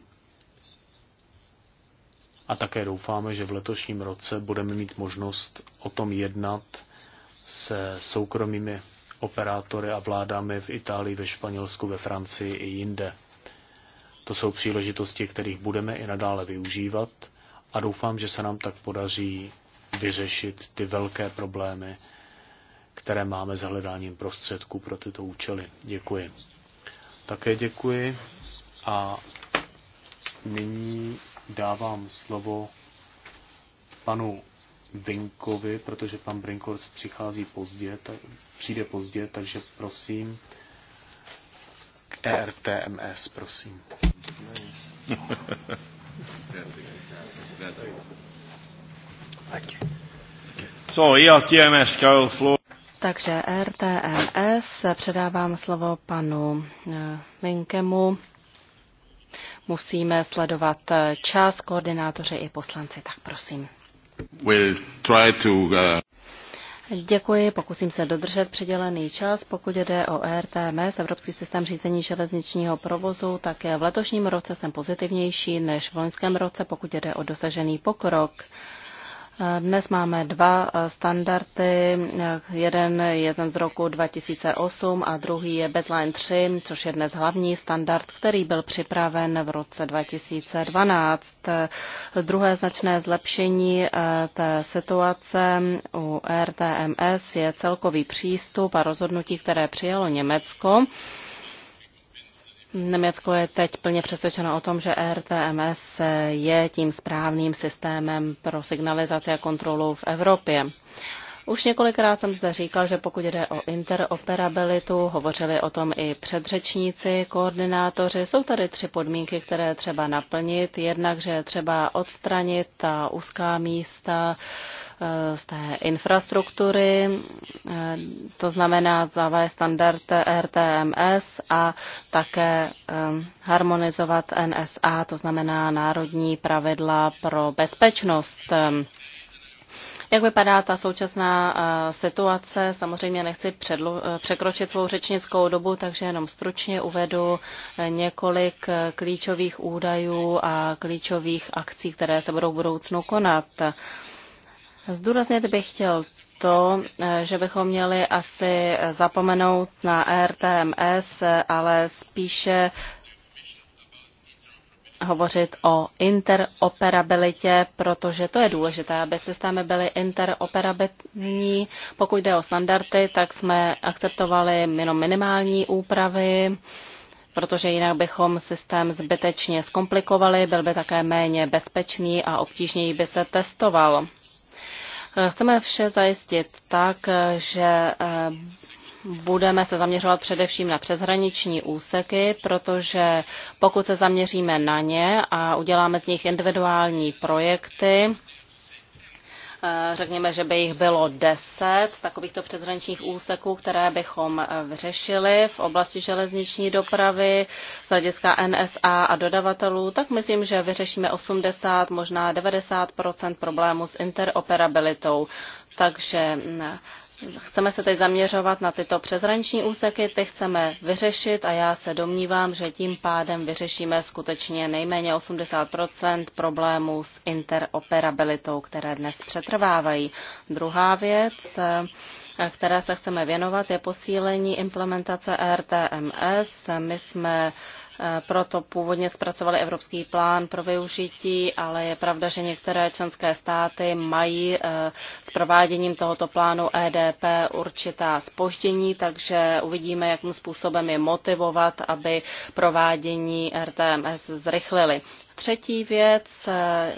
S1: A také doufáme, že v letošním roce budeme mít možnost o tom jednat se soukromými operátory a vládami v Itálii, ve Španělsku, ve Francii i jinde. To jsou příležitosti, kterých budeme i nadále využívat a doufám, že se nám tak podaří vyřešit ty velké problémy, které máme s hledáním prostředků pro tyto účely. Děkuji. Také děkuji a nyní dávám slovo panu Vinkovi, protože pan Brinkors přichází pozdě, tak, přijde pozdě, takže prosím k ERTMS, prosím.
S2: So, <laughs> Floor.
S3: Takže RTMS předávám slovo panu eh, Minkemu. Musíme sledovat eh, čas, koordinátoři i poslanci, tak prosím.
S2: We'll try to, uh...
S3: Děkuji, pokusím se dodržet přidělený čas. Pokud jde o ERTMS, Evropský systém řízení železničního provozu, tak v letošním roce jsem pozitivnější než v loňském roce, pokud jde o dosažený pokrok. Dnes máme dva eh, standardy. Jeden je ten z roku 2008 a druhý je Bezline 3, což je dnes hlavní standard, který byl připraven v roce 2012. Eh, druhé značné zlepšení eh, té situace u RTMS je celkový přístup a rozhodnutí, které přijalo Německo. Německo je teď plně přesvědčeno o tom, že RTMS je tím správným systémem pro signalizaci a kontrolu v Evropě. Už několikrát jsem zde říkal, že pokud jde o interoperabilitu, hovořili o tom i předřečníci, koordinátoři, jsou tady tři podmínky, které třeba naplnit. Jednak, že třeba odstranit ta úzká místa, eh, z té infrastruktury, eh, to znamená zavést standard RTMS a také eh, harmonizovat NSA, to znamená národní pravidla pro bezpečnost jak vypadá ta současná eh, situace? Samozřejmě nechci předlu- eh, překročit svou řečnickou dobu, takže jenom stručně uvedu eh, několik klíčových údajů a klíčových akcí, které se budou v budoucnu konat. Zdůraznit bych chtěl to, že bychom měli asi zapomenout na RTMS, ale spíše hovořit o interoperabilitě, protože to je důležité, aby systémy byly interoperabilní. Pokud jde o standardy, tak jsme akceptovali jenom minimální úpravy, protože jinak bychom systém zbytečně zkomplikovali, byl by také méně bezpečný a obtížněji by se testoval. Chceme vše zajistit tak, že budeme se zaměřovat především na přeshraniční úseky, protože pokud se zaměříme na ně a uděláme z nich individuální projekty, eh, řekněme, že by jich bylo deset takovýchto přeshraničních úseků, které bychom eh, vyřešili v oblasti železniční dopravy z hlediska NSA a dodavatelů, tak myslím, že vyřešíme 80, možná 90 problémů s interoperabilitou. Takže mm, Chceme se teď zaměřovat na tyto přezranční úseky, ty chceme vyřešit a já se domnívám, že tím pádem vyřešíme skutečně nejméně 80 problémů s interoperabilitou, které dnes přetrvávají. Druhá věc, eh, které se chceme věnovat, je posílení implementace RTMS. My jsme Eh, proto původně zpracovali evropský plán pro využití, ale je pravda, že některé členské státy mají eh, s prováděním tohoto plánu EDP určitá spoždění, takže uvidíme, jakým způsobem je motivovat, aby provádění RTMS zrychlili. Třetí věc, eh,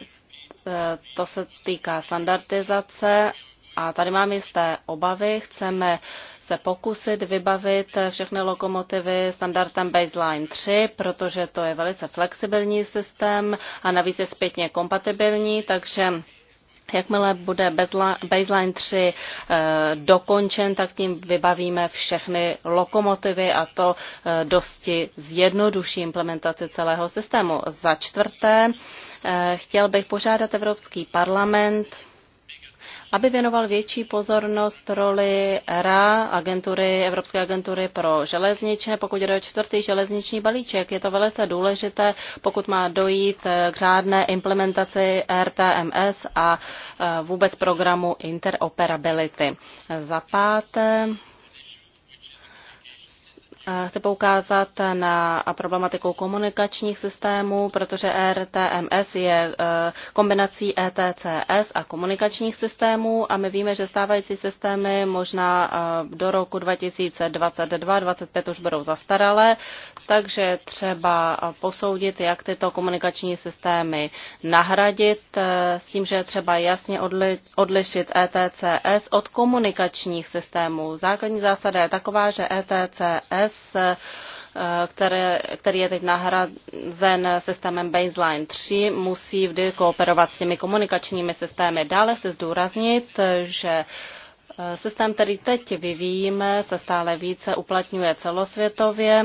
S3: to se týká standardizace a tady mám jisté obavy. Chceme se pokusit vybavit všechny lokomotivy standardem Baseline 3, protože to je velice flexibilní systém a navíc je zpětně kompatibilní, takže Jakmile bude baseline 3 eh, dokončen, tak tím vybavíme všechny lokomotivy a to eh, dosti zjednoduší implementaci celého systému. Za čtvrté, eh, chtěl bych požádat Evropský parlament aby věnoval větší pozornost roli RA, agentury, Evropské agentury pro železniče. Pokud jde o čtvrtý železniční balíček, je to velice důležité, pokud má dojít eh, k řádné implementaci RTMS a eh, vůbec programu interoperability. Za páté, Chci poukázat na problematiku komunikačních systémů, protože RTMS je eh, kombinací ETCS a komunikačních systémů a my víme, že stávající systémy možná eh, do roku 2022-2025 už budou zastaralé, takže třeba eh, posoudit, jak tyto komunikační systémy nahradit s tím, že třeba jasně odli- odlišit ETCS od komunikačních systémů. Základní zásada je taková, že ETCS s, eh, které, který je teď nahrazen systémem Baseline 3, musí vždy kooperovat s těmi komunikačními systémy. Dále chci zdůraznit, že eh, systém, který teď vyvíjíme, se stále více uplatňuje celosvětově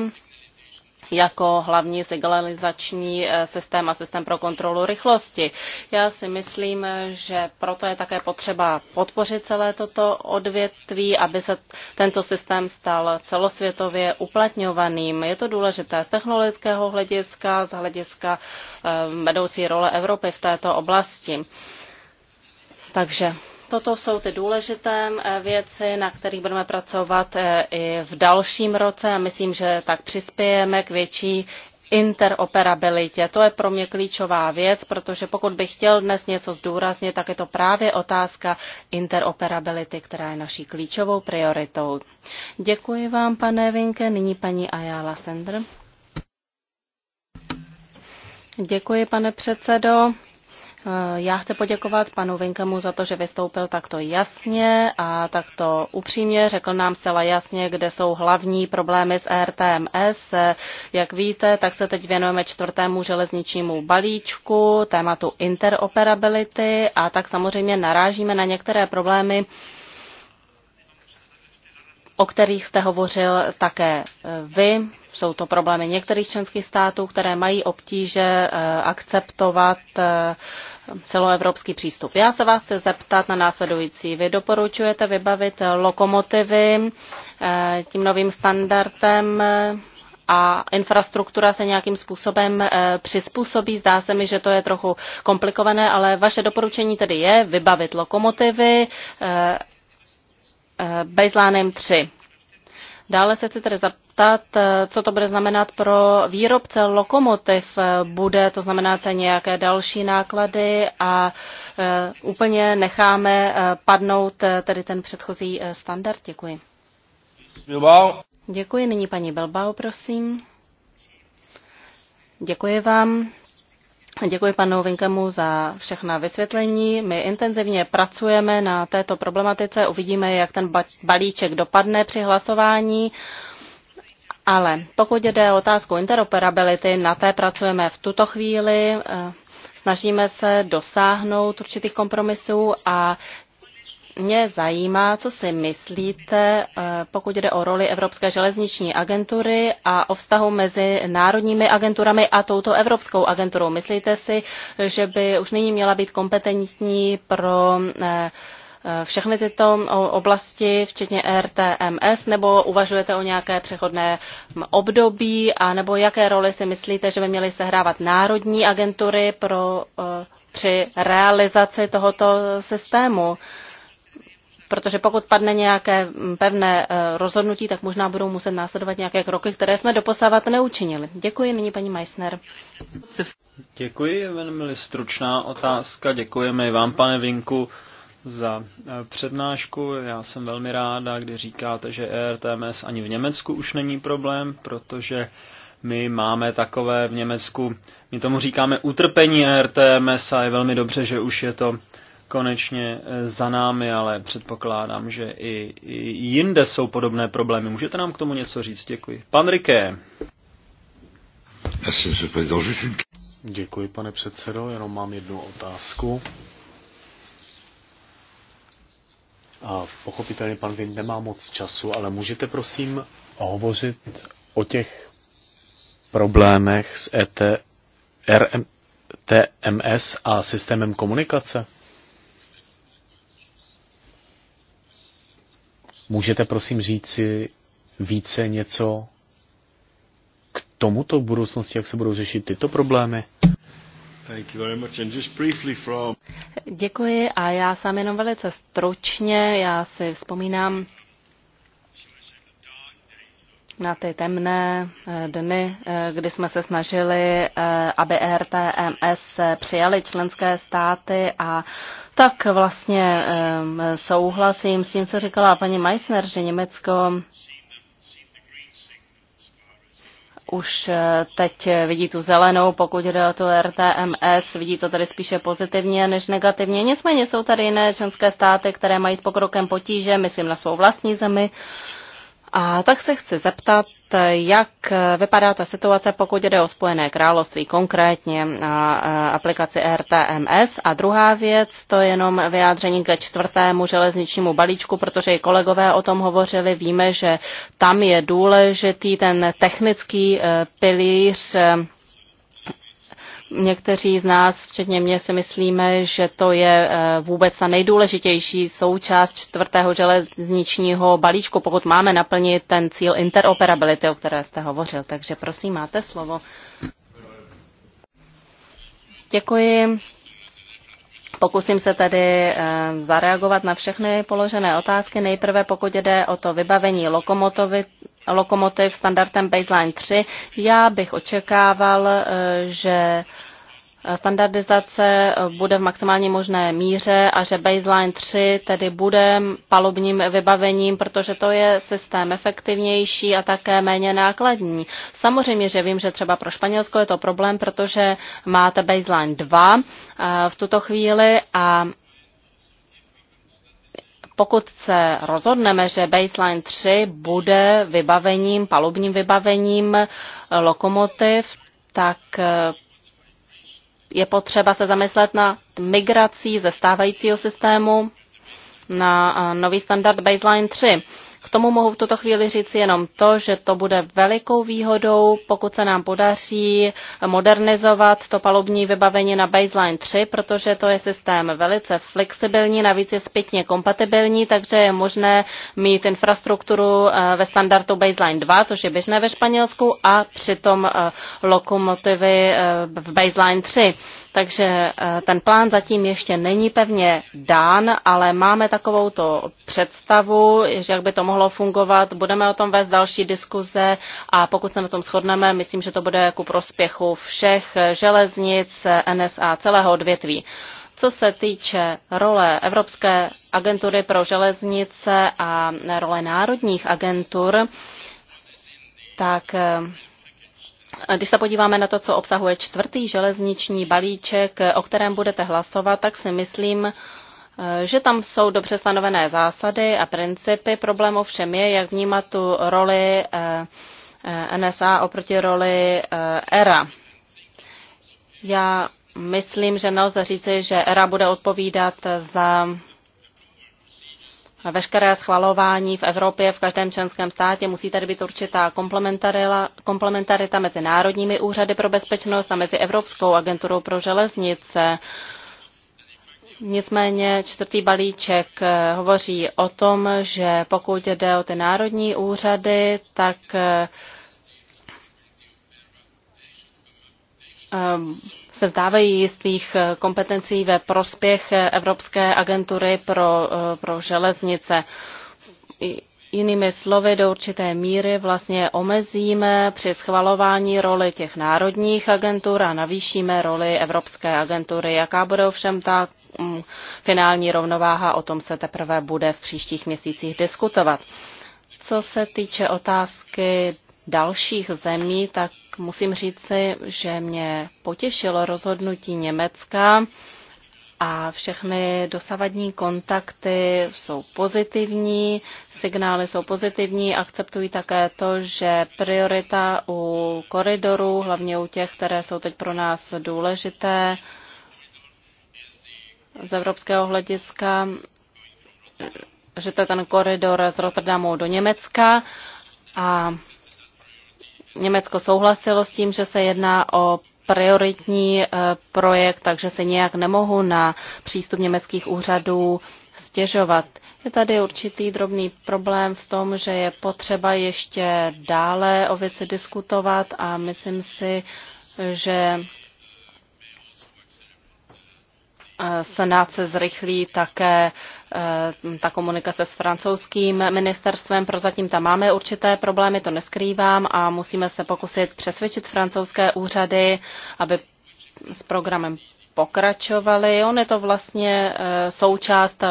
S3: jako hlavní signalizační eh, systém a systém pro kontrolu rychlosti. Já si myslím, že proto je také potřeba podpořit celé toto odvětví, aby se tento systém stal celosvětově uplatňovaným. Je to důležité z technologického hlediska, z hlediska eh, vedoucí role Evropy v této oblasti. Takže Toto jsou ty důležité eh, věci, na kterých budeme pracovat eh, i v dalším roce a myslím, že tak přispějeme k větší interoperabilitě. To je pro mě klíčová věc, protože pokud bych chtěl dnes něco zdůraznit, tak je to právě otázka interoperability, která je naší klíčovou prioritou. Děkuji vám, pane Vinke. Nyní paní Ayala Sender. Děkuji, pane předsedo. Eh, já chci poděkovat panu Vinkemu za to, že vystoupil takto jasně a takto upřímně. Řekl nám zcela jasně, kde jsou hlavní problémy s RTMS. Jak víte, tak se teď věnujeme čtvrtému železničnímu balíčku, tématu interoperability a tak samozřejmě narážíme na některé problémy, o kterých jste hovořil také e, vy. Jsou to problémy některých členských států, které mají obtíže e, akceptovat e, celoevropský přístup. Já se vás chci zeptat na následující. Vy doporučujete vybavit lokomotivy tím novým standardem a infrastruktura se nějakým způsobem přizpůsobí. Zdá se mi, že to je trochu komplikované, ale vaše doporučení tedy je vybavit lokomotivy Eh, baselinem 3. Dále se chci tedy zeptat, eh, co to bude znamenat pro výrobce lokomotiv. Eh, bude to znamenat nějaké další náklady a úplně necháme padnout tedy ten předchozí standard. Děkuji. Bilbao. Děkuji. Nyní paní Belbao, prosím. Děkuji vám. Děkuji panu Vinkemu za všechna vysvětlení. My intenzivně pracujeme na této problematice, uvidíme, jak ten balíček dopadne při hlasování. Ale pokud jde o otázku interoperability, na té pracujeme v tuto chvíli. Eh, snažíme se dosáhnout určitých kompromisů a mě zajímá, co si myslíte, eh, pokud jde o roli Evropské železniční agentury a o vztahu mezi národními agenturami a touto Evropskou agenturou. Myslíte si, že by už nyní měla být kompetentní pro eh, eh, všechny tyto oblasti, včetně RTMS, nebo uvažujete o nějaké přechodné období, a nebo jaké roli si myslíte, že by měly sehrávat národní agentury pro, při realizaci tohoto systému? protože pokud padne nějaké pevné eh, rozhodnutí, tak možná budou muset následovat nějaké kroky, které jsme doposávat neučinili. Děkuji, nyní paní Meissner.
S4: Děkuji, velmi stručná otázka. Děkujeme vám, pane Vinku, za eh, přednášku. Já jsem velmi ráda, kdy říkáte, že ERTMS ani v Německu už není problém, protože my máme takové v Německu, my tomu říkáme utrpení e RTMS. a je velmi dobře, že už je to konečně eh, za námi, ale předpokládám, že i, i jinde jsou podobné problémy. Můžete nám k tomu něco říct? Děkuji. Pan Riké.
S1: Děkuji, pane předsedo. Jenom mám jednu otázku. A pochopitelně pan Vin nemá moc času, ale můžete prosím hovořit o těch problémech s ET, TMS a systémem komunikace? Můžete prosím říct si více něco k tomuto budoucnosti, jak se budou řešit tyto problémy?
S3: Děkuji a já sám jenom velice stručně, já si vzpomínám na ty temné eh, dny, eh, kdy jsme se snažili, eh, aby RTMS přijali členské státy a tak vlastně souhlasím s tím, co říkala paní Meissner, že Německo už teď vidí tu zelenou, pokud jde o tu RTMS, vidí to tady spíše pozitivně než negativně. Nicméně jsou tady jiné členské státy, které mají s pokrokem potíže, myslím na svou vlastní zemi. A tak se chci zeptat, jak vypadá ta situace, pokud jde o Spojené království, konkrétně a aplikaci RTMS. A druhá věc, to je jenom vyjádření ke čtvrtému železničnímu balíčku, protože i kolegové o tom hovořili. Víme, že tam je důležitý ten technický e, pilíř e, Někteří z nás, včetně mě, si myslíme, že to je eh, vůbec ta nejdůležitější součást čtvrtého železničního balíčku, pokud máme naplnit ten cíl interoperability, o které jste hovořil. Takže prosím, máte slovo. Děkuji. Pokusím se tedy eh, zareagovat na všechny položené otázky. Nejprve pokud jde o to vybavení lokomotivy, lokomotiv standardem Baseline 3. Já bych očekával, eh, že standardizace bude v maximální možné míře a že baseline 3 tedy bude palubním vybavením, protože to je systém efektivnější a také méně nákladní. Samozřejmě, že vím, že třeba pro Španělsko je to problém, protože máte baseline 2 eh, v tuto chvíli a pokud se rozhodneme, že baseline 3 bude vybavením, palubním vybavením eh, lokomotiv, tak eh, je potřeba se zamyslet na migrací ze stávajícího systému na eh, nový standard baseline 3 tomu mohu v tuto chvíli říct jenom to, že to bude velikou výhodou, pokud se nám podaří modernizovat to palubní vybavení na Baseline 3, protože to je systém velice flexibilní, navíc je zpětně kompatibilní, takže je možné mít infrastrukturu eh, ve standardu Baseline 2, což je běžné ve Španělsku, a přitom eh, lokomotivy eh, v Baseline 3. Takže eh, ten plán zatím ještě není pevně dán, ale máme takovou to představu, že jak by to mohlo fungovat. Budeme o tom vést další diskuze a pokud se na tom shodneme, myslím, že to bude ku prospěchu všech železnic, NSA, celého odvětví. Co se týče role Evropské agentury pro železnice a role národních agentur, tak eh, když se podíváme na to, co obsahuje čtvrtý železniční balíček, o kterém budete hlasovat, tak si myslím, že tam jsou dobře stanovené zásady a principy. Problém ovšem je, jak vnímat tu roli eh, NSA oproti roli ERA. Eh, e Já myslím, že nelze říci, že ERA bude odpovídat za veškeré schvalování v Evropě, v každém členském státě musí tady být určitá komplementarita mezi národními úřady pro bezpečnost a mezi Evropskou agenturou pro železnice. Nicméně čtvrtý balíček eh, hovoří o tom, že pokud jde o ty národní úřady, tak eh, se vzdávají jistých eh, kompetencí ve prospěch eh, Evropské agentury pro, eh, pro železnice. Jinými slovy, do určité míry vlastně omezíme při schvalování roli těch národních agentur a navýšíme roli Evropské agentury. Jaká bude ovšem ta mm, finální rovnováha, o tom se teprve bude v příštích měsících diskutovat. Co se týče otázky dalších zemí, tak musím říci, že mě potěšilo rozhodnutí Německa a všechny dosavadní kontakty jsou pozitivní, signály jsou pozitivní, akceptují také to, že priorita u koridorů, hlavně u těch, které jsou teď pro nás důležité z evropského hlediska, že to je ten koridor z Rotterdamu do Německa a Německo souhlasilo s tím, že se jedná o prioritní eh, projekt, takže se nějak nemohu na přístup německých úřadů stěžovat. Je tady určitý drobný problém v tom, že je potřeba ještě dále o věci diskutovat a myslím si, že Senát se zrychlí také eh, ta komunikace s francouzským ministerstvem. Prozatím tam máme určité problémy, to neskrývám a musíme se pokusit přesvědčit francouzské úřady, aby s programem pokračovali. On je to vlastně eh, součást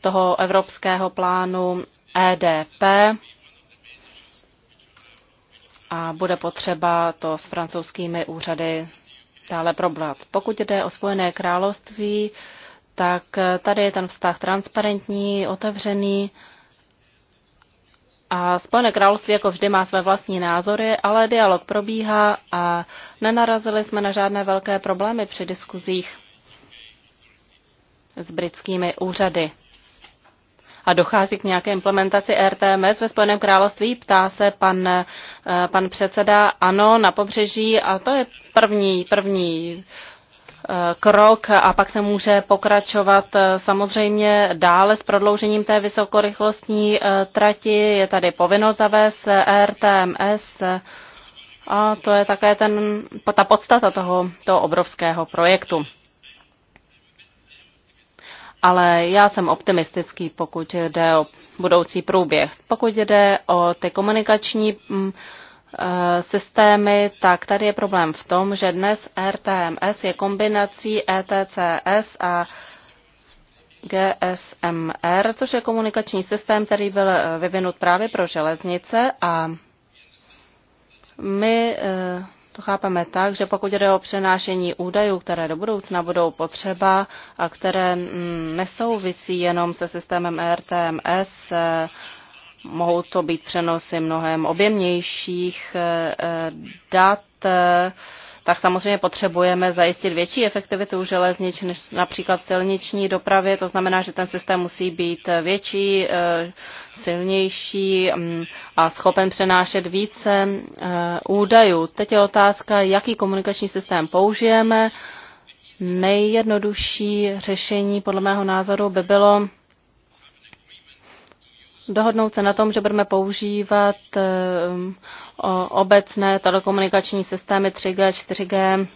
S3: toho evropského plánu EDP a bude potřeba to s francouzskými úřady dále problém. Pokud jde o Spojené království, tak tady je ten vztah transparentní, otevřený. A Spojené království jako vždy má své vlastní názory, ale dialog probíhá a nenarazili jsme na žádné velké problémy při diskuzích s britskými úřady a dochází k nějaké implementaci RTMS ve Spojeném království? Ptá se pan, eh, pan předseda. Ano, na pobřeží a to je první, první eh, krok a pak se může pokračovat eh, samozřejmě dále s prodloužením té vysokorychlostní trati. Je tady povinnost zavést RTMS a to je také ten, ta podstata toho, toho obrovského projektu ale já jsem optimistický, pokud jde o budoucí průběh. Pokud jde o ty komunikační mm, eh, systémy, tak tady je problém v tom, že dnes RTMS je kombinací ETCS a GSMR, což je komunikační systém, který byl eh, vyvinut právě pro železnice a my eh, to chápeme tak, že pokud jde o přenášení údajů, které do budoucna budou potřeba a které mm, nesouvisí jenom se systémem RTMS, eh, mohou to být přenosy mnohem objemnějších eh, eh, dat, tak samozřejmě potřebujeme zajistit větší efektivitu železnic než například v silniční dopravě. To znamená, že ten systém musí být eh, větší, eh, silnější mm, a schopen přenášet více eh, údajů. Teď je otázka, jaký komunikační systém použijeme. Nejjednodušší řešení podle mého názoru by bylo dohodnout se na tom, že budeme používat obecné telekomunikační systémy 3G, 4G.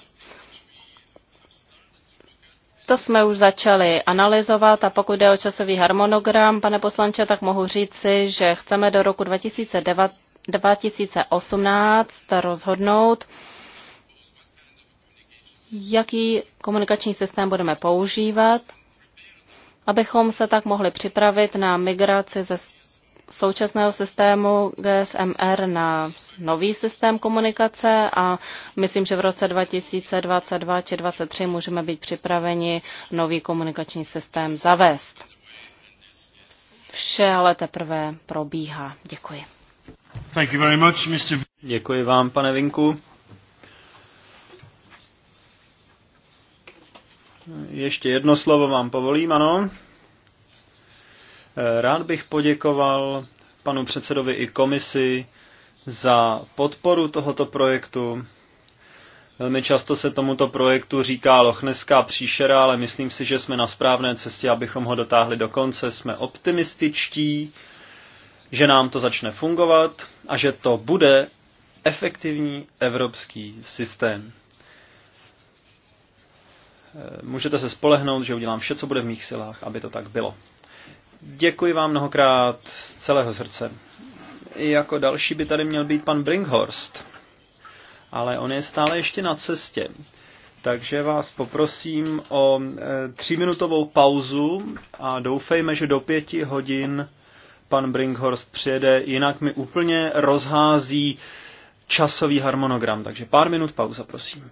S3: To jsme už začali analyzovat a pokud jde o časový harmonogram, pane poslanče, tak mohu říci, že chceme do roku 2009, 2018 rozhodnout, jaký komunikační systém budeme používat, abychom se tak mohli připravit na migraci ze současného systému GSMR na nový systém komunikace a myslím, že v roce 2022 či 2023 můžeme být připraveni nový komunikační systém zavést. Vše ale teprve probíhá. Děkuji.
S4: Thank you very much, Mr. Děkuji vám, pane Vinku. Ještě jedno slovo vám povolím, ano. Rád bych poděkoval panu předsedovi i komisi za podporu tohoto projektu. Velmi často se tomuto projektu říká lochneská příšera, ale myslím si, že jsme na správné cestě, abychom ho dotáhli do konce. Jsme optimističtí, že nám to začne fungovat a že to bude efektivní evropský systém. Můžete se spolehnout, že udělám vše, co bude v mých silách, aby to tak bylo. Děkuji vám mnohokrát z celého srdce. Jako další by tady měl být pan Brinkhorst, ale on je stále ještě na cestě. Takže vás poprosím o e, tříminutovou pauzu a doufejme, že do pěti hodin pan Brinkhorst přijede, jinak mi úplně rozhází časový harmonogram. Takže pár minut pauza, prosím.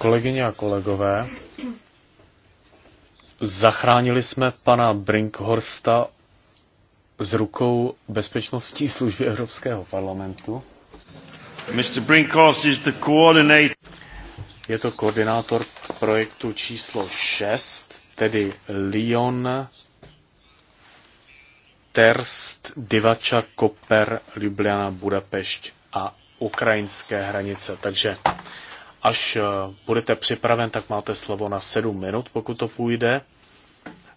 S2: Kolegyně
S1: a kolegové, zachránili jsme pana Brinkhorsta z rukou bezpečnostní služby Evropského parlamentu. Mr. Brinkhorst is the coordinator. Je to koordinátor projektu číslo 6, tedy Lyon Terst, Divača, Koper, Ljubljana, Budapešť a ukrajinské hranice. Takže až eh, budete připraven, tak máte slovo na 7 minut, pokud to půjde.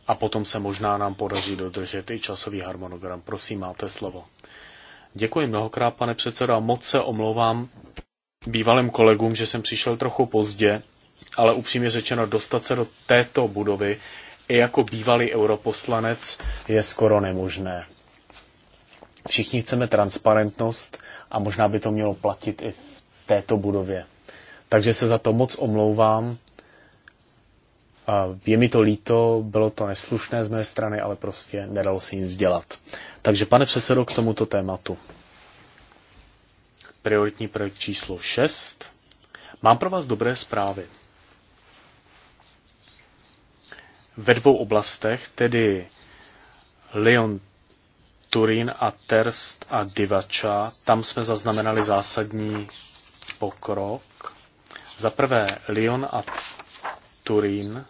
S1: A potom se možná nám podaří dodržet i časový harmonogram. Prosím, máte slovo. Děkuji mnohokrát, pane předsedo, a moc se omlouvám bývalým kolegům, že jsem přišel trochu pozdě, ale upřímně řečeno, dostat se do této budovy i jako bývalý europoslanec je skoro nemožné. Všichni chceme transparentnost a možná by to mělo platit i v této budově. Takže se za to moc omlouvám. Je mi to líto, bylo to neslušné z mé strany, ale prostě nedalo se nic dělat. Takže pane předsedo, k tomuto tématu. Prioritní projekt číslo 6. Mám pro vás dobré zprávy. Ve dvou oblastech, tedy Lyon Turín a Terst a Divača, tam jsme zaznamenali zásadní pokrok. Za prvé, Lyon a Turín,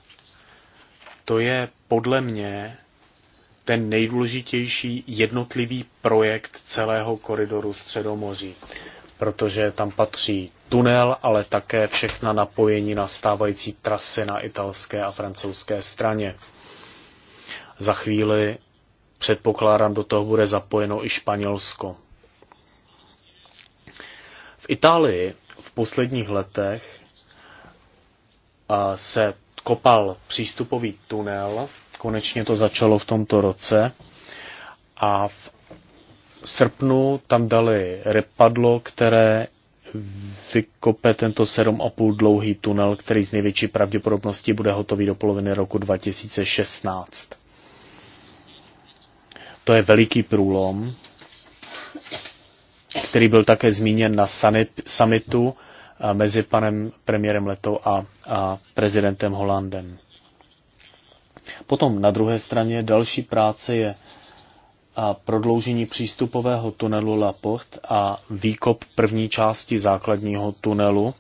S1: to je podle mě ten nejdůležitější jednotlivý projekt celého koridoru Středomoří, protože tam patří tunel, ale také všechna napojení na stávající trasy na italské a francouzské straně. Za chvíli Předpokládám, do toho bude zapojeno i Španělsko. V Itálii v posledních letech se kopal přístupový tunel, konečně to začalo v tomto roce a v srpnu tam dali repadlo, které vykope tento 7,5 dlouhý tunel, který z největší pravděpodobnosti bude hotový do poloviny roku 2016. To je veliký průlom, který byl také zmíněn na summitu eh, mezi panem premiérem Letou a, a prezidentem Holandem. Potom na druhé straně další práce je a prodloužení přístupového tunelu Laport a výkop první části základního tunelu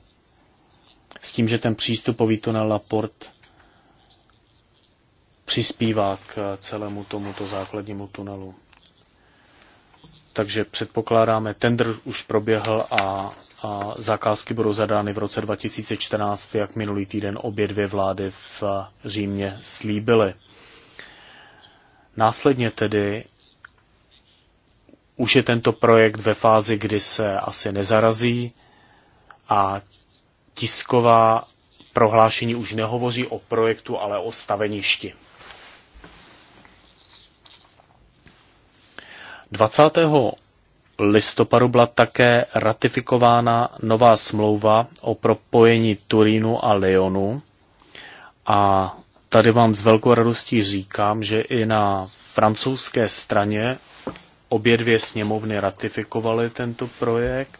S1: s tím, že ten přístupový tunel Laport přispívá k celému tomuto základnímu tunelu. Takže předpokládáme, tender už proběhl a, a zakázky budou zadány v roce 2014, jak minulý týden obě dvě vlády v Římě slíbily. Následně tedy už je tento projekt ve fázi, kdy se asi nezarazí a tisková prohlášení už nehovoří o projektu, ale o staveništi. 20. listopadu byla také ratifikována nová smlouva o propojení Turínu a Lyonu. A tady vám s velkou radostí říkám, že i na francouzské straně obě dvě sněmovny ratifikovaly tento projekt,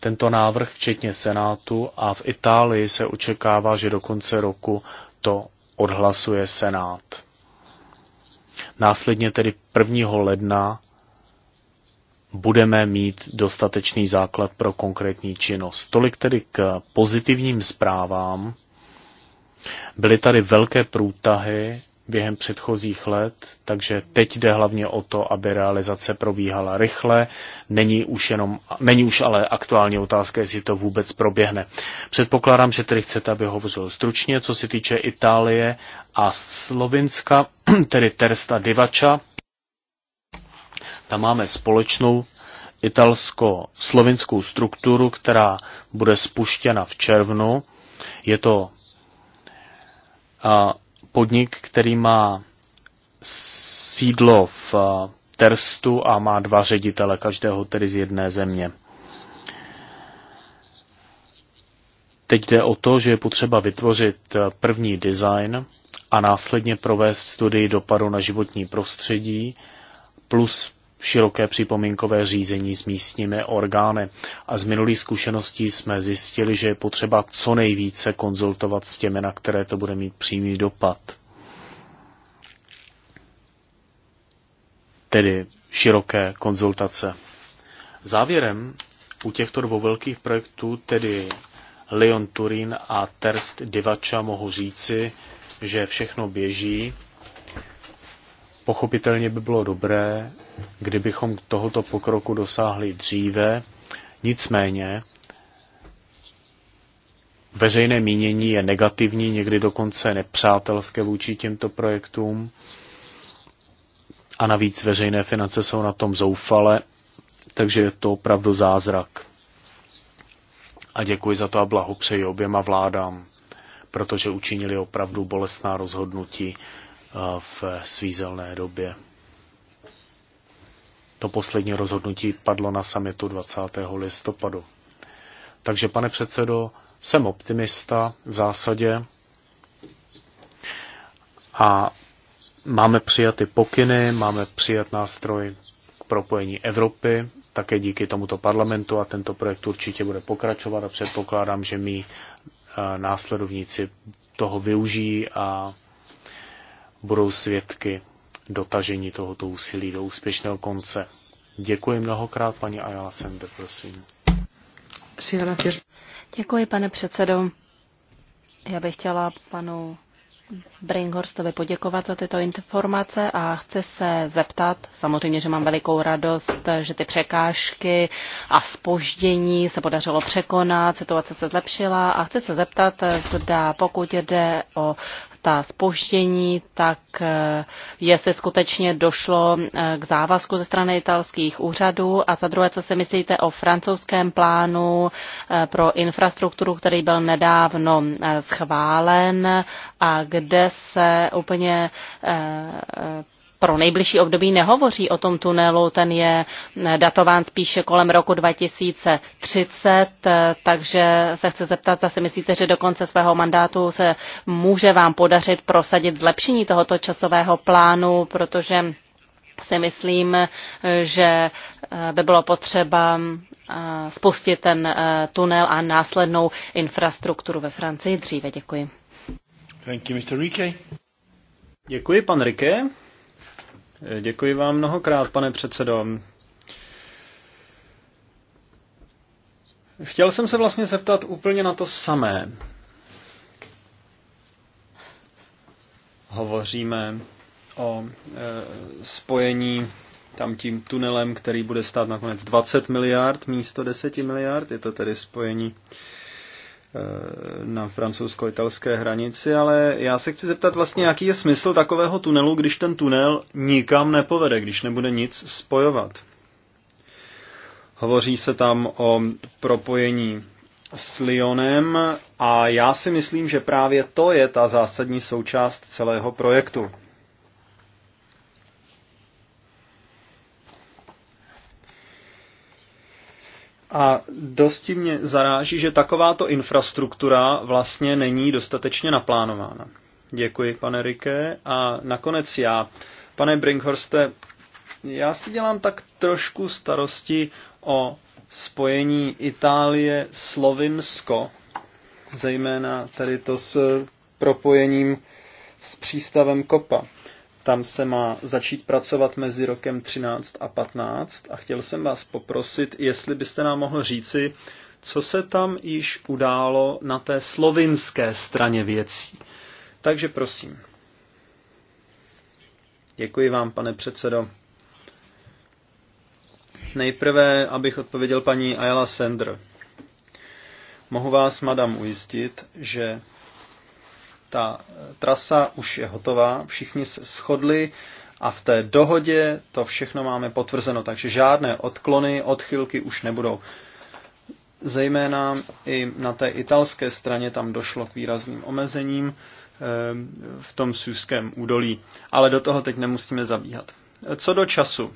S1: tento návrh, včetně Senátu, a v Itálii se očekává, že do konce roku to odhlasuje Senát. Následně tedy 1. ledna budeme mít dostatečný základ pro konkrétní činnost. Tolik tedy k pozitivním zprávám. Byly tady velké průtahy během předchozích let, takže teď jde hlavně o to, aby realizace probíhala rychle. Není už, jenom, není už ale aktuální otázka, jestli to vůbec proběhne. Předpokládám, že tedy chcete, aby hovořil stručně, co se týče Itálie a Slovinska, <clears throat> tedy Tersta Divača. Tam máme společnou italsko-slovinskou strukturu, která bude spuštěna v červnu. Je to a, podnik, který má sídlo v eh, Terstu a má dva ředitele, každého tedy z jedné země. Teď jde o to, že je potřeba vytvořit eh, první design a následně provést studii dopadu na životní prostředí plus široké připomínkové řízení s místními orgány. A z minulých zkušeností jsme zjistili, že je potřeba co nejvíce konzultovat s těmi, na které to bude mít přímý dopad. Tedy široké konzultace. Závěrem u těchto dvou velkých projektů, tedy Leon Turín a Terst Divača, mohu říci, že všechno běží Pochopitelně by bylo dobré, kdybychom tohoto pokroku dosáhli dříve, nicméně veřejné mínění je negativní, někdy dokonce nepřátelské vůči těmto projektům a navíc veřejné finance jsou na tom zoufale, takže je to opravdu zázrak. A děkuji za to a blahopřeji oběma vládám, protože učinili opravdu bolestná rozhodnutí, v svízelné době. To poslední rozhodnutí padlo na samitu 20. listopadu. Takže, pane předsedo, jsem optimista v zásadě a máme přijaty pokyny, máme přijat nástroj k propojení Evropy, také díky tomuto parlamentu a tento projekt určitě bude pokračovat a předpokládám, že mý eh, následovníci toho využijí a budou svědky dotažení tohoto úsilí do úspěšného konce. Děkuji mnohokrát, paní Ayala Sende, prosím.
S3: Děkuji, pane předsedo. Já bych chtěla panu Bringhorstovi poděkovat za tyto informace a chci se zeptat, samozřejmě, že mám velikou radost, že ty překážky a spoždění se podařilo překonat, situace se zlepšila a chci se zeptat, zda pokud jde o ta spoždění, tak eh, jestli skutečně došlo eh, k závazku ze strany italských úřadů a za druhé, co si myslíte o francouzském plánu eh, pro infrastrukturu, který byl nedávno schválen a kde se úplně pro nejbližší období nehovoří o tom tunelu, ten je datován spíše kolem roku 2030, eh, takže se chci zeptat, zase myslíte, že do konce svého mandátu se může vám podařit prosadit zlepšení tohoto časového plánu, protože si myslím, že eh, by bylo potřeba eh, spustit ten tunel a následnou infrastrukturu ve Francii dříve. Děkuji.
S1: Thank you, Mr. Rike.
S4: Děkuji, pan Rike. Děkuji vám mnohokrát, pane předsedo. Chtěl jsem se vlastně zeptat úplně na to samé. Hovoříme o e, spojení tam tím tunelem, který bude stát nakonec 20 miliard místo 10 miliard. Je to tedy spojení e, Eh, na francouzsko-italské hranici, ale já se chci zeptat vlastně, jaký je smysl takového tunelu, když ten tunel nikam nepovede, když nebude nic spojovat. Hovoří se tam o propojení s Lyonem a já si myslím, že právě to je ta zásadní součást celého projektu. A dosti mě zaráží, že takováto infrastruktura vlastně není dostatečně naplánována. Děkuji, pane Rike. A nakonec já. Pane Brinkhorste, já si dělám tak trošku starosti o spojení Itálie, Slovinsko, zejména tady to s propojením s přístavem Kopa. Tam se má začít pracovat mezi rokem 13 a 15 a chtěl jsem vás poprosit, jestli byste nám mohl říci, co se tam již událo na té slovinské straně věcí. Takže prosím. Děkuji vám, pane předsedo. Nejprve, abych odpověděl paní Ayala Sender. Mohu vás, madam, ujistit, že ta trasa už je hotová, všichni se shodli a v té dohodě to všechno máme potvrzeno, takže žádné odklony, odchylky už nebudou. Zejména i na té italské straně tam došlo k výrazným omezením eh, v tom suském údolí. Ale do toho teď nemusíme zabíhat. Co do času?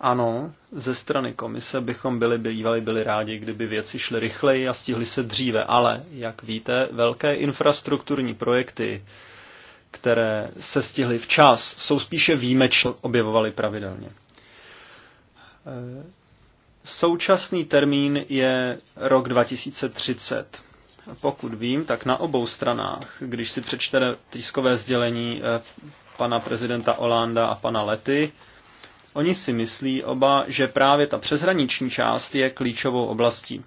S4: Ano, ze strany komise bychom byli bývali byli rádi, kdyby věci šly rychleji a stihly se dříve, ale, jak víte, velké infrastrukturní projekty, které se stihly včas, jsou spíše výjimečné, objevovaly pravidelně. E, současný termín je rok 2030. Pokud vím, tak na obou stranách, když si přečtete tiskové sdělení e, pana prezidenta Olanda a pana Lety, Oni si myslí oba, že právě ta přeshraniční část je klíčovou oblastí.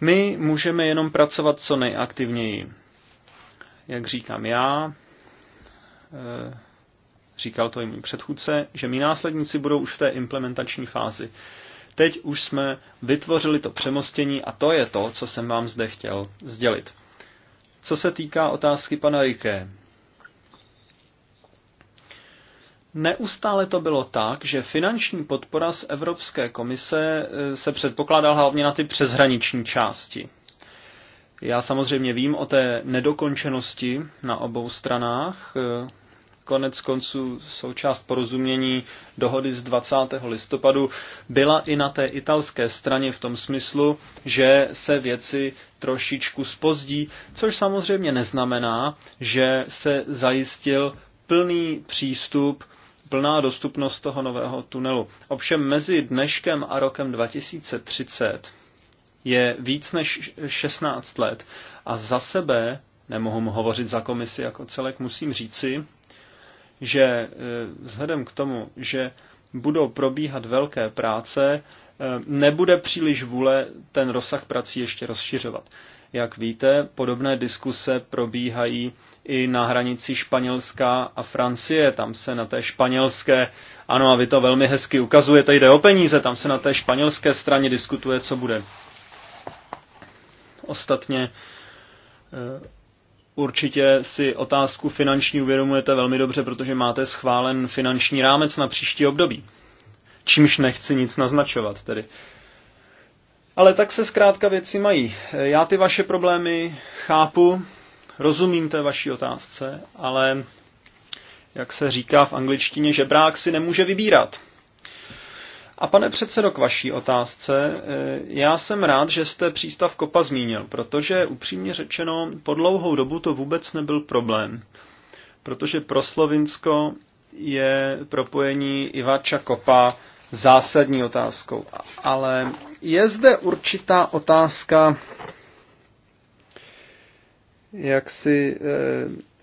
S4: My můžeme jenom pracovat co nejaktivněji. Jak říkám já, eh, říkal to i můj předchůdce, že mý následníci budou už v té implementační fázi. Teď už jsme vytvořili to přemostění a to je to, co jsem vám zde chtěl sdělit. Co se týká otázky pana Riké, Neustále to bylo tak, že finanční podpora z Evropské komise eh, se předpokládala hlavně na ty přeshraniční části. Já samozřejmě vím o té nedokončenosti na obou stranách. Eh, konec konců součást porozumění dohody z 20. listopadu byla i na té italské straně v tom smyslu, že se věci trošičku spozdí, což samozřejmě neznamená, že se zajistil plný přístup plná dostupnost toho nového tunelu. Ovšem mezi dneškem a rokem 2030 je víc než 16 let a za sebe, nemohu hovořit za komisi jako celek, musím říci, že e, vzhledem k tomu, že budou probíhat velké práce, e, nebude příliš vůle ten rozsah prací ještě rozšiřovat. Jak víte, podobné diskuse probíhají i na hranici Španělská a Francie. Tam se na té španělské, ano a vy to velmi hezky ukazujete, jde o peníze, tam se na té španělské straně diskutuje, co bude. Ostatně eh, určitě si otázku finanční uvědomujete velmi dobře, protože máte schválen finanční rámec na příští období. Čímž nechci nic naznačovat tedy. Ale tak se zkrátka věci mají. Já ty vaše problémy chápu, rozumím té vaší otázce, ale jak se říká v angličtině, brák si nemůže vybírat. A pane předsedo, k vaší otázce, eh, já jsem rád, že jste přístav Kopa zmínil, protože upřímně řečeno, po dlouhou dobu to vůbec nebyl problém, protože pro Slovinsko je propojení Ivača Kopa zásadní otázkou. Ale je zde určitá otázka jak jaksi eh,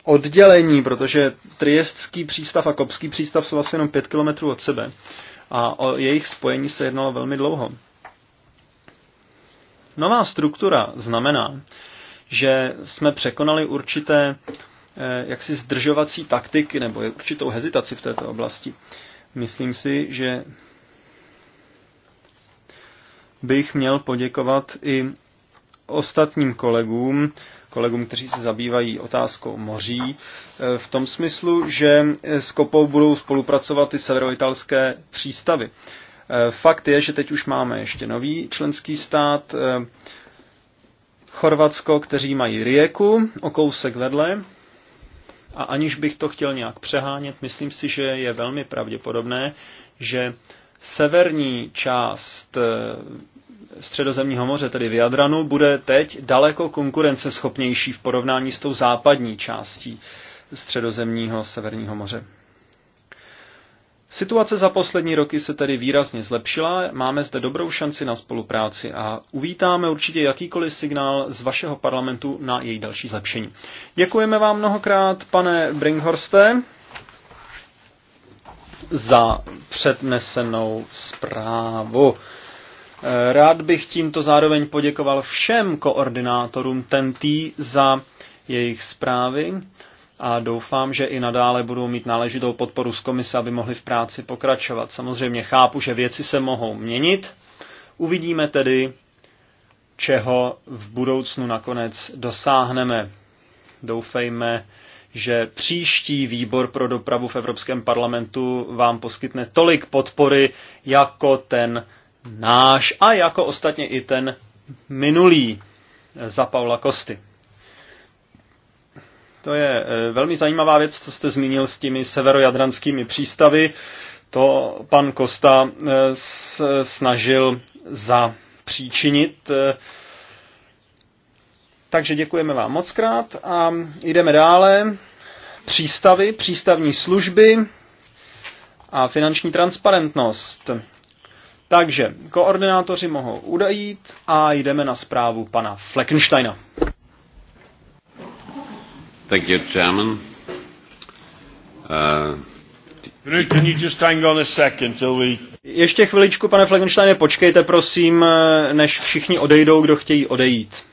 S4: oddělení, protože Triestský přístav a Kopský přístav jsou asi jenom pět kilometrů od sebe a o jejich spojení se jednalo velmi dlouho. Nová struktura znamená, že jsme překonali určité eh, jaksi zdržovací taktiky nebo určitou hezitaci v této oblasti. Myslím si, že bych měl poděkovat i ostatním kolegům, kolegům, kteří se zabývají otázkou moří, e, v tom smyslu, že s Kopou budou spolupracovat i severoitalské přístavy. E, fakt je, že teď už máme ještě nový členský stát, e, Chorvatsko, kteří mají Rieku, o kousek vedle, a aniž bych to chtěl nějak přehánět, myslím si, že je velmi pravděpodobné, že severní část eh, středozemního moře, tedy v Jadranu, bude teď daleko konkurenceschopnější v porovnání s tou západní částí středozemního severního moře. Situace za poslední roky se tedy výrazně zlepšila, máme zde dobrou šanci na spolupráci a uvítáme určitě jakýkoliv signál z vašeho parlamentu na její další zlepšení. Děkujeme vám mnohokrát, pane Bringhorste za přednesenou zprávu. Eh, rád bych tímto zároveň poděkoval všem koordinátorům TNT za jejich zprávy a doufám, že i nadále budou mít náležitou podporu z komise, aby mohli v práci pokračovat. Samozřejmě chápu, že věci se mohou měnit. Uvidíme tedy, čeho v budoucnu nakonec dosáhneme. Doufejme, že příští výbor pro dopravu v Evropském parlamentu vám poskytne tolik podpory jako ten náš a jako ostatně i ten minulý eh, za Paula Kosty. To je eh, velmi zajímavá věc, co jste zmínil s těmi severojadranskými přístavy. To pan Kosta eh, snažil zapříčinit takže děkujeme vám moc krát a jdeme dále. Přístavy, přístavní služby a finanční transparentnost. Takže koordinátoři mohou udajít a jdeme na zprávu pana Fleckensteina.
S2: Thank you, Chairman.
S4: Uh... Ještě chviličku, pane Fleckensteine, počkejte prosím, než všichni odejdou, kdo chtějí odejít.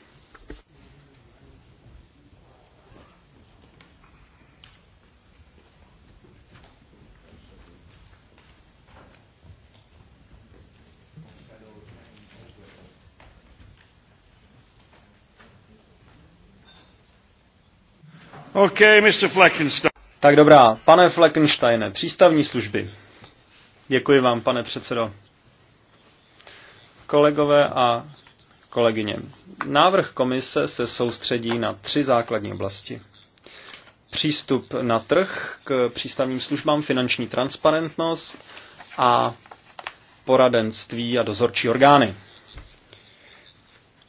S4: Okay, Mr. Fleckenstein. Tak dobrá, pane Fleckensteine, přístavní služby. Děkuji vám, pane předsedo. Kolegové a kolegyně, návrh komise se soustředí na tři základní oblasti. Přístup na trh k přístavním službám, finanční transparentnost a poradenství a dozorčí orgány.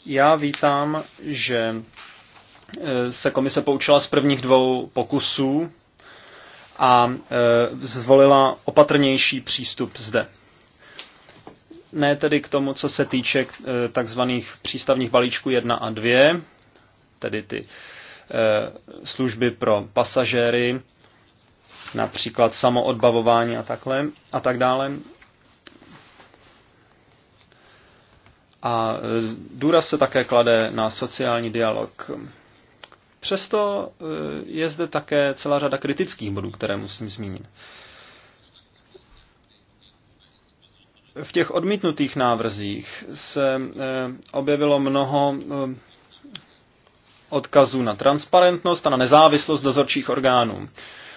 S4: Já vítám, že Eh, se komise poučila z prvních dvou pokusů a eh, zvolila opatrnější přístup zde. Ne tedy k tomu, co se týče eh, takzvaných přístavních balíčků 1 a 2, tedy ty služby pro pasažéry, například samoodbavování a, takhle, a tak dále. A důraz se také klade na sociální dialog. Přesto eh, je zde také celá řada kritických bodů, které musím zmínit. V těch odmítnutých návrzích se eh, objevilo mnoho eh, odkazů na transparentnost a na nezávislost dozorčích orgánů.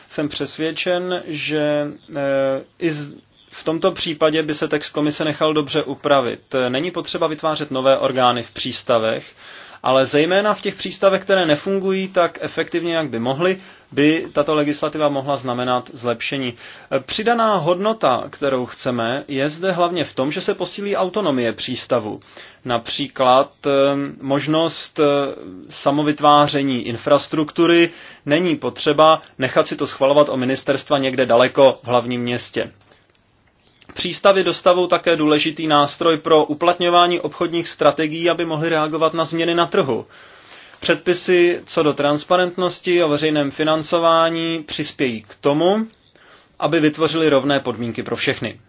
S4: Jsem přesvědčen, že i v tomto případě by se text komise nechal dobře upravit. Není potřeba vytvářet nové orgány v přístavech, ale zejména v těch přístavech, které nefungují tak efektivně, jak by mohly, by tato legislativa mohla znamenat zlepšení. Eh, přidaná hodnota, kterou chceme, je zde hlavně v tom, že se posílí autonomie přístavu. Například eh, možnost eh, samovytváření infrastruktury není potřeba nechat si to schvalovat o ministerstva někde daleko v hlavním městě. Přístavy dostavou také důležitý nástroj pro uplatňování obchodních strategií, aby mohly reagovat na změny na trhu. Předpisy co do transparentnosti a veřejném financování přispějí k tomu, aby vytvořili rovné podmínky pro všechny.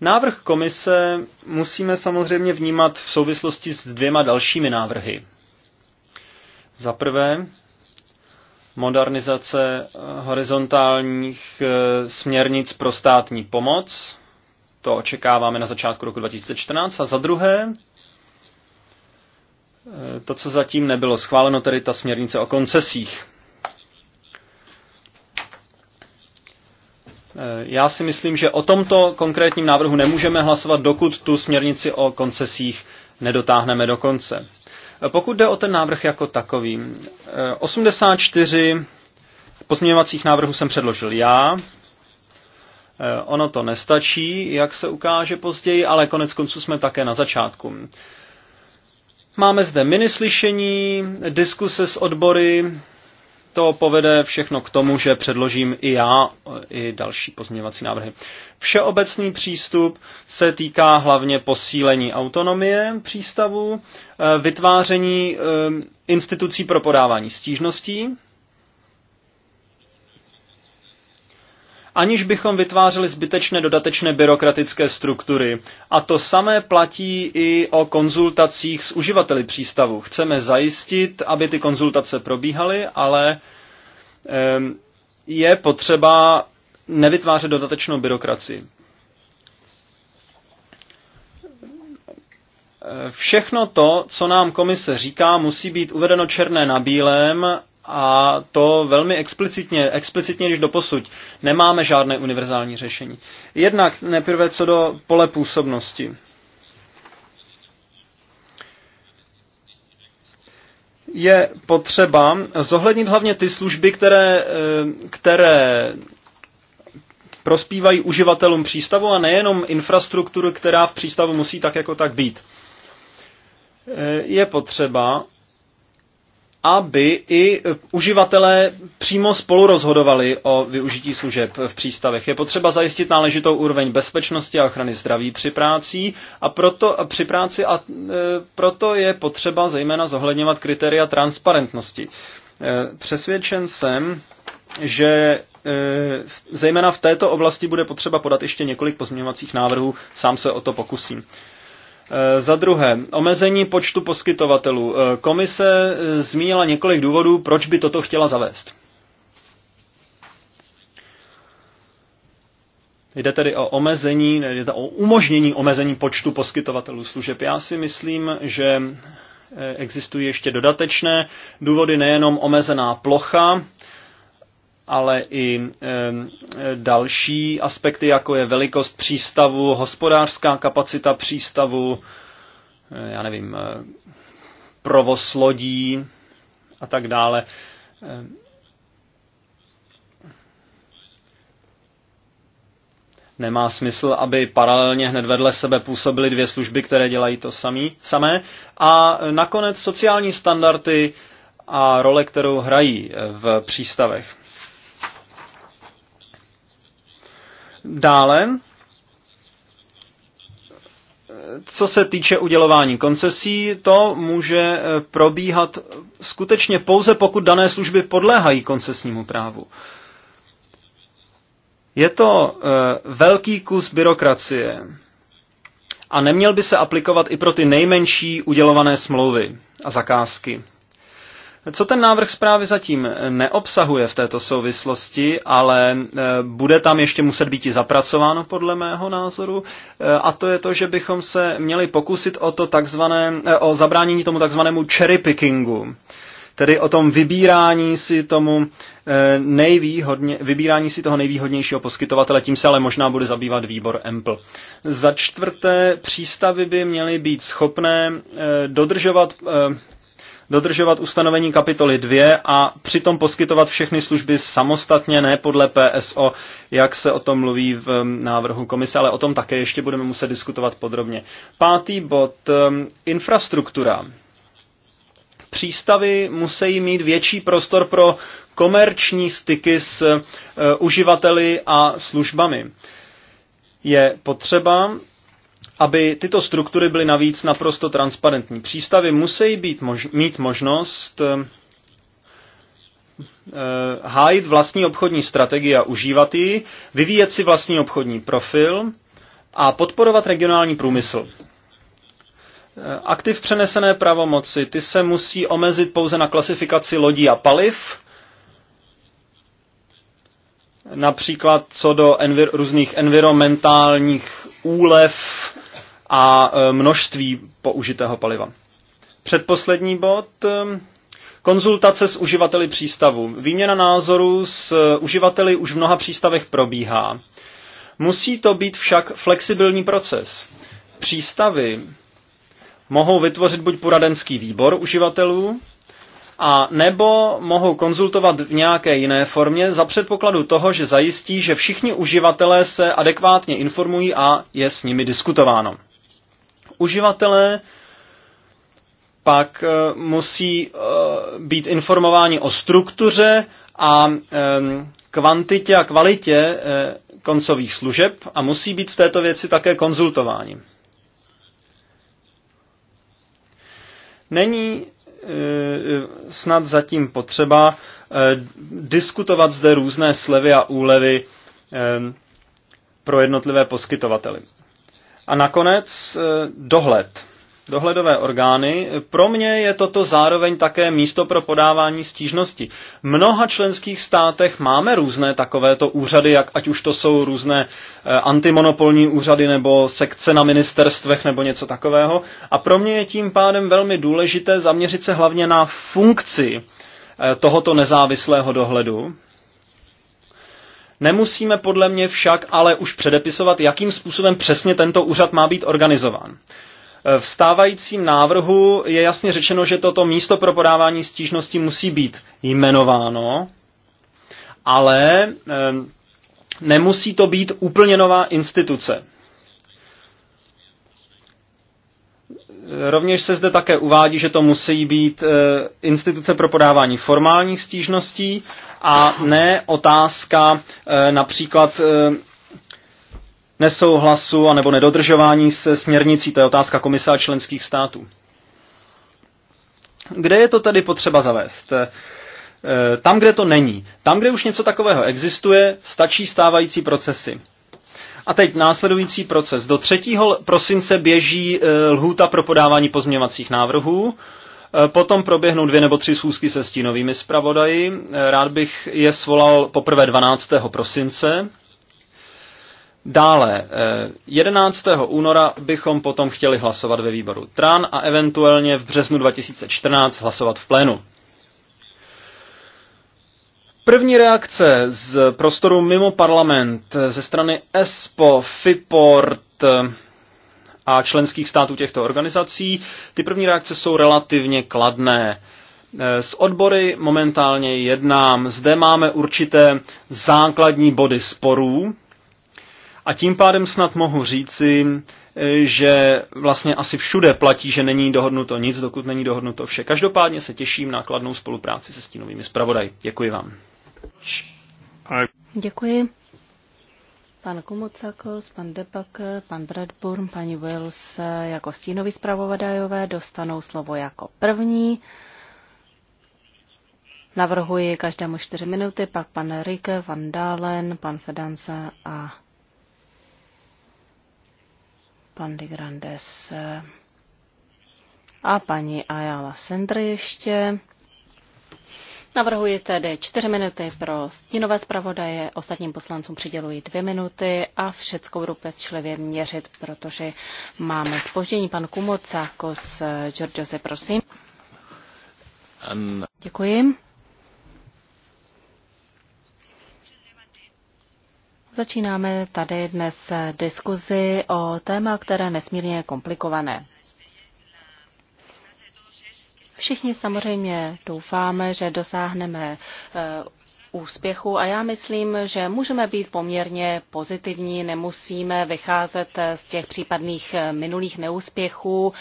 S4: Návrh komise musíme samozřejmě vnímat v souvislosti s dvěma dalšími návrhy. Za prvé, modernizace eh, horizontálních eh, směrnic pro státní pomoc. To očekáváme na začátku roku 2014. A za druhé, eh, to, co zatím nebylo schváleno, tedy ta směrnice o koncesích. Já si myslím, že o tomto konkrétním návrhu nemůžeme hlasovat, dokud tu směrnici o koncesích nedotáhneme do konce. Pokud jde o ten návrh jako takový, 84 eh, pozměňovacích návrhů jsem předložil já, eh, Ono to nestačí, jak se ukáže později, ale konec konců jsme také na začátku. Máme zde minislyšení, diskuse s odbory, to povede všechno k tomu, že předložím i já eh, i další pozměňovací návrhy. Všeobecný přístup se týká hlavně posílení autonomie přístavu, eh, vytváření eh, institucí pro podávání stížností, aniž bychom vytvářeli zbytečné dodatečné byrokratické struktury. A to samé platí i o konzultacích s uživateli přístavu. Chceme zajistit, aby ty konzultace probíhaly, ale je potřeba nevytvářet dodatečnou byrokracii. Všechno to, co nám komise říká, musí být uvedeno černé na bílém a to velmi explicitně, explicitně když doposud. Nemáme žádné univerzální řešení. Jednak nejprve co do pole působnosti. Je potřeba zohlednit hlavně ty služby, které, eh, které prospívají uživatelům přístavu a nejenom infrastrukturu, která v přístavu musí tak jako tak být. Eh, je potřeba aby i uživatelé přímo spolu rozhodovali o využití služeb v přístavech. Je potřeba zajistit náležitou úroveň bezpečnosti a ochrany zdraví při práci a proto, při práci a e, proto je potřeba zejména zohledňovat kritéria transparentnosti. E, přesvědčen jsem, že e, zejména v této oblasti bude potřeba podat ještě několik pozměňovacích návrhů, sám se o to pokusím. Eh, za druhé, omezení počtu poskytovatelů. Eh, komise eh, zmínila několik důvodů, proč by toto chtěla zavést. Jde tedy o omezení, jde to o umožnění omezení počtu poskytovatelů služeb. Já si myslím, že existují ještě dodatečné důvody, nejenom omezená plocha, ale i další aspekty, jako je velikost přístavu, hospodářská kapacita přístavu, eh, já nevím, eh, provoz lodí a tak dále. Nemá smysl, aby paralelně hned vedle sebe působily dvě služby, které dělají to samý, samé. A nakonec sociální standardy a role, kterou hrají v přístavech. Dále, co se týče udělování koncesí, to může eh, probíhat skutečně pouze pokud dané služby podléhají koncesnímu právu. Je to eh, velký kus byrokracie a neměl by se aplikovat i pro ty nejmenší udělované smlouvy a zakázky. Co ten návrh zprávy zatím neobsahuje v této souvislosti, ale e, bude tam ještě muset být i zapracováno podle mého názoru, e, a to je to, že bychom se měli pokusit o, to takzvané, e, o zabránění tomu takzvanému cherry pickingu, tedy o tom vybírání si tomu nejvýhodně, vybírání si toho nejvýhodnějšího poskytovatele, tím se ale možná bude zabývat výbor EMPL. Za čtvrté, přístavy by měly být schopné dodržovat dodržovat ustanovení kapitoly 2 a přitom poskytovat všechny služby samostatně, ne podle PSO, jak se o tom mluví v návrhu komise, ale o tom také ještě budeme muset diskutovat podrobně. Pátý bod, infrastruktura. Přístavy musí mít větší prostor pro komerční styky s e, uživateli a službami. Je potřeba, aby tyto struktury byly navíc naprosto transparentní. Přístavy musí být mož- mít možnost eh, eh, hájit vlastní obchodní strategii a užívat ji, vyvíjet si vlastní obchodní profil a podporovat regionální průmysl. Eh, aktiv přenesené pravomoci, ty se musí omezit pouze na klasifikaci lodí a paliv, například co do envir- různých environmentálních úlev, a e, množství použitého paliva. Předposlední bod. E, konzultace s uživateli přístavu. Výměna názorů s e, uživateli už v mnoha přístavech probíhá. Musí to být však flexibilní proces. Přístavy mohou vytvořit buď poradenský výbor uživatelů, a nebo mohou konzultovat v nějaké jiné formě za předpokladu toho, že zajistí, že všichni uživatelé se adekvátně informují a je s nimi diskutováno. Uživatelé pak eh, musí eh, být informováni o struktuře a kvantitě a kvalitě eh, koncových služeb a musí být v této věci také konzultováni. Není snad zatím potřeba diskutovat zde různé slevy a úlevy pro jednotlivé poskytovateli. A nakonec eh, dohled. Dohledové orgány. Pro mě je toto zároveň také místo pro podávání stížnosti. V mnoha členských státech máme různé takovéto úřady, jak ať už to jsou různé eh, antimonopolní úřady nebo sekce na ministerstvech nebo něco takového. A pro mě je tím pádem velmi důležité zaměřit se hlavně na funkci eh, tohoto nezávislého dohledu, Nemusíme podle mě však ale už předepisovat, jakým způsobem přesně tento úřad má být organizován. E, v stávajícím návrhu je jasně řečeno, že toto místo pro podávání stížnosti musí být jmenováno, ale e, nemusí to být úplně nová instituce. E, rovněž se zde také uvádí, že to musí být instituce pro podávání formálních stížností a ne otázka e, například e, nesouhlasu anebo nedodržování se směrnicí, to je otázka komise a členských států. Kde je to tedy potřeba zavést? E, tam, kde to není. Tam, kde už něco takového existuje, stačí stávající procesy. A teď následující proces. Do 3. prosince běží lhůta pro podávání pozměňovacích návrhů. Potom proběhnou dvě nebo tři schůzky se stínovými zpravodaji. Rád bych je svolal poprvé 12. prosince. Dále, 11. Eh, února bychom potom chtěli hlasovat ve výboru TRAN a eventuálně v březnu 2014 hlasovat v plénu. První reakce z prostoru mimo parlament eh, ze strany ESPO, FIPORT, eh, a členských států těchto organizací. Ty první reakce jsou relativně kladné. E, s odbory momentálně jednám. Zde máme určité základní body sporů a tím pádem snad mohu říci, e, že vlastně asi všude platí, že není dohodnuto nic, dokud není dohodnuto vše. Každopádně se těším na kladnou spolupráci se stínovými zpravodaj. Děkuji vám.
S3: Děkuji pan Kumocakos, pan Debak, pan Bradburn, paní Wills jako stínoví zpravodajové dostanou slovo jako první. Navrhuji každému čtyři minuty, pak pan Rike, van Dalen, pan Fedance a pan de Grandes a paní Ayala Sendry ještě. Navrhuji tedy čtyři minuty pro stínové zpravodaje, ostatním poslancům přiděluji dvě minuty a všeckou budu pečlivě měřit, protože máme spoždění. Pan Giorgio, se prosím. Děkuji. Začínáme tady dnes diskuzi o téma, které nesmírně je komplikované. Všichni samozřejmě doufáme, že dosáhneme eh, úspěchu a já myslím, že můžeme být poměrně pozitivní, nemusíme vycházet eh, z těch případných eh, minulých neúspěchů.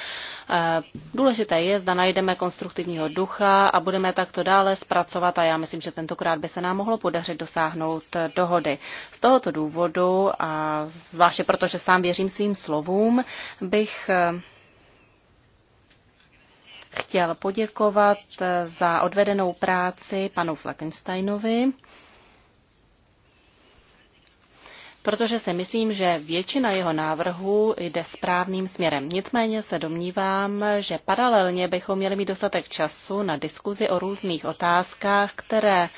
S3: Důležité je, zda najdeme konstruktivního ducha a budeme takto dále zpracovat a já myslím, že tentokrát by se nám mohlo podařit dosáhnout dohody. Z tohoto důvodu a zvláště že sám věřím svým slovům, bych chtěl poděkovat eh, za odvedenou práci panu Fleckensteinovi, protože si myslím, že většina jeho návrhů jde správným směrem. Nicméně se domnívám, že paralelně bychom měli mít dostatek času na diskuzi o různých otázkách, které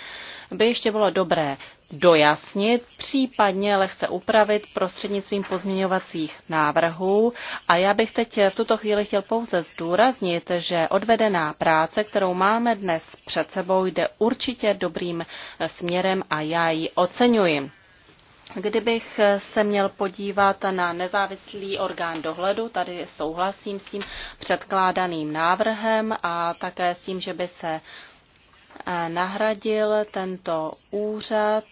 S3: by ještě bylo dobré dojasnit, případně lehce upravit prostřednictvím pozměňovacích návrhů. A já bych teď v tuto chvíli chtěl pouze zdůraznit, že odvedená práce, kterou máme dnes před sebou, jde určitě dobrým směrem a já ji oceňuji. Kdybych se měl podívat na nezávislý orgán dohledu, tady souhlasím s tím předkládaným návrhem a také s tím, že by se nahradil tento úřad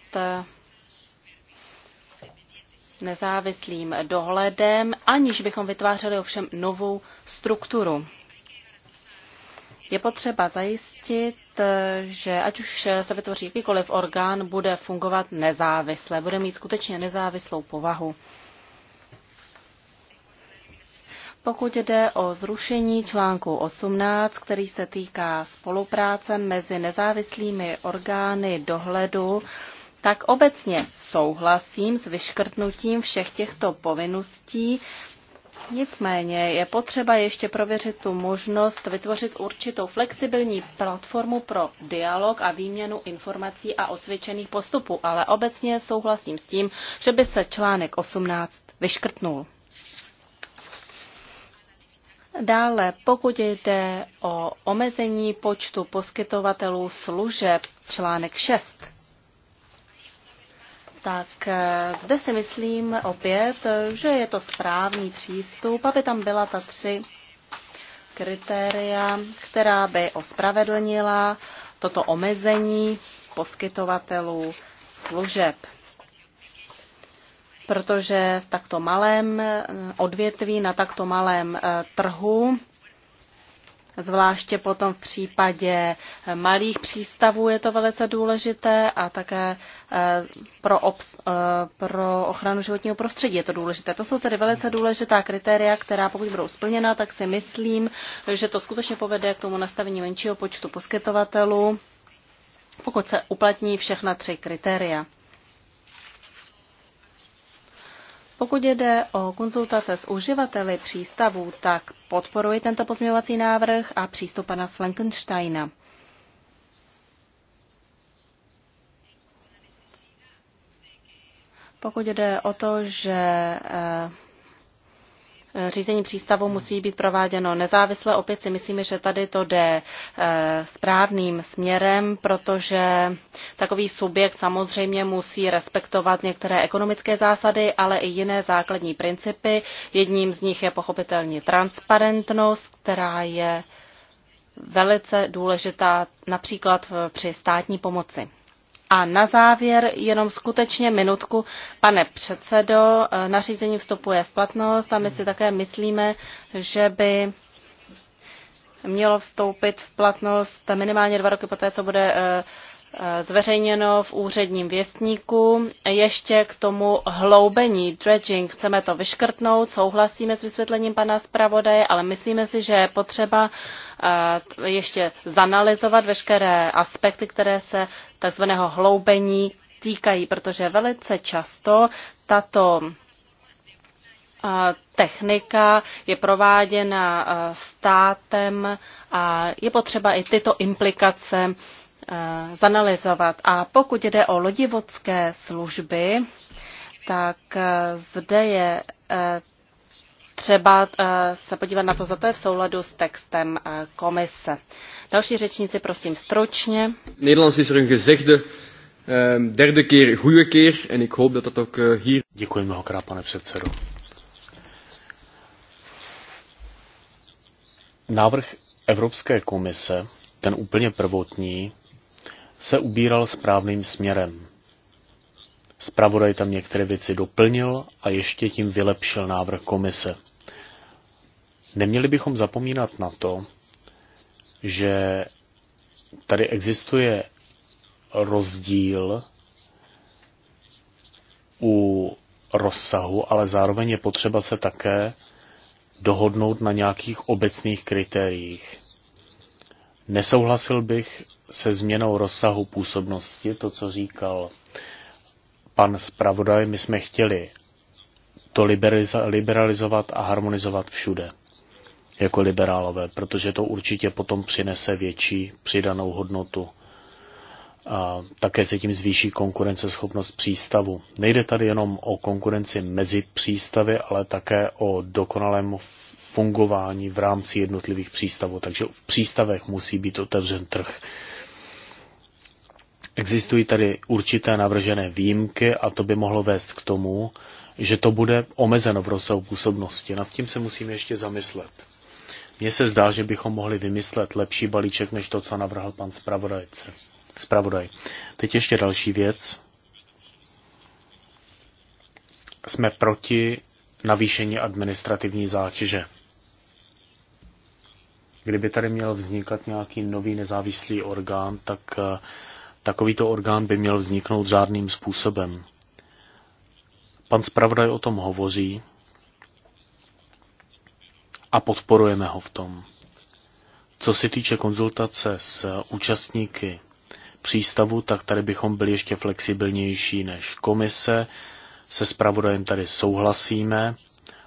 S3: nezávislým dohledem, aniž bychom vytvářeli ovšem novou strukturu. Je potřeba zajistit, že ať už se vytvoří jakýkoliv orgán, bude fungovat nezávisle, bude mít skutečně nezávislou povahu. Pokud jde o zrušení článku 18, který se týká spolupráce mezi nezávislými orgány dohledu, tak obecně souhlasím s vyškrtnutím všech těchto povinností. Nicméně je potřeba ještě prověřit tu možnost vytvořit určitou flexibilní platformu pro dialog a výměnu informací a osvědčených postupů, ale obecně souhlasím s tím, že by se článek 18 vyškrtnul. Dále, pokud jde o omezení počtu poskytovatelů služeb, článek 6, tak eh, zde si myslím opět, že je to správný přístup, aby tam byla ta tři kritéria, která by ospravedlnila toto omezení poskytovatelů služeb protože v takto malém eh, odvětví, na takto malém eh, trhu, zvláště potom v případě eh, malých přístavů je to velice důležité a také pro, obs, pro ochranu životního prostředí je to důležité. To jsou tedy velice důležitá kritéria, která pokud budou splněna, tak si myslím, že to skutečně povede k tomu nastavení menšího počtu poskytovatelů, pokud se uplatní všechna tři kritéria. Pokud jde o konzultace s uživateli přístavů, tak podporuji tento pozměňovací návrh a přístup pana Flankensteina. Pokud jde o to, že eh, řízení přístavu musí být prováděno nezávisle. Opět si myslíme, že tady to jde eh, správným směrem, protože takový subjekt samozřejmě musí respektovat některé ekonomické zásady, ale i jiné základní principy. Jedním z nich je pochopitelně transparentnost, která je velice důležitá například při státní pomoci. A na závěr jenom skutečně minutku. Pane předsedo, eh, nařízení vstupuje v platnost a my si také myslíme, že by mělo vstoupit v platnost minimálně dva roky poté, co bude eh, Eh, zveřejněno v úředním věstníku. Ještě k tomu hloubení, dredging, chceme to vyškrtnout, souhlasíme s vysvětlením pana zpravodaje, ale myslíme si, že je potřeba eh, ještě zanalizovat veškeré aspekty, které se takzvaného hloubení týkají, protože velice často tato eh, technika je prováděna státem a je potřeba i tyto implikace Eh, zanalizovat. A pokud jde o lodivodské služby, tak eh, zde je eh, třeba se podívat na to, za to je v souladu s textem komise. Další řečníci, prosím, stručně.
S1: Nederlands is er een gezegde, ehm, derde keer goede keer, en ik hoop dat dat ook hier... Děkuji mnohokrát, pane předsedo. Návrh Evropské komise, ten úplně prvotní, se ubíral správným směrem. Spravodaj tam některé věci doplnil a ještě tím vylepšil návrh komise. Neměli bychom zapomínat na to, že tady existuje rozdíl u rozsahu, ale zároveň je potřeba se také dohodnout na nějakých obecných kritériích. Nesouhlasil bych se změnou rozsahu působnosti, to, co říkal pan zpravodaj, my jsme chtěli to liberalizovat a harmonizovat všude jako liberálové, protože to určitě potom přinese větší přidanou hodnotu. A také se tím zvýší konkurenceschopnost přístavu. Nejde tady jenom o konkurenci mezi přístavy, ale také o dokonalém fungování v rámci jednotlivých přístavů. Takže v přístavech musí být otevřen trh Existují tady určité navržené výjimky a to by mohlo vést k tomu, že to bude omezeno v rozsahu působnosti. Nad tím se musíme ještě zamyslet. Mně se zdá, že bychom mohli vymyslet lepší balíček, než to, co navrhl pan zpravodajce. Spravodaj. Teď ještě další věc. Jsme proti navýšení administrativní zátěže. Kdyby tady měl vznikat nějaký nový nezávislý orgán, tak eh, Takovýto orgán by měl vzniknout řádným způsobem. Pan zpravodaj o tom hovoří a podporujeme ho v tom. Co se týče konzultace s účastníky přístavu, tak tady bychom byli ještě flexibilnější než komise. Se zpravodajem tady souhlasíme.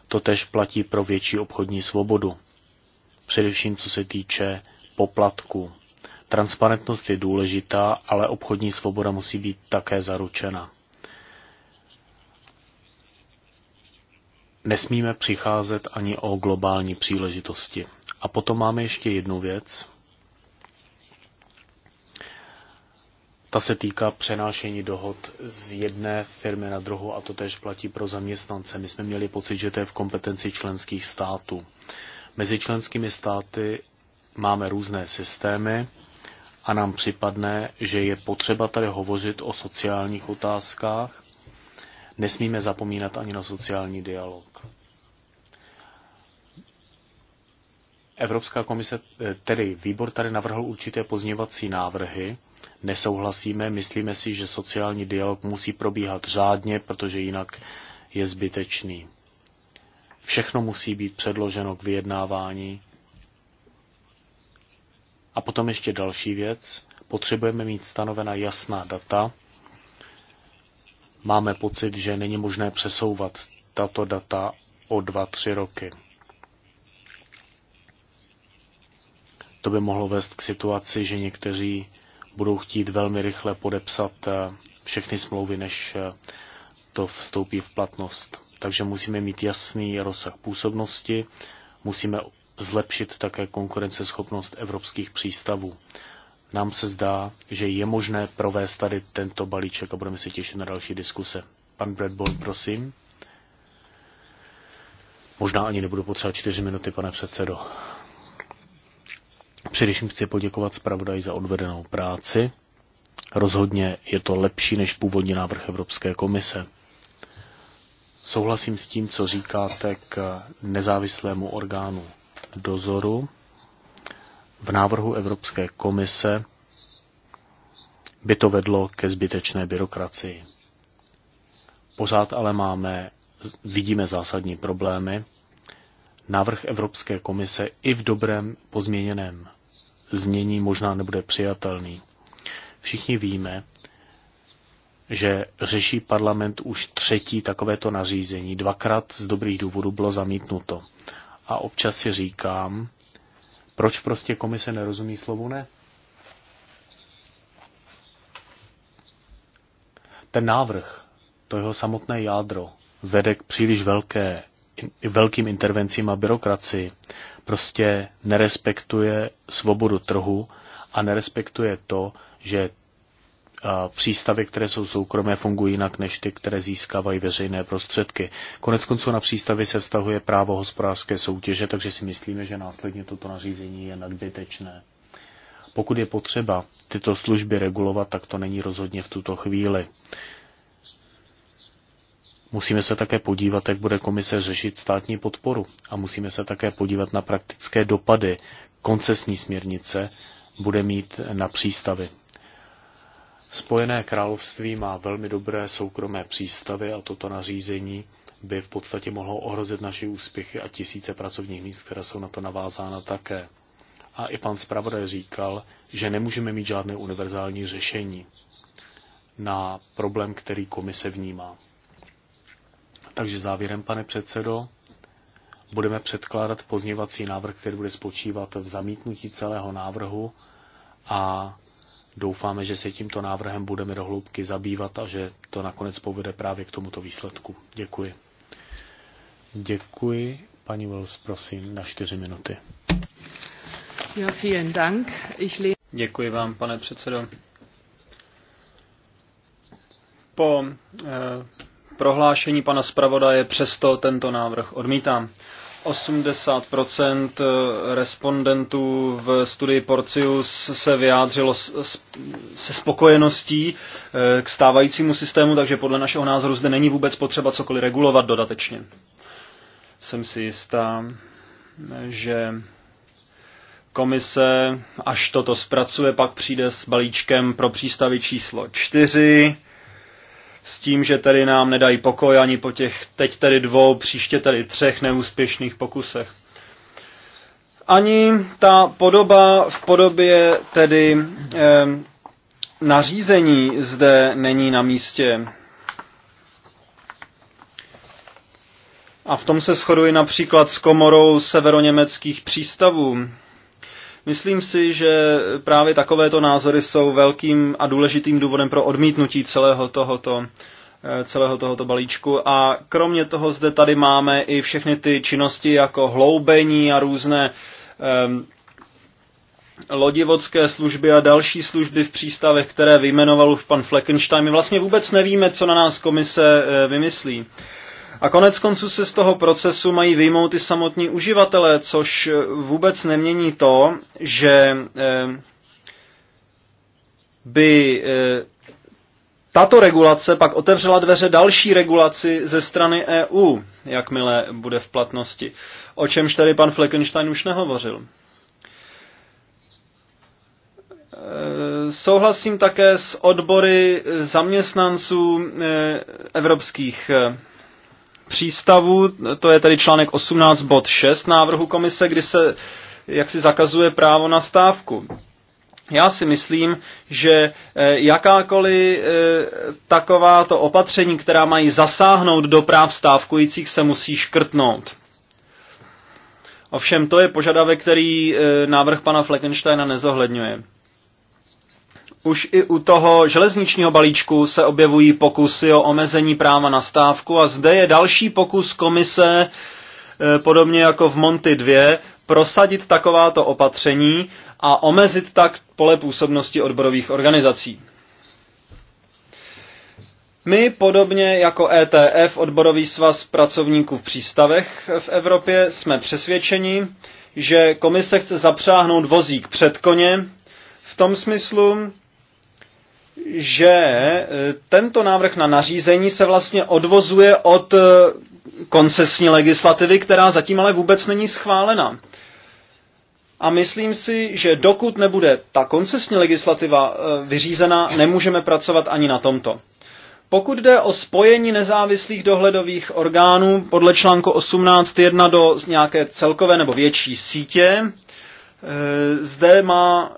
S1: To tež platí pro větší obchodní svobodu. Především co se týče poplatku Transparentnost je důležitá, ale obchodní svoboda musí být také zaručena. Nesmíme přicházet ani o globální příležitosti. A potom máme ještě jednu věc. Ta se týká přenášení dohod z jedné firmy na druhou a to tež platí pro zaměstnance. My jsme měli pocit, že to je v kompetenci členských států. Mezi členskými státy máme různé systémy a nám připadne, že je potřeba tady hovořit o sociálních otázkách. Nesmíme zapomínat ani na sociální dialog. Evropská komise, eh, tedy výbor tady navrhl určité pozněvací návrhy. Nesouhlasíme, myslíme si, že sociální dialog musí probíhat řádně, protože jinak je zbytečný. Všechno musí být předloženo k vyjednávání a potom ještě další věc. Potřebujeme mít stanovena jasná data. Máme pocit, že není možné přesouvat tato data o 2-3 roky. To by mohlo vést k situaci, že někteří budou chtít velmi rychle podepsat eh, všechny smlouvy, než eh, to vstoupí v platnost. Takže musíme mít jasný rozsah působnosti, musíme zlepšit také konkurenceschopnost evropských přístavů. Nám se zdá, že je možné provést tady tento balíček a budeme se těšit na další diskuse. Pan Bradborn, prosím. Možná ani nebudu potřebovat čtyři minuty, pane předsedo. Především chci poděkovat zpravodaji za odvedenou práci. Rozhodně je to lepší než původní návrh Evropské komise. Souhlasím s tím, co říkáte k nezávislému orgánu dozoru v návrhu Evropské komise by to vedlo ke zbytečné byrokracii. Pořád ale máme, vidíme zásadní problémy. Návrh Evropské komise i v dobrém pozměněném znění možná nebude přijatelný. Všichni víme, že řeší parlament už třetí takovéto nařízení. Dvakrát z dobrých důvodů bylo zamítnuto a občas si říkám, proč prostě komise nerozumí slovu ne? Ten návrh, to jeho samotné jádro, vede k příliš velké, velkým intervencím a byrokracii. Prostě nerespektuje svobodu trhu a nerespektuje to, že přístavy, které jsou soukromé, fungují jinak než ty, které získávají veřejné prostředky. Konec konců na přístavy se vztahuje právo hospodářské soutěže, takže si myslíme, že následně toto nařízení je nadbytečné. Pokud je potřeba tyto služby regulovat, tak to není rozhodně v tuto chvíli. Musíme se také podívat, jak bude komise řešit státní podporu a musíme se také podívat na praktické dopady koncesní směrnice bude mít na přístavy. Spojené království má velmi dobré soukromé přístavy a toto nařízení by v podstatě mohlo ohrozit naše úspěchy a tisíce pracovních míst, která jsou na to navázána také. A i pan zpravodaj říkal, že nemůžeme mít žádné univerzální řešení na problém, který komise vnímá. Takže závěrem, pane předsedo, budeme předkládat pozněvací návrh, který bude spočívat v zamítnutí celého návrhu a Doufáme, že se tímto návrhem budeme dohloubky zabývat a že to nakonec povede právě k tomuto výsledku. Děkuji. Děkuji. Paní Wells, prosím, na čtyři minuty.
S4: Ja, vielen Dank. Ich le- Děkuji vám, pane předsedo. Po eh, prohlášení pana zpravodaje přesto tento návrh odmítám. 80% eh, respondentů v studii Porcius se vyjádřilo se spokojeností eh, k stávajícímu systému, takže podle našeho názoru zde není vůbec potřeba cokoliv regulovat dodatečně. Jsem si jistá, že komise, až toto zpracuje, pak přijde s balíčkem pro přístavy číslo 4, s tím, že tedy nám nedají pokoj ani po těch teď tedy dvou, příště tedy třech neúspěšných pokusech. Ani ta podoba v podobě tedy eh, nařízení zde není na místě. A v tom se shoduji například s komorou severoněmeckých přístavů. Myslím si, že právě takovéto názory jsou velkým a důležitým důvodem pro odmítnutí celého tohoto eh, celého tohoto balíčku. A kromě toho zde tady máme i všechny ty činnosti jako hloubení a různé um, ehm, lodivodské služby a další služby v přístavech, které vyjmenoval už pan Fleckenstein. My vlastně vůbec nevíme, co na nás komise eh, vymyslí. A konec konců se z toho procesu mají vyjmout i samotní uživatelé, což vůbec nemění to, že eh, by eh, tato regulace pak otevřela dveře další regulaci ze strany EU, jakmile bude v platnosti, o čemž tady pan Fleckenstein už nehovořil. Eh, souhlasím také s odbory zaměstnanců evropských Přístavu to je tedy článek 18 bod 6 návrhu komise, kdy se jak si zakazuje právo na stávku. Já si myslím, že eh, jakákoliv eh, takováto opatření, která mají zasáhnout do práv stávkujících, se musí škrtnout. Ovšem to je požadavek, který eh, návrh pana Fleckensteina nezohledňuje. Už i u toho železničního balíčku se objevují pokusy o omezení práva na stávku a zde je další pokus komise, eh, podobně jako v Monty 2, prosadit takováto opatření a omezit tak pole působnosti odborových organizací. My podobně jako ETF, odborový svaz pracovníků v přístavech v Evropě, jsme přesvědčeni, že komise chce zapřáhnout vozík před koně v tom smyslu, že eh, tento návrh na nařízení se vlastně odvozuje od eh, koncesní legislativy, která zatím ale vůbec není schválena. A myslím si, že dokud nebude ta koncesní legislativa eh, vyřízena, nemůžeme pracovat ani na tomto. Pokud jde o spojení nezávislých dohledových orgánů podle článku 18.1 do nějaké celkové nebo větší sítě, zde má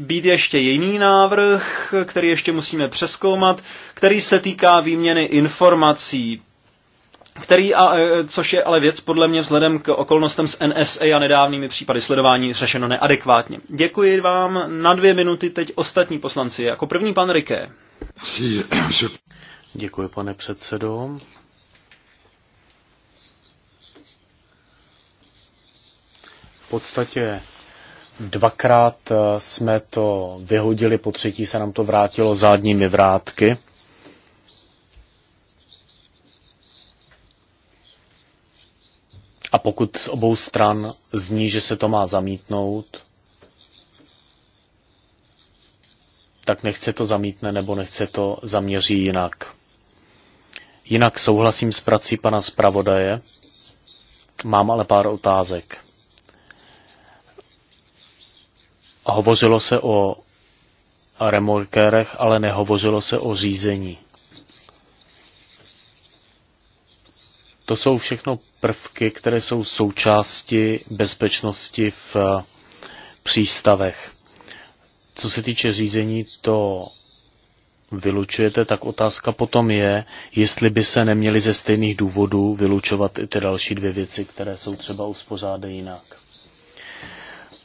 S4: být ještě jiný návrh, který ještě musíme přeskoumat, který se týká výměny informací, který, a, e, což je ale věc podle mě vzhledem k okolnostem s NSA a nedávnými případy sledování řešeno neadekvátně. Děkuji vám na dvě minuty teď ostatní poslanci. Jako první pan Riké.
S1: Eh, Děkuji, pane předsedo. V podstatě Dvakrát eh, jsme to vyhodili, po třetí se nám to vrátilo zadními vrátky. A pokud z obou stran zní, že se to má zamítnout, tak nechce to zamítne nebo nechce to zaměří jinak. Jinak souhlasím s prací pana zpravodaje, mám ale pár otázek. Hovořilo se o remorkérech, ale nehovořilo se o řízení. To jsou všechno prvky, které jsou součásti bezpečnosti v eh, přístavech. Co se týče řízení, to vylučujete, tak otázka potom je, jestli by se neměly ze stejných důvodů vylučovat i ty další dvě věci, které jsou třeba uspořádány jinak.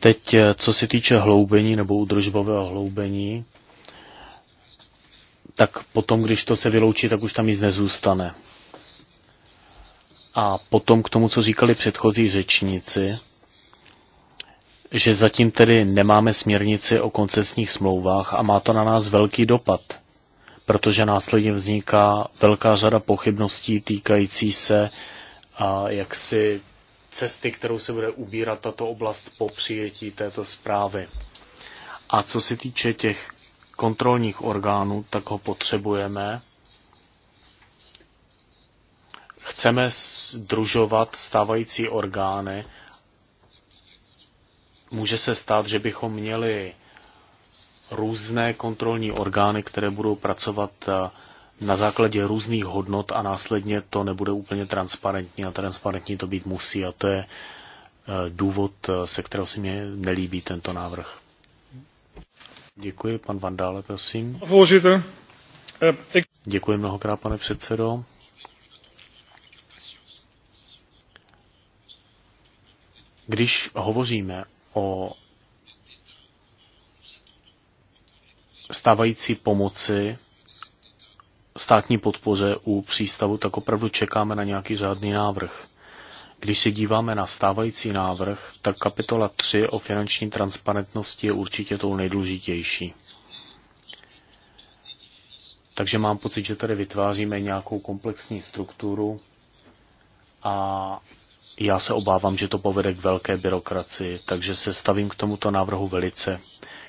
S1: Teď, eh, co se týče hloubení nebo udržbového hloubení, tak potom, když to se vyloučí, tak už tam nic nezůstane. A potom k tomu, co říkali předchozí řečníci, že zatím tedy nemáme směrnici o koncesních smlouvách a má to na nás velký dopad, protože následně vzniká velká řada pochybností týkající se a jaksi cesty, kterou se bude ubírat tato oblast po přijetí této zprávy. A co se týče těch kontrolních orgánů, tak ho potřebujeme. Chceme združovat stávající orgány. Může se stát, že bychom měli různé kontrolní orgány, které budou pracovat eh, na základě různých hodnot a následně to nebude úplně transparentní a transparentní to být musí a to je eh, důvod, eh, se kterého si mě nelíbí tento návrh. Děkuji, pan Vandále, prosím. Eh, Děkuji mnohokrát, pane předsedo. Když hovoříme o stávající pomoci státní podpoře u přístavu, tak opravdu čekáme na nějaký řádný návrh. Když se díváme na stávající návrh, tak kapitola 3 o finanční transparentnosti je určitě tou nejdůležitější. Takže mám pocit, že tady vytváříme nějakou komplexní strukturu a já se obávám, že to povede k velké byrokracii, takže se stavím k tomuto návrhu velice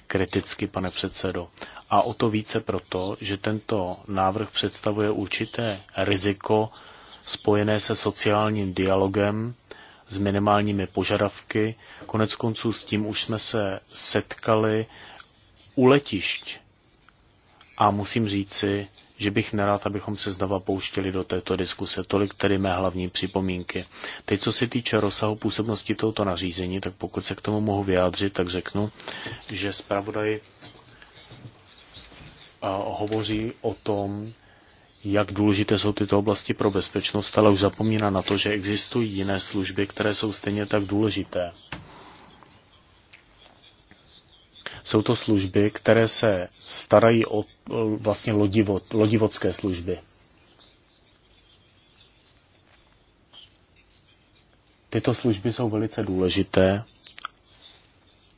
S1: kriticky, pane předsedo a o to více proto, že tento návrh představuje určité riziko spojené se sociálním dialogem s minimálními požadavky. Konec konců s tím už jsme se setkali u letišť. A musím říci, že bych nerád, abychom se znova pouštěli do této diskuse. Tolik tedy mé hlavní připomínky. Teď, co se týče rozsahu působnosti tohoto nařízení, tak pokud se k tomu mohu vyjádřit, tak řeknu, že zpravodaj hovoří o tom, jak důležité jsou tyto oblasti pro bezpečnost, ale už zapomíná na to, že existují jiné služby, které jsou stejně tak důležité. Jsou to služby, které se starají o vlastně lodivod, lodivodské služby. Tyto služby jsou velice důležité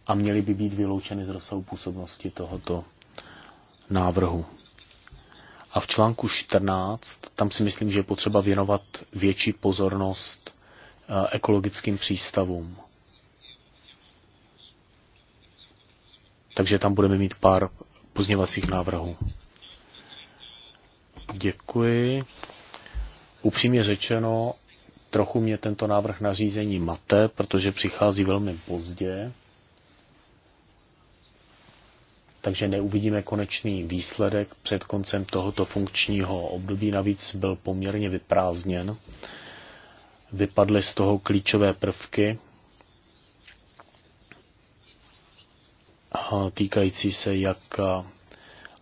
S1: a měly by být vyloučeny z rozsahu působnosti tohoto návrhu. A v článku 14, tam si myslím, že je potřeba věnovat větší pozornost eh, ekologickým přístavům. Takže tam budeme mít pár pozněvacích návrhů. Děkuji. Upřímně řečeno, trochu mě tento návrh na řízení mate, protože přichází velmi pozdě takže neuvidíme konečný výsledek před koncem tohoto funkčního období. Navíc byl poměrně vyprázdněn. Vypadly z toho klíčové prvky týkající se jak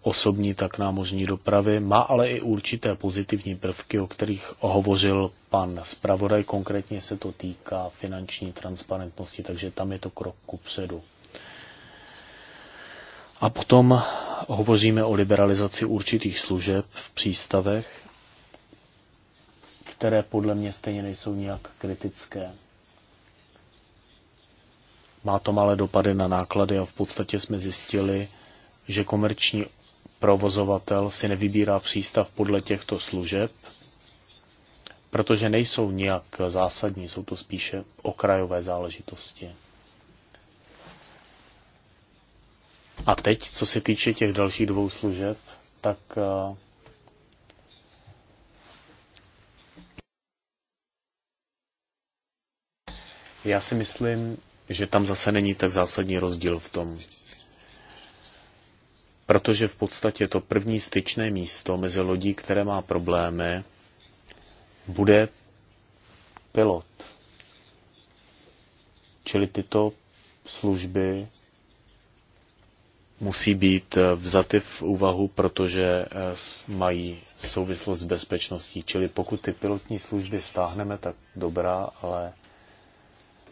S1: osobní, tak námořní dopravy. Má ale i určité pozitivní prvky, o kterých hovořil pan zpravodaj. Konkrétně se to týká finanční transparentnosti, takže tam je to krok ku předu. A potom hovoříme o liberalizaci určitých služeb v přístavech, které podle mě stejně nejsou nijak kritické. Má to malé dopady na náklady a v podstatě jsme zjistili, že komerční provozovatel si nevybírá přístav podle těchto služeb, protože nejsou nijak zásadní, jsou to spíše okrajové záležitosti. A teď, co se týče těch dalších dvou služeb, tak eh, já si myslím, že tam zase není tak zásadní rozdíl v tom. Protože v podstatě to první styčné místo mezi lodí, které má problémy, bude pilot. Čili tyto služby musí být eh, vzaty v úvahu, protože eh, mají souvislost s bezpečností. Čili pokud ty pilotní služby stáhneme, tak dobrá, ale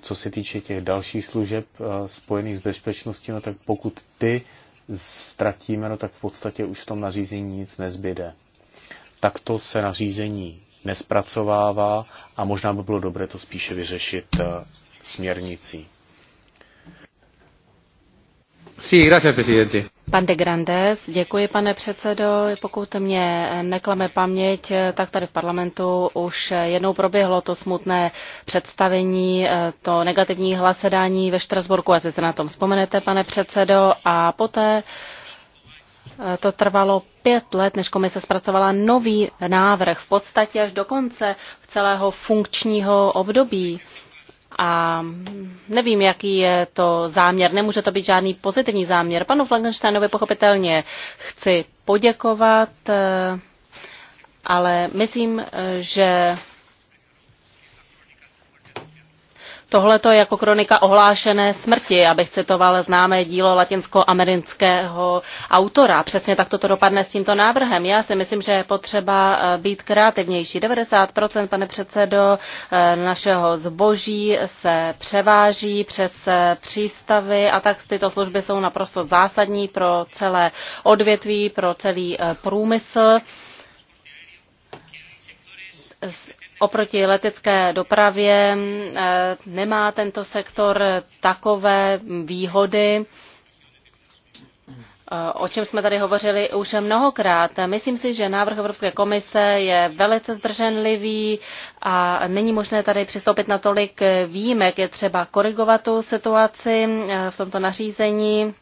S1: co se týče těch dalších služeb eh, spojených s bezpečností, no tak pokud ty ztratíme, no tak v podstatě už v tom nařízení nic nezbyde. Takto se nařízení nespracovává a možná by bylo dobré to spíše vyřešit směrnicí. Sí,
S3: Pan de Grandes, děkuji, pane předsedo. Pokud mě neklame paměť, tak tady v parlamentu už jednou proběhlo to smutné představení, to negativní hlasedání ve Štrasburku, asi se na tom vzpomenete, pane předsedo, a poté eh, to trvalo pět let, než komise zpracovala nový návrh, v podstatě až do konce celého funkčního období. A nevím, jaký je to záměr. Nemůže to být žádný pozitivní záměr. Panu Flankensteinovi pochopitelně chci poděkovat, eh, ale myslím, eh, že Tohle je jako kronika ohlášené smrti, abych citoval známé dílo latinskoamerického autora. Přesně tak toto dopadne s tímto návrhem. Já si myslím, že je potřeba eh, být kreativnější. 90%, pane předsedo, eh, našeho zboží se převáží přes eh, přístavy a tak tyto služby jsou naprosto zásadní pro celé odvětví, pro celý průmysl Oproti letecké dopravě eh, nemá tento sektor takové výhody, eh, o čem jsme tady hovořili už mnohokrát. Myslím si, že návrh Evropské komise je velice zdrženlivý a není možné tady přistoupit na tolik výjimek. Je třeba korigovat tu situaci eh, v tomto nařízení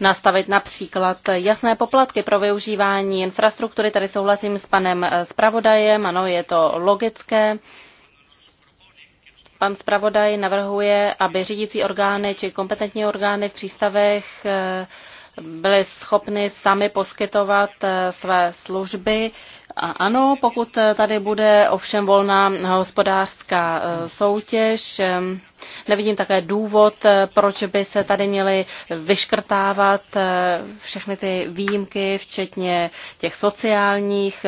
S3: nastavit například jasné poplatky pro využívání infrastruktury. Tady souhlasím s panem eh, zpravodajem, ano, je to logické. Pan zpravodaj navrhuje, aby řídící orgány či kompetentní orgány v přístavech eh, byly schopny sami poskytovat eh, své služby a ano, pokud eh, tady bude ovšem volná hospodářská eh, soutěž, eh, nevidím také důvod, proč by se tady měly vyškrtávat všechny ty výjimky, včetně těch sociálních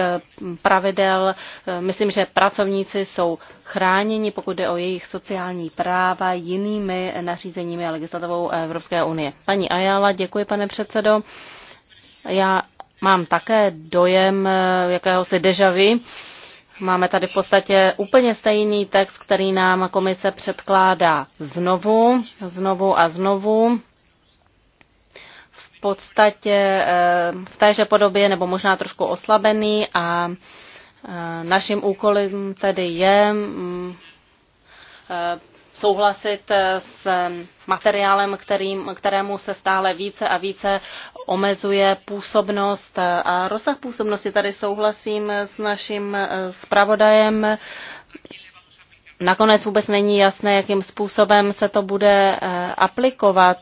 S3: pravidel. Myslím, že pracovníci jsou chráněni, pokud jde o jejich sociální práva, jinými nařízeními a legislativou Evropské unie. Paní Ajala, děkuji, pane předsedo. Já mám také dojem eh, jakéhosi dežavy. Máme tady v podstatě úplně stejný text, který nám komise předkládá znovu, znovu a znovu. V podstatě eh, v téže podobě, nebo možná trošku oslabený a eh, naším úkolem tedy je mm, souhlasit eh, s eh, materiálem, kterým, kterému se stále více a více omezuje působnost eh, a rozsah působnosti. Tady souhlasím s naším zpravodajem. Nakonec vůbec není jasné, jakým způsobem se to bude aplikovat.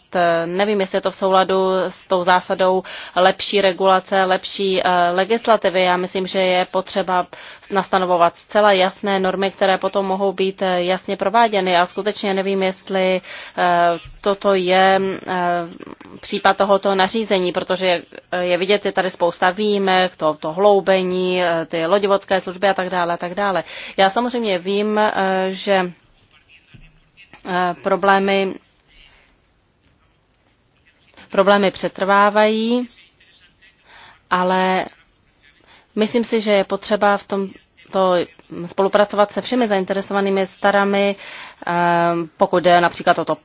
S3: Nevím, jestli je to v souladu s tou zásadou lepší regulace, lepší legislativy. Já myslím, že je potřeba nastanovovat zcela jasné normy, které potom mohou být eh, jasně prováděny. A skutečně nevím, jestli eh, toto je eh, případ tohoto nařízení, protože je vidět, je tady spousta výjimek, to, to hloubení, ty loděvodské služby a tak dále, a tak dále. Já samozřejmě vím, že problémy problémy přetrvávají, ale Myslím si, že je potřeba v tom to spolupracovat se všemi zainteresovanými starami, ehm, pokud jde například o, to,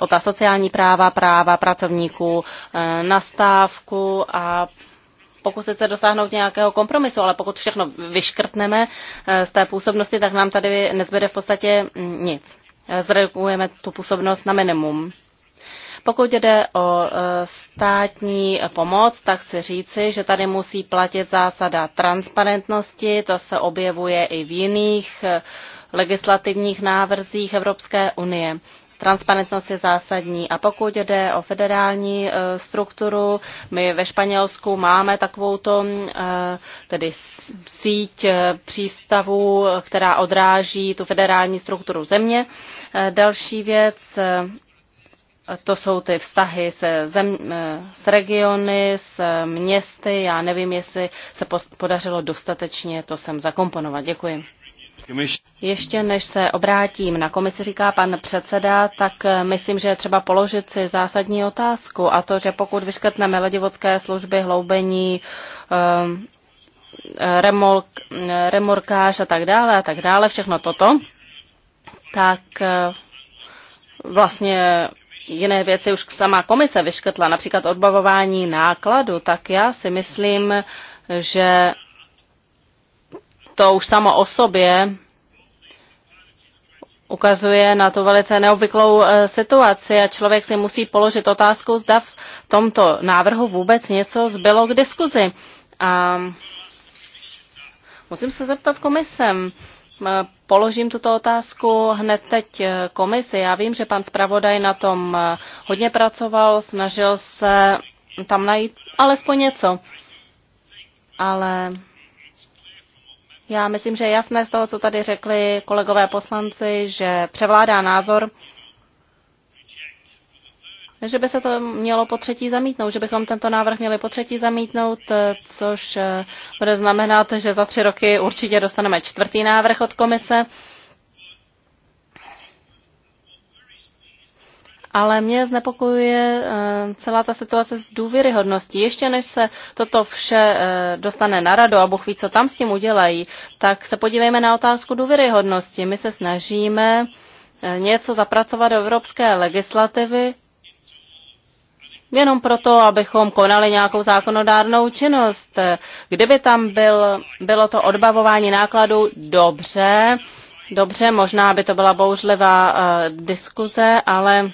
S3: o ta sociální práva, práva pracovníků eh, na stávku a pokusit se dosáhnout nějakého kompromisu, ale pokud všechno vyškrtneme eh, z té působnosti, tak nám tady nezbyde v podstatě mm, nic. Eh, zredukujeme tu působnost na minimum. Pokud jde o e, státní pomoc, tak chci říci, že tady musí platit zásada transparentnosti, to se objevuje i v jiných e, legislativních návrzích Evropské unie. Transparentnost je zásadní. A pokud jde o federální e, strukturu, my ve Španělsku máme takovou tedy síť přístavů, která odráží tu federální strukturu země. Další věc, to jsou ty vztahy se zem, eh, s regiony, s eh, městy. Já nevím, jestli se podařilo dostatečně to sem zakomponovat. Děkuji. Ještě než se obrátím na komisi, říká pan předseda, tak eh, myslím, že je třeba položit si zásadní otázku a to, že pokud vyškrtneme lodivodské služby, hloubení, remolk, remorkář a tak dále a tak dále, všechno toto, tak vlastně jiné věci už sama komise vyškrtla, například odbavování nákladu, tak já si myslím, že to už samo o sobě ukazuje na tu velice neobvyklou e, situaci a člověk si musí položit otázku, zda v tomto návrhu vůbec něco zbylo k diskuzi. A musím se zeptat komisem, položím tuto otázku hned teď komisi. Já vím, že pan zpravodaj na tom hodně pracoval, snažil se tam najít alespoň něco. Ale já myslím, že je jasné z toho, co tady řekli kolegové poslanci, že převládá názor, že by se to mělo po třetí zamítnout, že bychom tento návrh měli po třetí zamítnout, eh, což eh, bude znamenat, že za tři roky určitě dostaneme čtvrtý návrh od komise. Ale mě znepokojuje eh, celá ta situace s důvěryhodností. Ještě než se toto vše dostane na radu a Bůh ví, co tam s tím udělají, tak se podívejme na otázku důvěryhodnosti. My se snažíme něco zapracovat do evropské legislativy, jenom proto, abychom konali nějakou zákonodárnou činnost. Kdyby tam byl, bylo to odbavování nákladů dobře, dobře, možná by to byla bouřlivá uh, diskuze, ale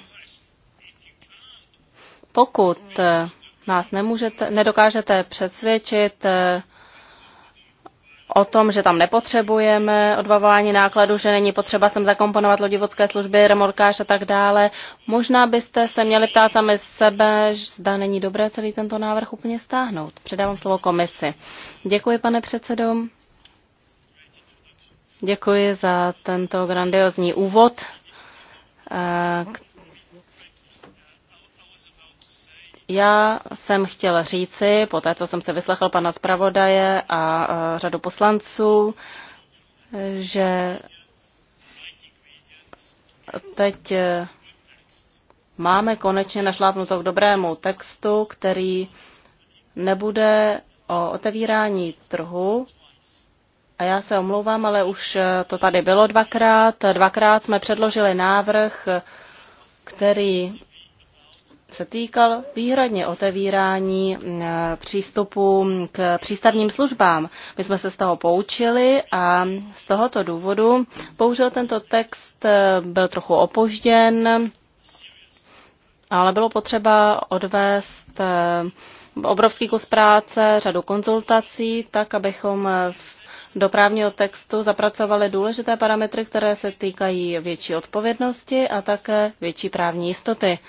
S3: pokud eh, nás nemůžete, nedokážete přesvědčit, uh, o tom, že tam nepotřebujeme odbavování nákladu, že není potřeba sem zakomponovat lodivodské služby, remorkáž a tak dále. Možná byste se měli ptát sami sebe, zda není dobré celý tento návrh úplně stáhnout. Předávám slovo komisi. Děkuji, pane předsedo. Děkuji za tento grandiozní úvod, eh, Já jsem chtěl říci, po té, co jsem se vyslechl pana zpravodaje a e, řadu poslanců, že teď e, máme konečně našlápnuto k dobrému textu, který nebude o otevírání trhu. A já se omlouvám, ale už e, to tady bylo dvakrát. Dvakrát jsme předložili návrh, který se týkal výhradně otevírání mm, eh, přístupu k přístavním službám. My jsme se z toho poučili a z tohoto důvodu bohužel tento text eh, byl trochu opožděn, ale bylo potřeba odvést eh, obrovský kus práce, řadu konzultací, tak abychom do právního textu zapracovali důležité parametry, které se týkají větší odpovědnosti a také větší právní jistoty.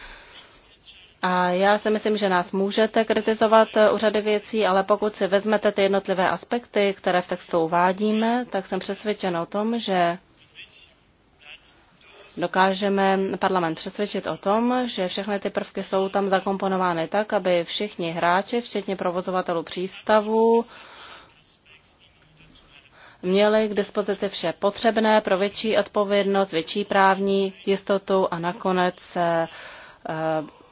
S3: A já si myslím, že nás můžete kritizovat eh, u řady věcí, ale pokud si vezmete ty jednotlivé aspekty, které v textu uvádíme, tak jsem přesvědčen o tom, že dokážeme parlament přesvědčit o tom, že všechny ty prvky jsou tam zakomponovány tak, aby všichni hráči, včetně provozovatelů přístavů, měli k dispozici vše potřebné pro větší odpovědnost, větší právní jistotu a nakonec eh,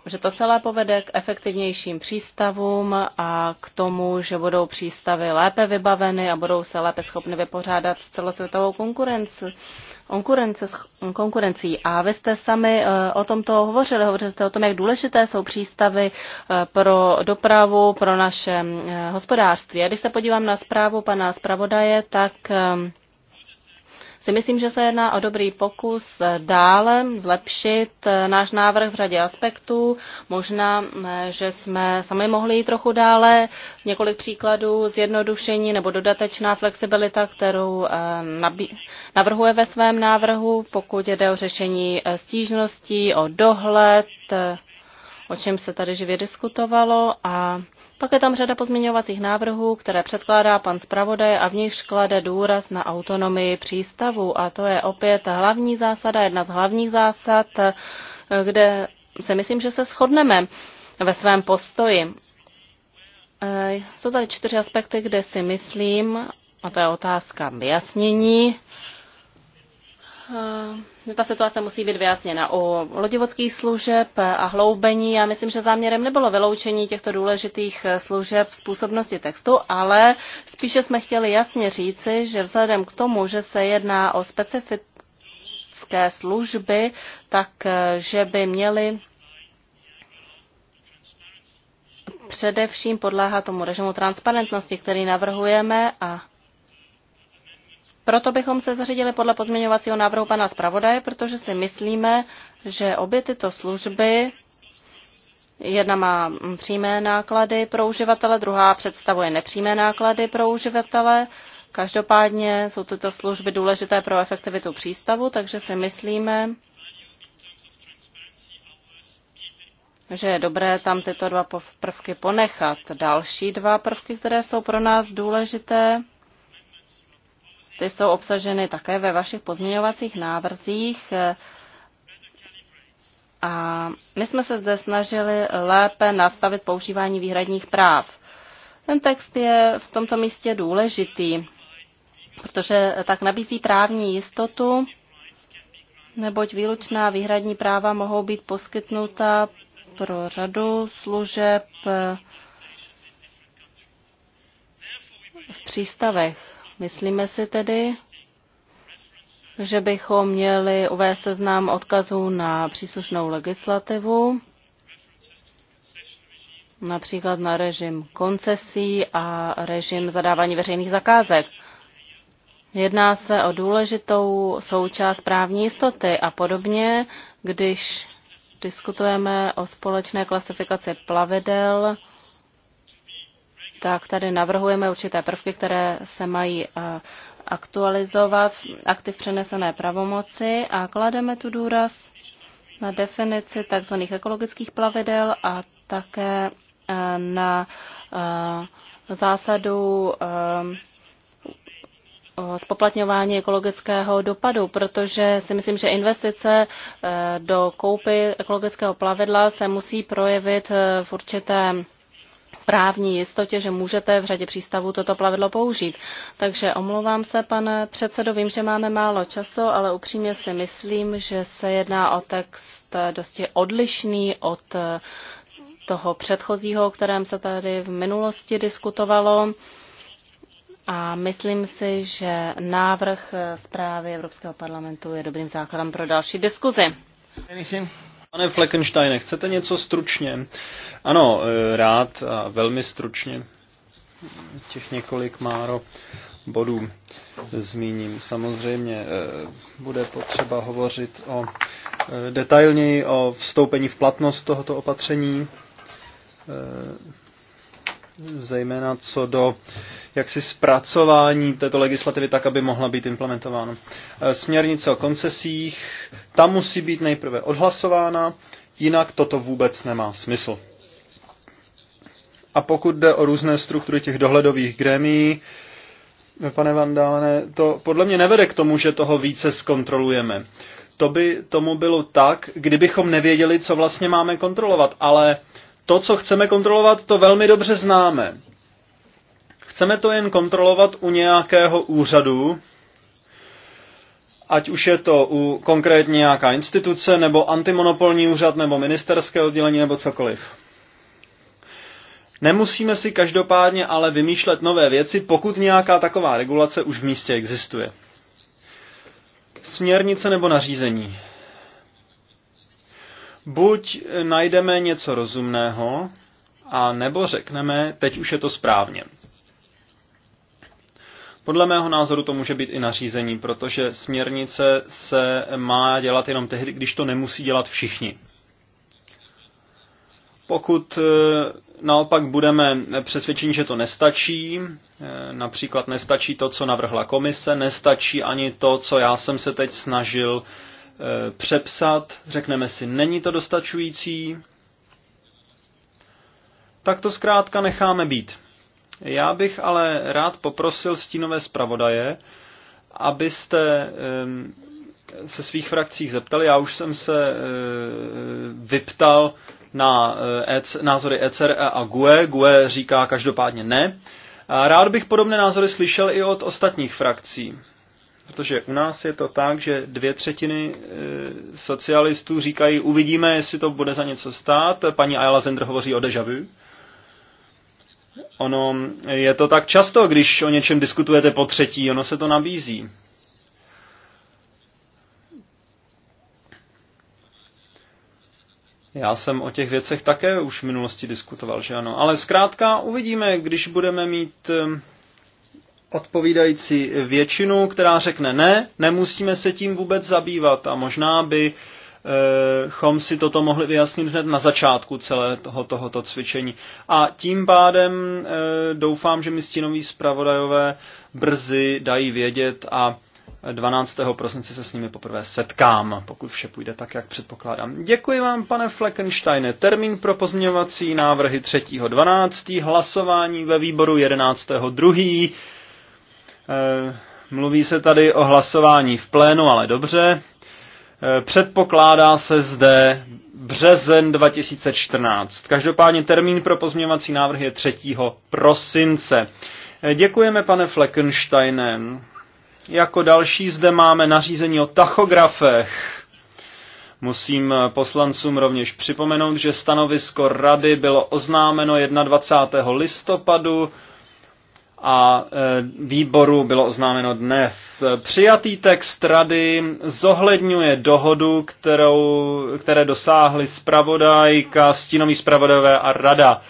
S3: že to celé povede k efektivnějším přístavům a k tomu, že budou přístavy lépe vybaveny a budou se lépe schopny vypořádat s celosvětovou konkurenci, konkurence, konkurencí. A vy jste sami eh, o tomto hovořili, hovořili jste o tom, jak důležité jsou přístavy eh, pro dopravu, pro naše eh, hospodářství. A když se podívám na zprávu pana zpravodaje, tak si myslím, že se jedná o dobrý pokus dále zlepšit eh, náš návrh v řadě aspektů. Možná, eh, že jsme sami mohli jít trochu dále. Několik příkladů zjednodušení nebo dodatečná flexibilita, kterou eh, navrhuje ve svém návrhu, pokud jde o řešení stížností, o dohled, o čem se tady živě diskutovalo a pak je tam řada pozměňovacích návrhů, které předkládá pan zpravodaj a v nich klade důraz na autonomii přístavu a to je opět hlavní zásada, jedna z hlavních zásad, kde si myslím, že se shodneme ve svém postoji. Eh, jsou tady čtyři aspekty, kde si myslím, a to je otázka vyjasnění, že eh, ta situace musí být vyjasněna. U lodivodských služeb a hloubení, já myslím, že záměrem nebylo vyloučení těchto důležitých eh, služeb z působnosti textu, ale spíše jsme chtěli jasně říci, že vzhledem k tomu, že se jedná o specifické služby, tak eh, že by měly především podléhat tomu režimu transparentnosti, který navrhujeme a proto bychom se zařídili podle pozměňovacího návrhu pana zpravodaje, protože si myslíme, že obě tyto služby, jedna má přímé náklady pro uživatele, druhá představuje nepřímé náklady pro uživatele. Každopádně jsou tyto služby důležité pro efektivitu přístavu, takže si myslíme, že je dobré tam tyto dva prvky ponechat. Další dva prvky, které jsou pro nás důležité, ty jsou obsaženy také ve vašich pozměňovacích návrzích. A my jsme se zde snažili lépe nastavit používání výhradních práv. Ten text je v tomto místě důležitý, protože tak nabízí právní jistotu, neboť výlučná výhradní práva mohou být poskytnuta pro řadu služeb v přístavech. Myslíme si tedy, že bychom měli uvést seznam odkazů na příslušnou legislativu, například na režim koncesí a režim zadávání veřejných zakázek. Jedná se o důležitou součást právní jistoty a podobně, když diskutujeme o společné klasifikaci plavidel, tak tady navrhujeme určité prvky, které se mají eh, aktualizovat aktiv přenesené pravomoci a klademe tu důraz na definici tzv. ekologických plavidel a také eh, na eh, zásadu spoplatňování ekologického dopadu, protože si myslím, že investice do koupy ekologického plavidla se musí projevit v určitém právní jistotě, že můžete v řadě přístavů toto plavidlo použít. Takže omlouvám se, pane předsedo, vím, že máme málo času, ale upřímně si myslím, že se jedná o text dosti odlišný od toho předchozího, o kterém se tady v minulosti diskutovalo. A myslím si, že návrh zprávy Evropského parlamentu je dobrým základem pro další diskuzi.
S4: Pane Fleckensteine, chcete něco stručně? Ano, e, rád a velmi stručně těch několik máro bodů zmíním. Samozřejmě e, bude potřeba hovořit o e, detailněji o vstoupení v platnost tohoto opatření zejména co do jaksi zpracování této legislativy tak, aby mohla být implementována. E, směrnice o koncesích, ta musí být nejprve odhlasována, jinak toto vůbec nemá smysl. A pokud jde o různé struktury těch dohledových grémií, pane Vandálene, to podle mě nevede k tomu, že toho více zkontrolujeme. To by tomu bylo tak, kdybychom nevěděli, co vlastně máme kontrolovat, ale to, co chceme kontrolovat, to velmi dobře známe. Chceme to jen kontrolovat u nějakého úřadu, ať už je to u konkrétně nějaká instituce, nebo antimonopolní úřad, nebo ministerské oddělení, nebo cokoliv. Nemusíme si každopádně ale vymýšlet nové věci, pokud nějaká taková regulace už v místě existuje. Směrnice nebo nařízení. Buď najdeme něco rozumného, a nebo řekneme, teď už je to správně. Podle mého názoru to může být i nařízení, protože směrnice se má dělat jenom tehdy, když to nemusí dělat všichni. Pokud e, naopak budeme přesvědčeni, že to nestačí, e, například nestačí to, co navrhla komise, nestačí ani to, co já jsem se teď snažil Eh, přepsat, řekneme si, není to dostačující, tak to zkrátka necháme být. Já bych ale rád poprosil stínové zpravodaje, abyste eh, se svých frakcích zeptali. Já už jsem se eh, vyptal na názory ECR a GUE. GUE říká každopádně ne. A rád bych podobné názory slyšel i od ostatních frakcí. Protože u nás je to tak, že dvě třetiny e, socialistů říkají, uvidíme, jestli to bude za něco stát. Paní Ayala Zender hovoří o deja vu. Ono je to tak často, když o něčem diskutujete po třetí, ono se to nabízí. Já jsem o těch věcech také už v minulosti diskutoval, že ano. Ale zkrátka uvidíme, když budeme mít e, odpovídající většinu, která řekne ne, nemusíme se tím vůbec zabývat a možná by eh, chom si toto mohli vyjasnit hned na začátku celého toho, tohoto cvičení. A tím pádem eh, doufám, že mi stínoví zpravodajové brzy dají vědět a 12. prosince se s nimi poprvé setkám, pokud vše půjde tak, jak předpokládám. Děkuji vám, pane Fleckensteine. Termín pro pozměňovací návrhy 3.12. Hlasování ve výboru 11.2. Eh, mluví se tady o hlasování v plénu, ale dobře. Eh, předpokládá se zde březen 2014. Každopádně termín pro pozměňovací návrh je 3. prosince. Eh, děkujeme, pane Fleckensteinem. Jako další zde máme nařízení o tachografech. Musím poslancům rovněž připomenout, že stanovisko rady bylo oznámeno 21. listopadu a e, výboru bylo oznámeno dnes. Přijatý text rady zohledňuje dohodu, kterou, které dosáhly zpravodajka, stínový zpravodajové a rada.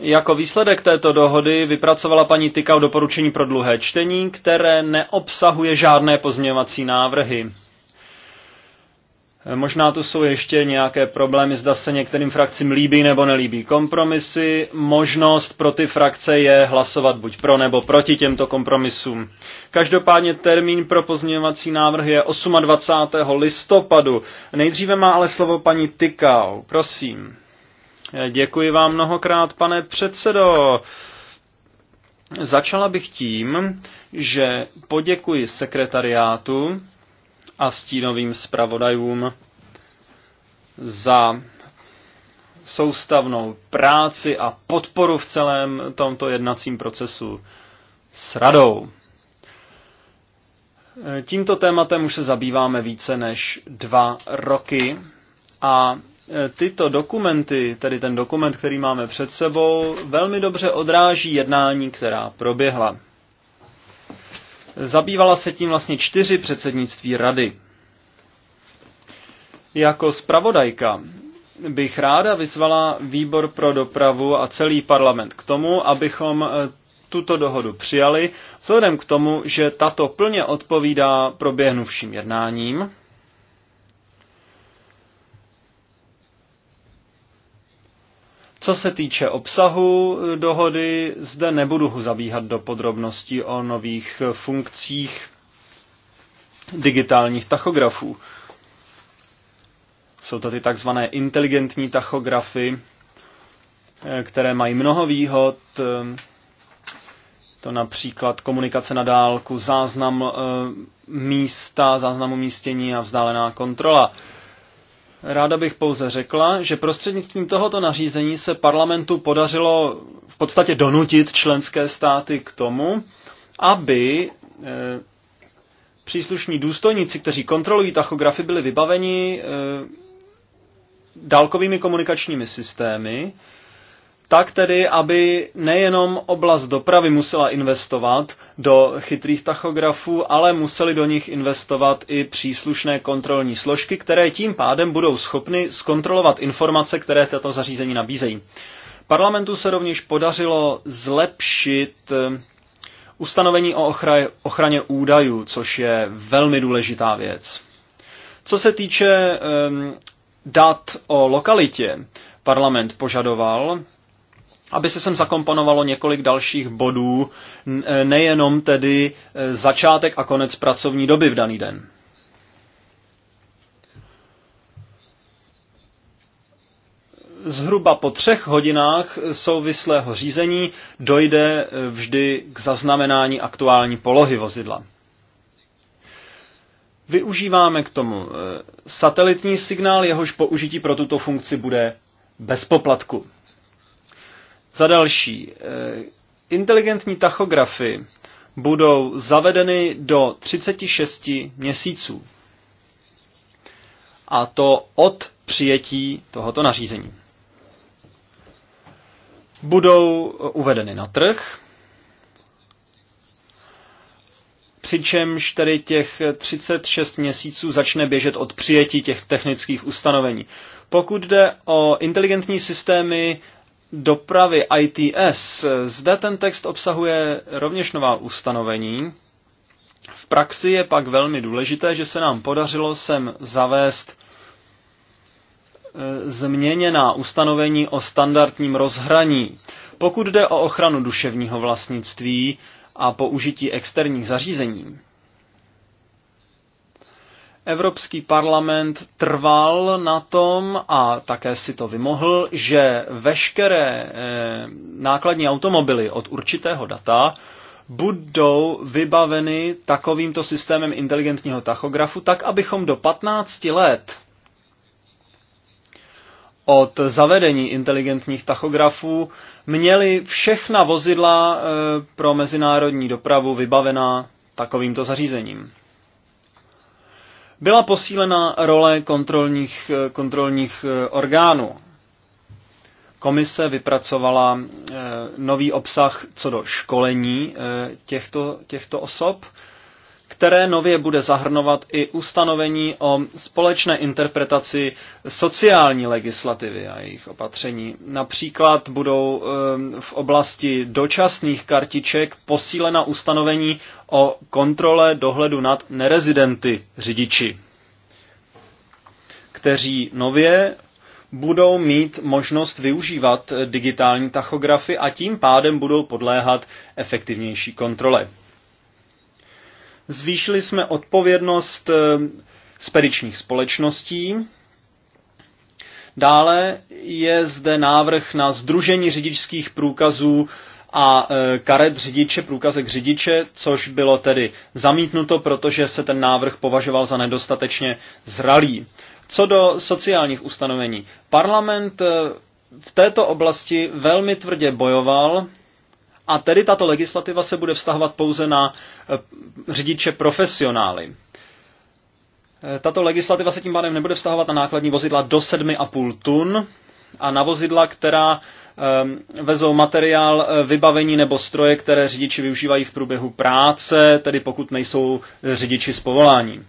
S4: Jako výsledek této dohody vypracovala paní Tykau doporučení pro dlouhé čtení, které neobsahuje žádné pozměňovací návrhy. Eh, možná tu jsou ještě nějaké problémy, zda se některým frakcím líbí nebo nelíbí kompromisy. Možnost pro ty frakce je hlasovat buď pro nebo proti těmto kompromisům. Každopádně termín pro pozměňovací návrh je 28. listopadu. Nejdříve má ale slovo paní Tykau. Prosím. Eh, děkuji vám mnohokrát, pane předsedo. Začala bych tím, že poděkuji sekretariátu, a stínovým zpravodajům za soustavnou práci a podporu v celém tomto jednacím procesu s radou. Tímto tématem už se zabýváme více než dva roky a e, tyto dokumenty, tedy ten dokument, který máme před sebou, velmi dobře odráží jednání, která proběhla. Zabývala se tím vlastně čtyři předsednictví rady. Jako zpravodajka bych ráda vyzvala výbor pro dopravu a celý parlament k tomu, abychom e, tuto dohodu přijali, vzhledem k tomu, že tato plně odpovídá proběhnuvším jednáním Co se týče obsahu eh, dohody, zde nebudu zabíhat do podrobností o nových eh, funkcích digitálních tachografů. Jsou to ty takzvané inteligentní tachografy, eh, které mají mnoho výhod, to například komunikace na dálku, záznam místa, záznam umístění a vzdálená kontrola. Ráda bych pouze řekla, že prostřednictvím tohoto nařízení se parlamentu podařilo v podstatě donutit členské státy k tomu, aby eh, příslušní důstojníci, kteří kontrolují tachografy, byli vybaveni eh, dálkovými komunikačními systémy, tak tedy, aby nejenom oblast dopravy musela investovat do chytrých tachografů, ale museli do nich investovat i příslušné kontrolní složky, které tím pádem budou schopny zkontrolovat informace, které tato zařízení nabízejí. Parlamentu se rovněž podařilo zlepšit eh, ustanovení o ochraně údajů, což je velmi důležitá věc. Co se týče ehm, dat o lokalitě, parlament požadoval, aby se sem zakomponovalo několik dalších bodů, e, nejenom tedy e, začátek a konec pracovní doby v daný den. Zhruba po třech hodinách souvislého řízení dojde e, vždy k zaznamenání aktuální polohy vozidla. Využíváme k tomu satelitní signál, jehož použití pro tuto funkci bude bez poplatku. Za další, eh, inteligentní tachografy budou zavedeny do 36 měsíců. A to od přijetí tohoto nařízení. Budou eh, uvedeny na trh, přičemž tedy těch 36 měsíců začne běžet od přijetí těch technických ustanovení. Pokud jde o inteligentní systémy dopravy ITS. Zde ten text obsahuje rovněž nová ustanovení. V praxi je pak velmi důležité, že se nám podařilo sem zavést eh, změněná ustanovení o standardním rozhraní. Pokud jde o ochranu duševního vlastnictví a použití externích zařízení, Evropský parlament trval na tom a také si to vymohl, že veškeré eh, nákladní automobily od určitého data budou vybaveny takovýmto systémem inteligentního tachografu, tak abychom do 15 let od zavedení inteligentních tachografů měli všechna vozidla eh, pro mezinárodní dopravu vybavená takovýmto zařízením. Byla posílena role kontrolních, eh, kontrolních eh, orgánů. Komise vypracovala eh, nový obsah co do školení těchto, těchto osob které nově bude zahrnovat i ustanovení o společné interpretaci sociální legislativy a jejich opatření. Například budou eh, v oblasti dočasných kartiček posílena ustanovení o kontrole dohledu nad nerezidenty řidiči, kteří nově budou mít možnost využívat digitální tachografy a tím pádem budou podléhat efektivnější kontrole. Zvýšili jsme odpovědnost eh, spedičních společností. Dále je zde návrh na združení řidičských průkazů a eh, karet řidiče, průkazek řidiče, což bylo tedy zamítnuto, protože se ten návrh považoval za nedostatečně zralý. Co do sociálních ustanovení. Parlament eh, v této oblasti velmi tvrdě bojoval a tedy tato legislativa se bude vztahovat pouze na eh, řidiče profesionály. Eh, tato legislativa se tím pádem nebude vztahovat na nákladní vozidla do 7,5 tun a na vozidla, která eh, vezou materiál, vybavení nebo stroje, které řidiči využívají v průběhu práce, tedy pokud nejsou řidiči z povolání.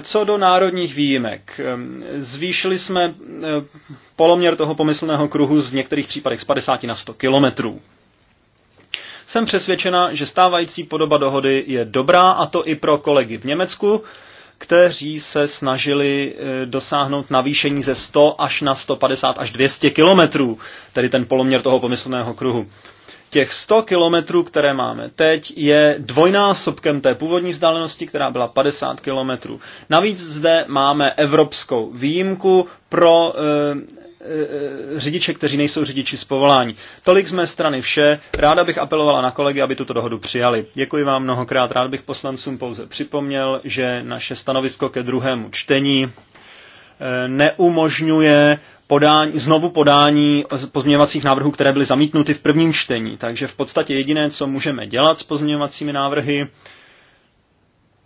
S4: Co do národních výjimek, zvýšili jsme poloměr toho pomyslného kruhu v některých případech z 50 na 100 kilometrů. Jsem přesvědčena, že stávající podoba dohody je dobrá a to i pro kolegy v Německu, kteří se snažili eh, dosáhnout navýšení ze 100 až na 150 až 200 kilometrů, tedy ten poloměr toho pomyslného kruhu. Těch 100 kilometrů, které máme teď, je dvojnásobkem té původní vzdálenosti, která byla 50 kilometrů. Navíc zde máme evropskou výjimku pro eh, Eh, řidiče, kteří nejsou řidiči z povolání. Tolik z mé strany vše. Ráda bych apelovala na kolegy, aby tuto dohodu přijali. Děkuji vám mnohokrát. Rád bych poslancům pouze připomněl, že naše stanovisko ke druhému čtení eh, neumožňuje podání, znovu podání pozměňovacích návrhů, které byly zamítnuty v prvním čtení. Takže v podstatě jediné, co můžeme dělat s pozměňovacími návrhy,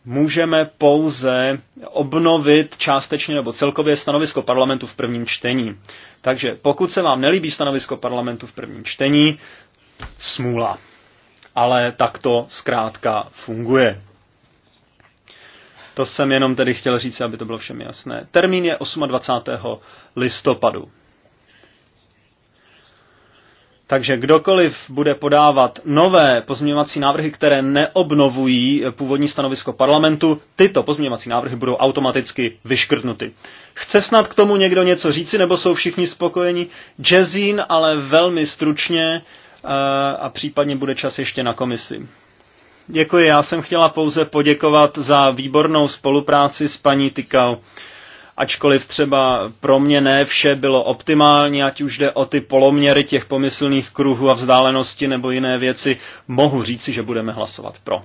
S4: můžeme pouze obnovit částečně nebo celkově stanovisko parlamentu v prvním čtení. Takže pokud se vám nelíbí stanovisko parlamentu v prvním čtení, smůla. Ale tak to zkrátka funguje. To jsem jenom tedy chtěl říct, aby to bylo všem jasné. Termín je 28. listopadu. Takže kdokoliv bude podávat nové pozměňovací návrhy, které neobnovují původní stanovisko parlamentu, tyto pozměňovací návrhy budou automaticky vyškrtnuty. Chce snad k tomu někdo něco říci, nebo jsou všichni spokojeni? Jezín, ale velmi stručně eh, a případně bude čas ještě na komisi. Děkuji, já jsem chtěla pouze poděkovat za výbornou spolupráci s paní Tykal ačkoliv třeba pro mě ne vše bylo optimální, ať už jde o ty poloměry těch pomyslných kruhů a vzdálenosti nebo jiné věci, mohu říci, že budeme hlasovat pro.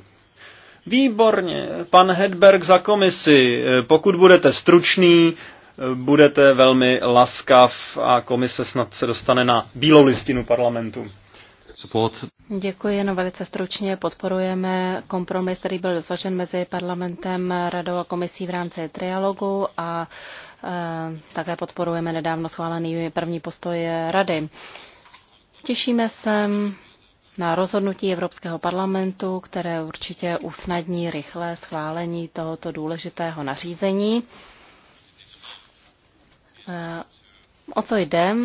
S4: Výborně, pan Hedberg za komisi, pokud budete stručný, budete velmi laskav a komise snad se dostane na bílou listinu parlamentu.
S3: Děkuji, jenom velice stručně podporujeme kompromis, který byl dosažen mezi parlamentem, radou a komisí v rámci trialogu a e, také podporujeme nedávno schválený první postoj rady. Těšíme se na rozhodnutí Evropského parlamentu, které určitě usnadní rychlé schválení tohoto důležitého nařízení. E, o co jde?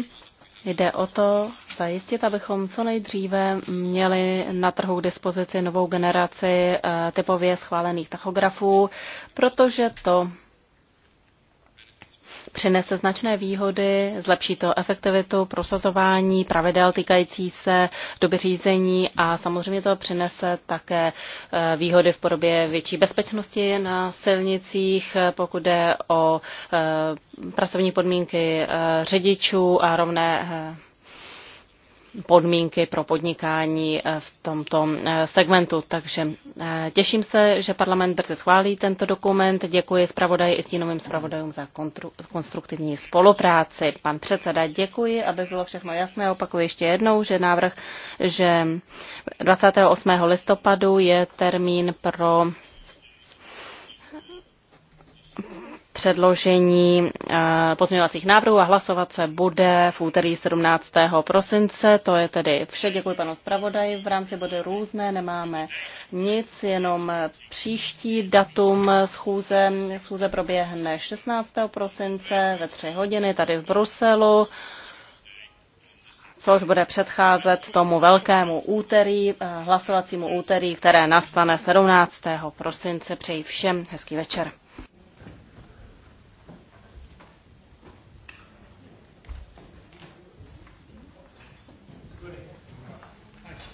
S3: Jde o to, zajistit, abychom co nejdříve měli na trhu k dispozici novou generaci eh, typově schválených tachografů, protože to přinese značné výhody, zlepší to efektivitu prosazování pravidel týkající se doby řízení a samozřejmě to přinese také eh, výhody v podobě větší bezpečnosti na silnicích, eh, pokud jde o pracovní podmínky řidičů a rovné podmínky pro podnikání eh, v tomto eh, segmentu. Takže eh, těším se, že parlament brzy schválí tento dokument. Děkuji zpravodaji i stínovým zpravodajům za konstruktivní spolupráci. Pan předseda, děkuji, aby bylo všechno jasné. Opakuji ještě jednou, že návrh, že 28. listopadu je termín pro předložení eh, pozměňovacích návrhů a hlasovat se bude v úterý 17. prosince. To je tedy vše. Děkuji panu zpravodaji. V rámci bude různé nemáme nic, jenom příští datum schůze. Schůze proběhne 16. prosince ve 3 hodiny tady v Bruselu což bude předcházet tomu velkému úterý, eh, hlasovacímu úterý, které nastane 17. prosince. Přeji všem hezký večer.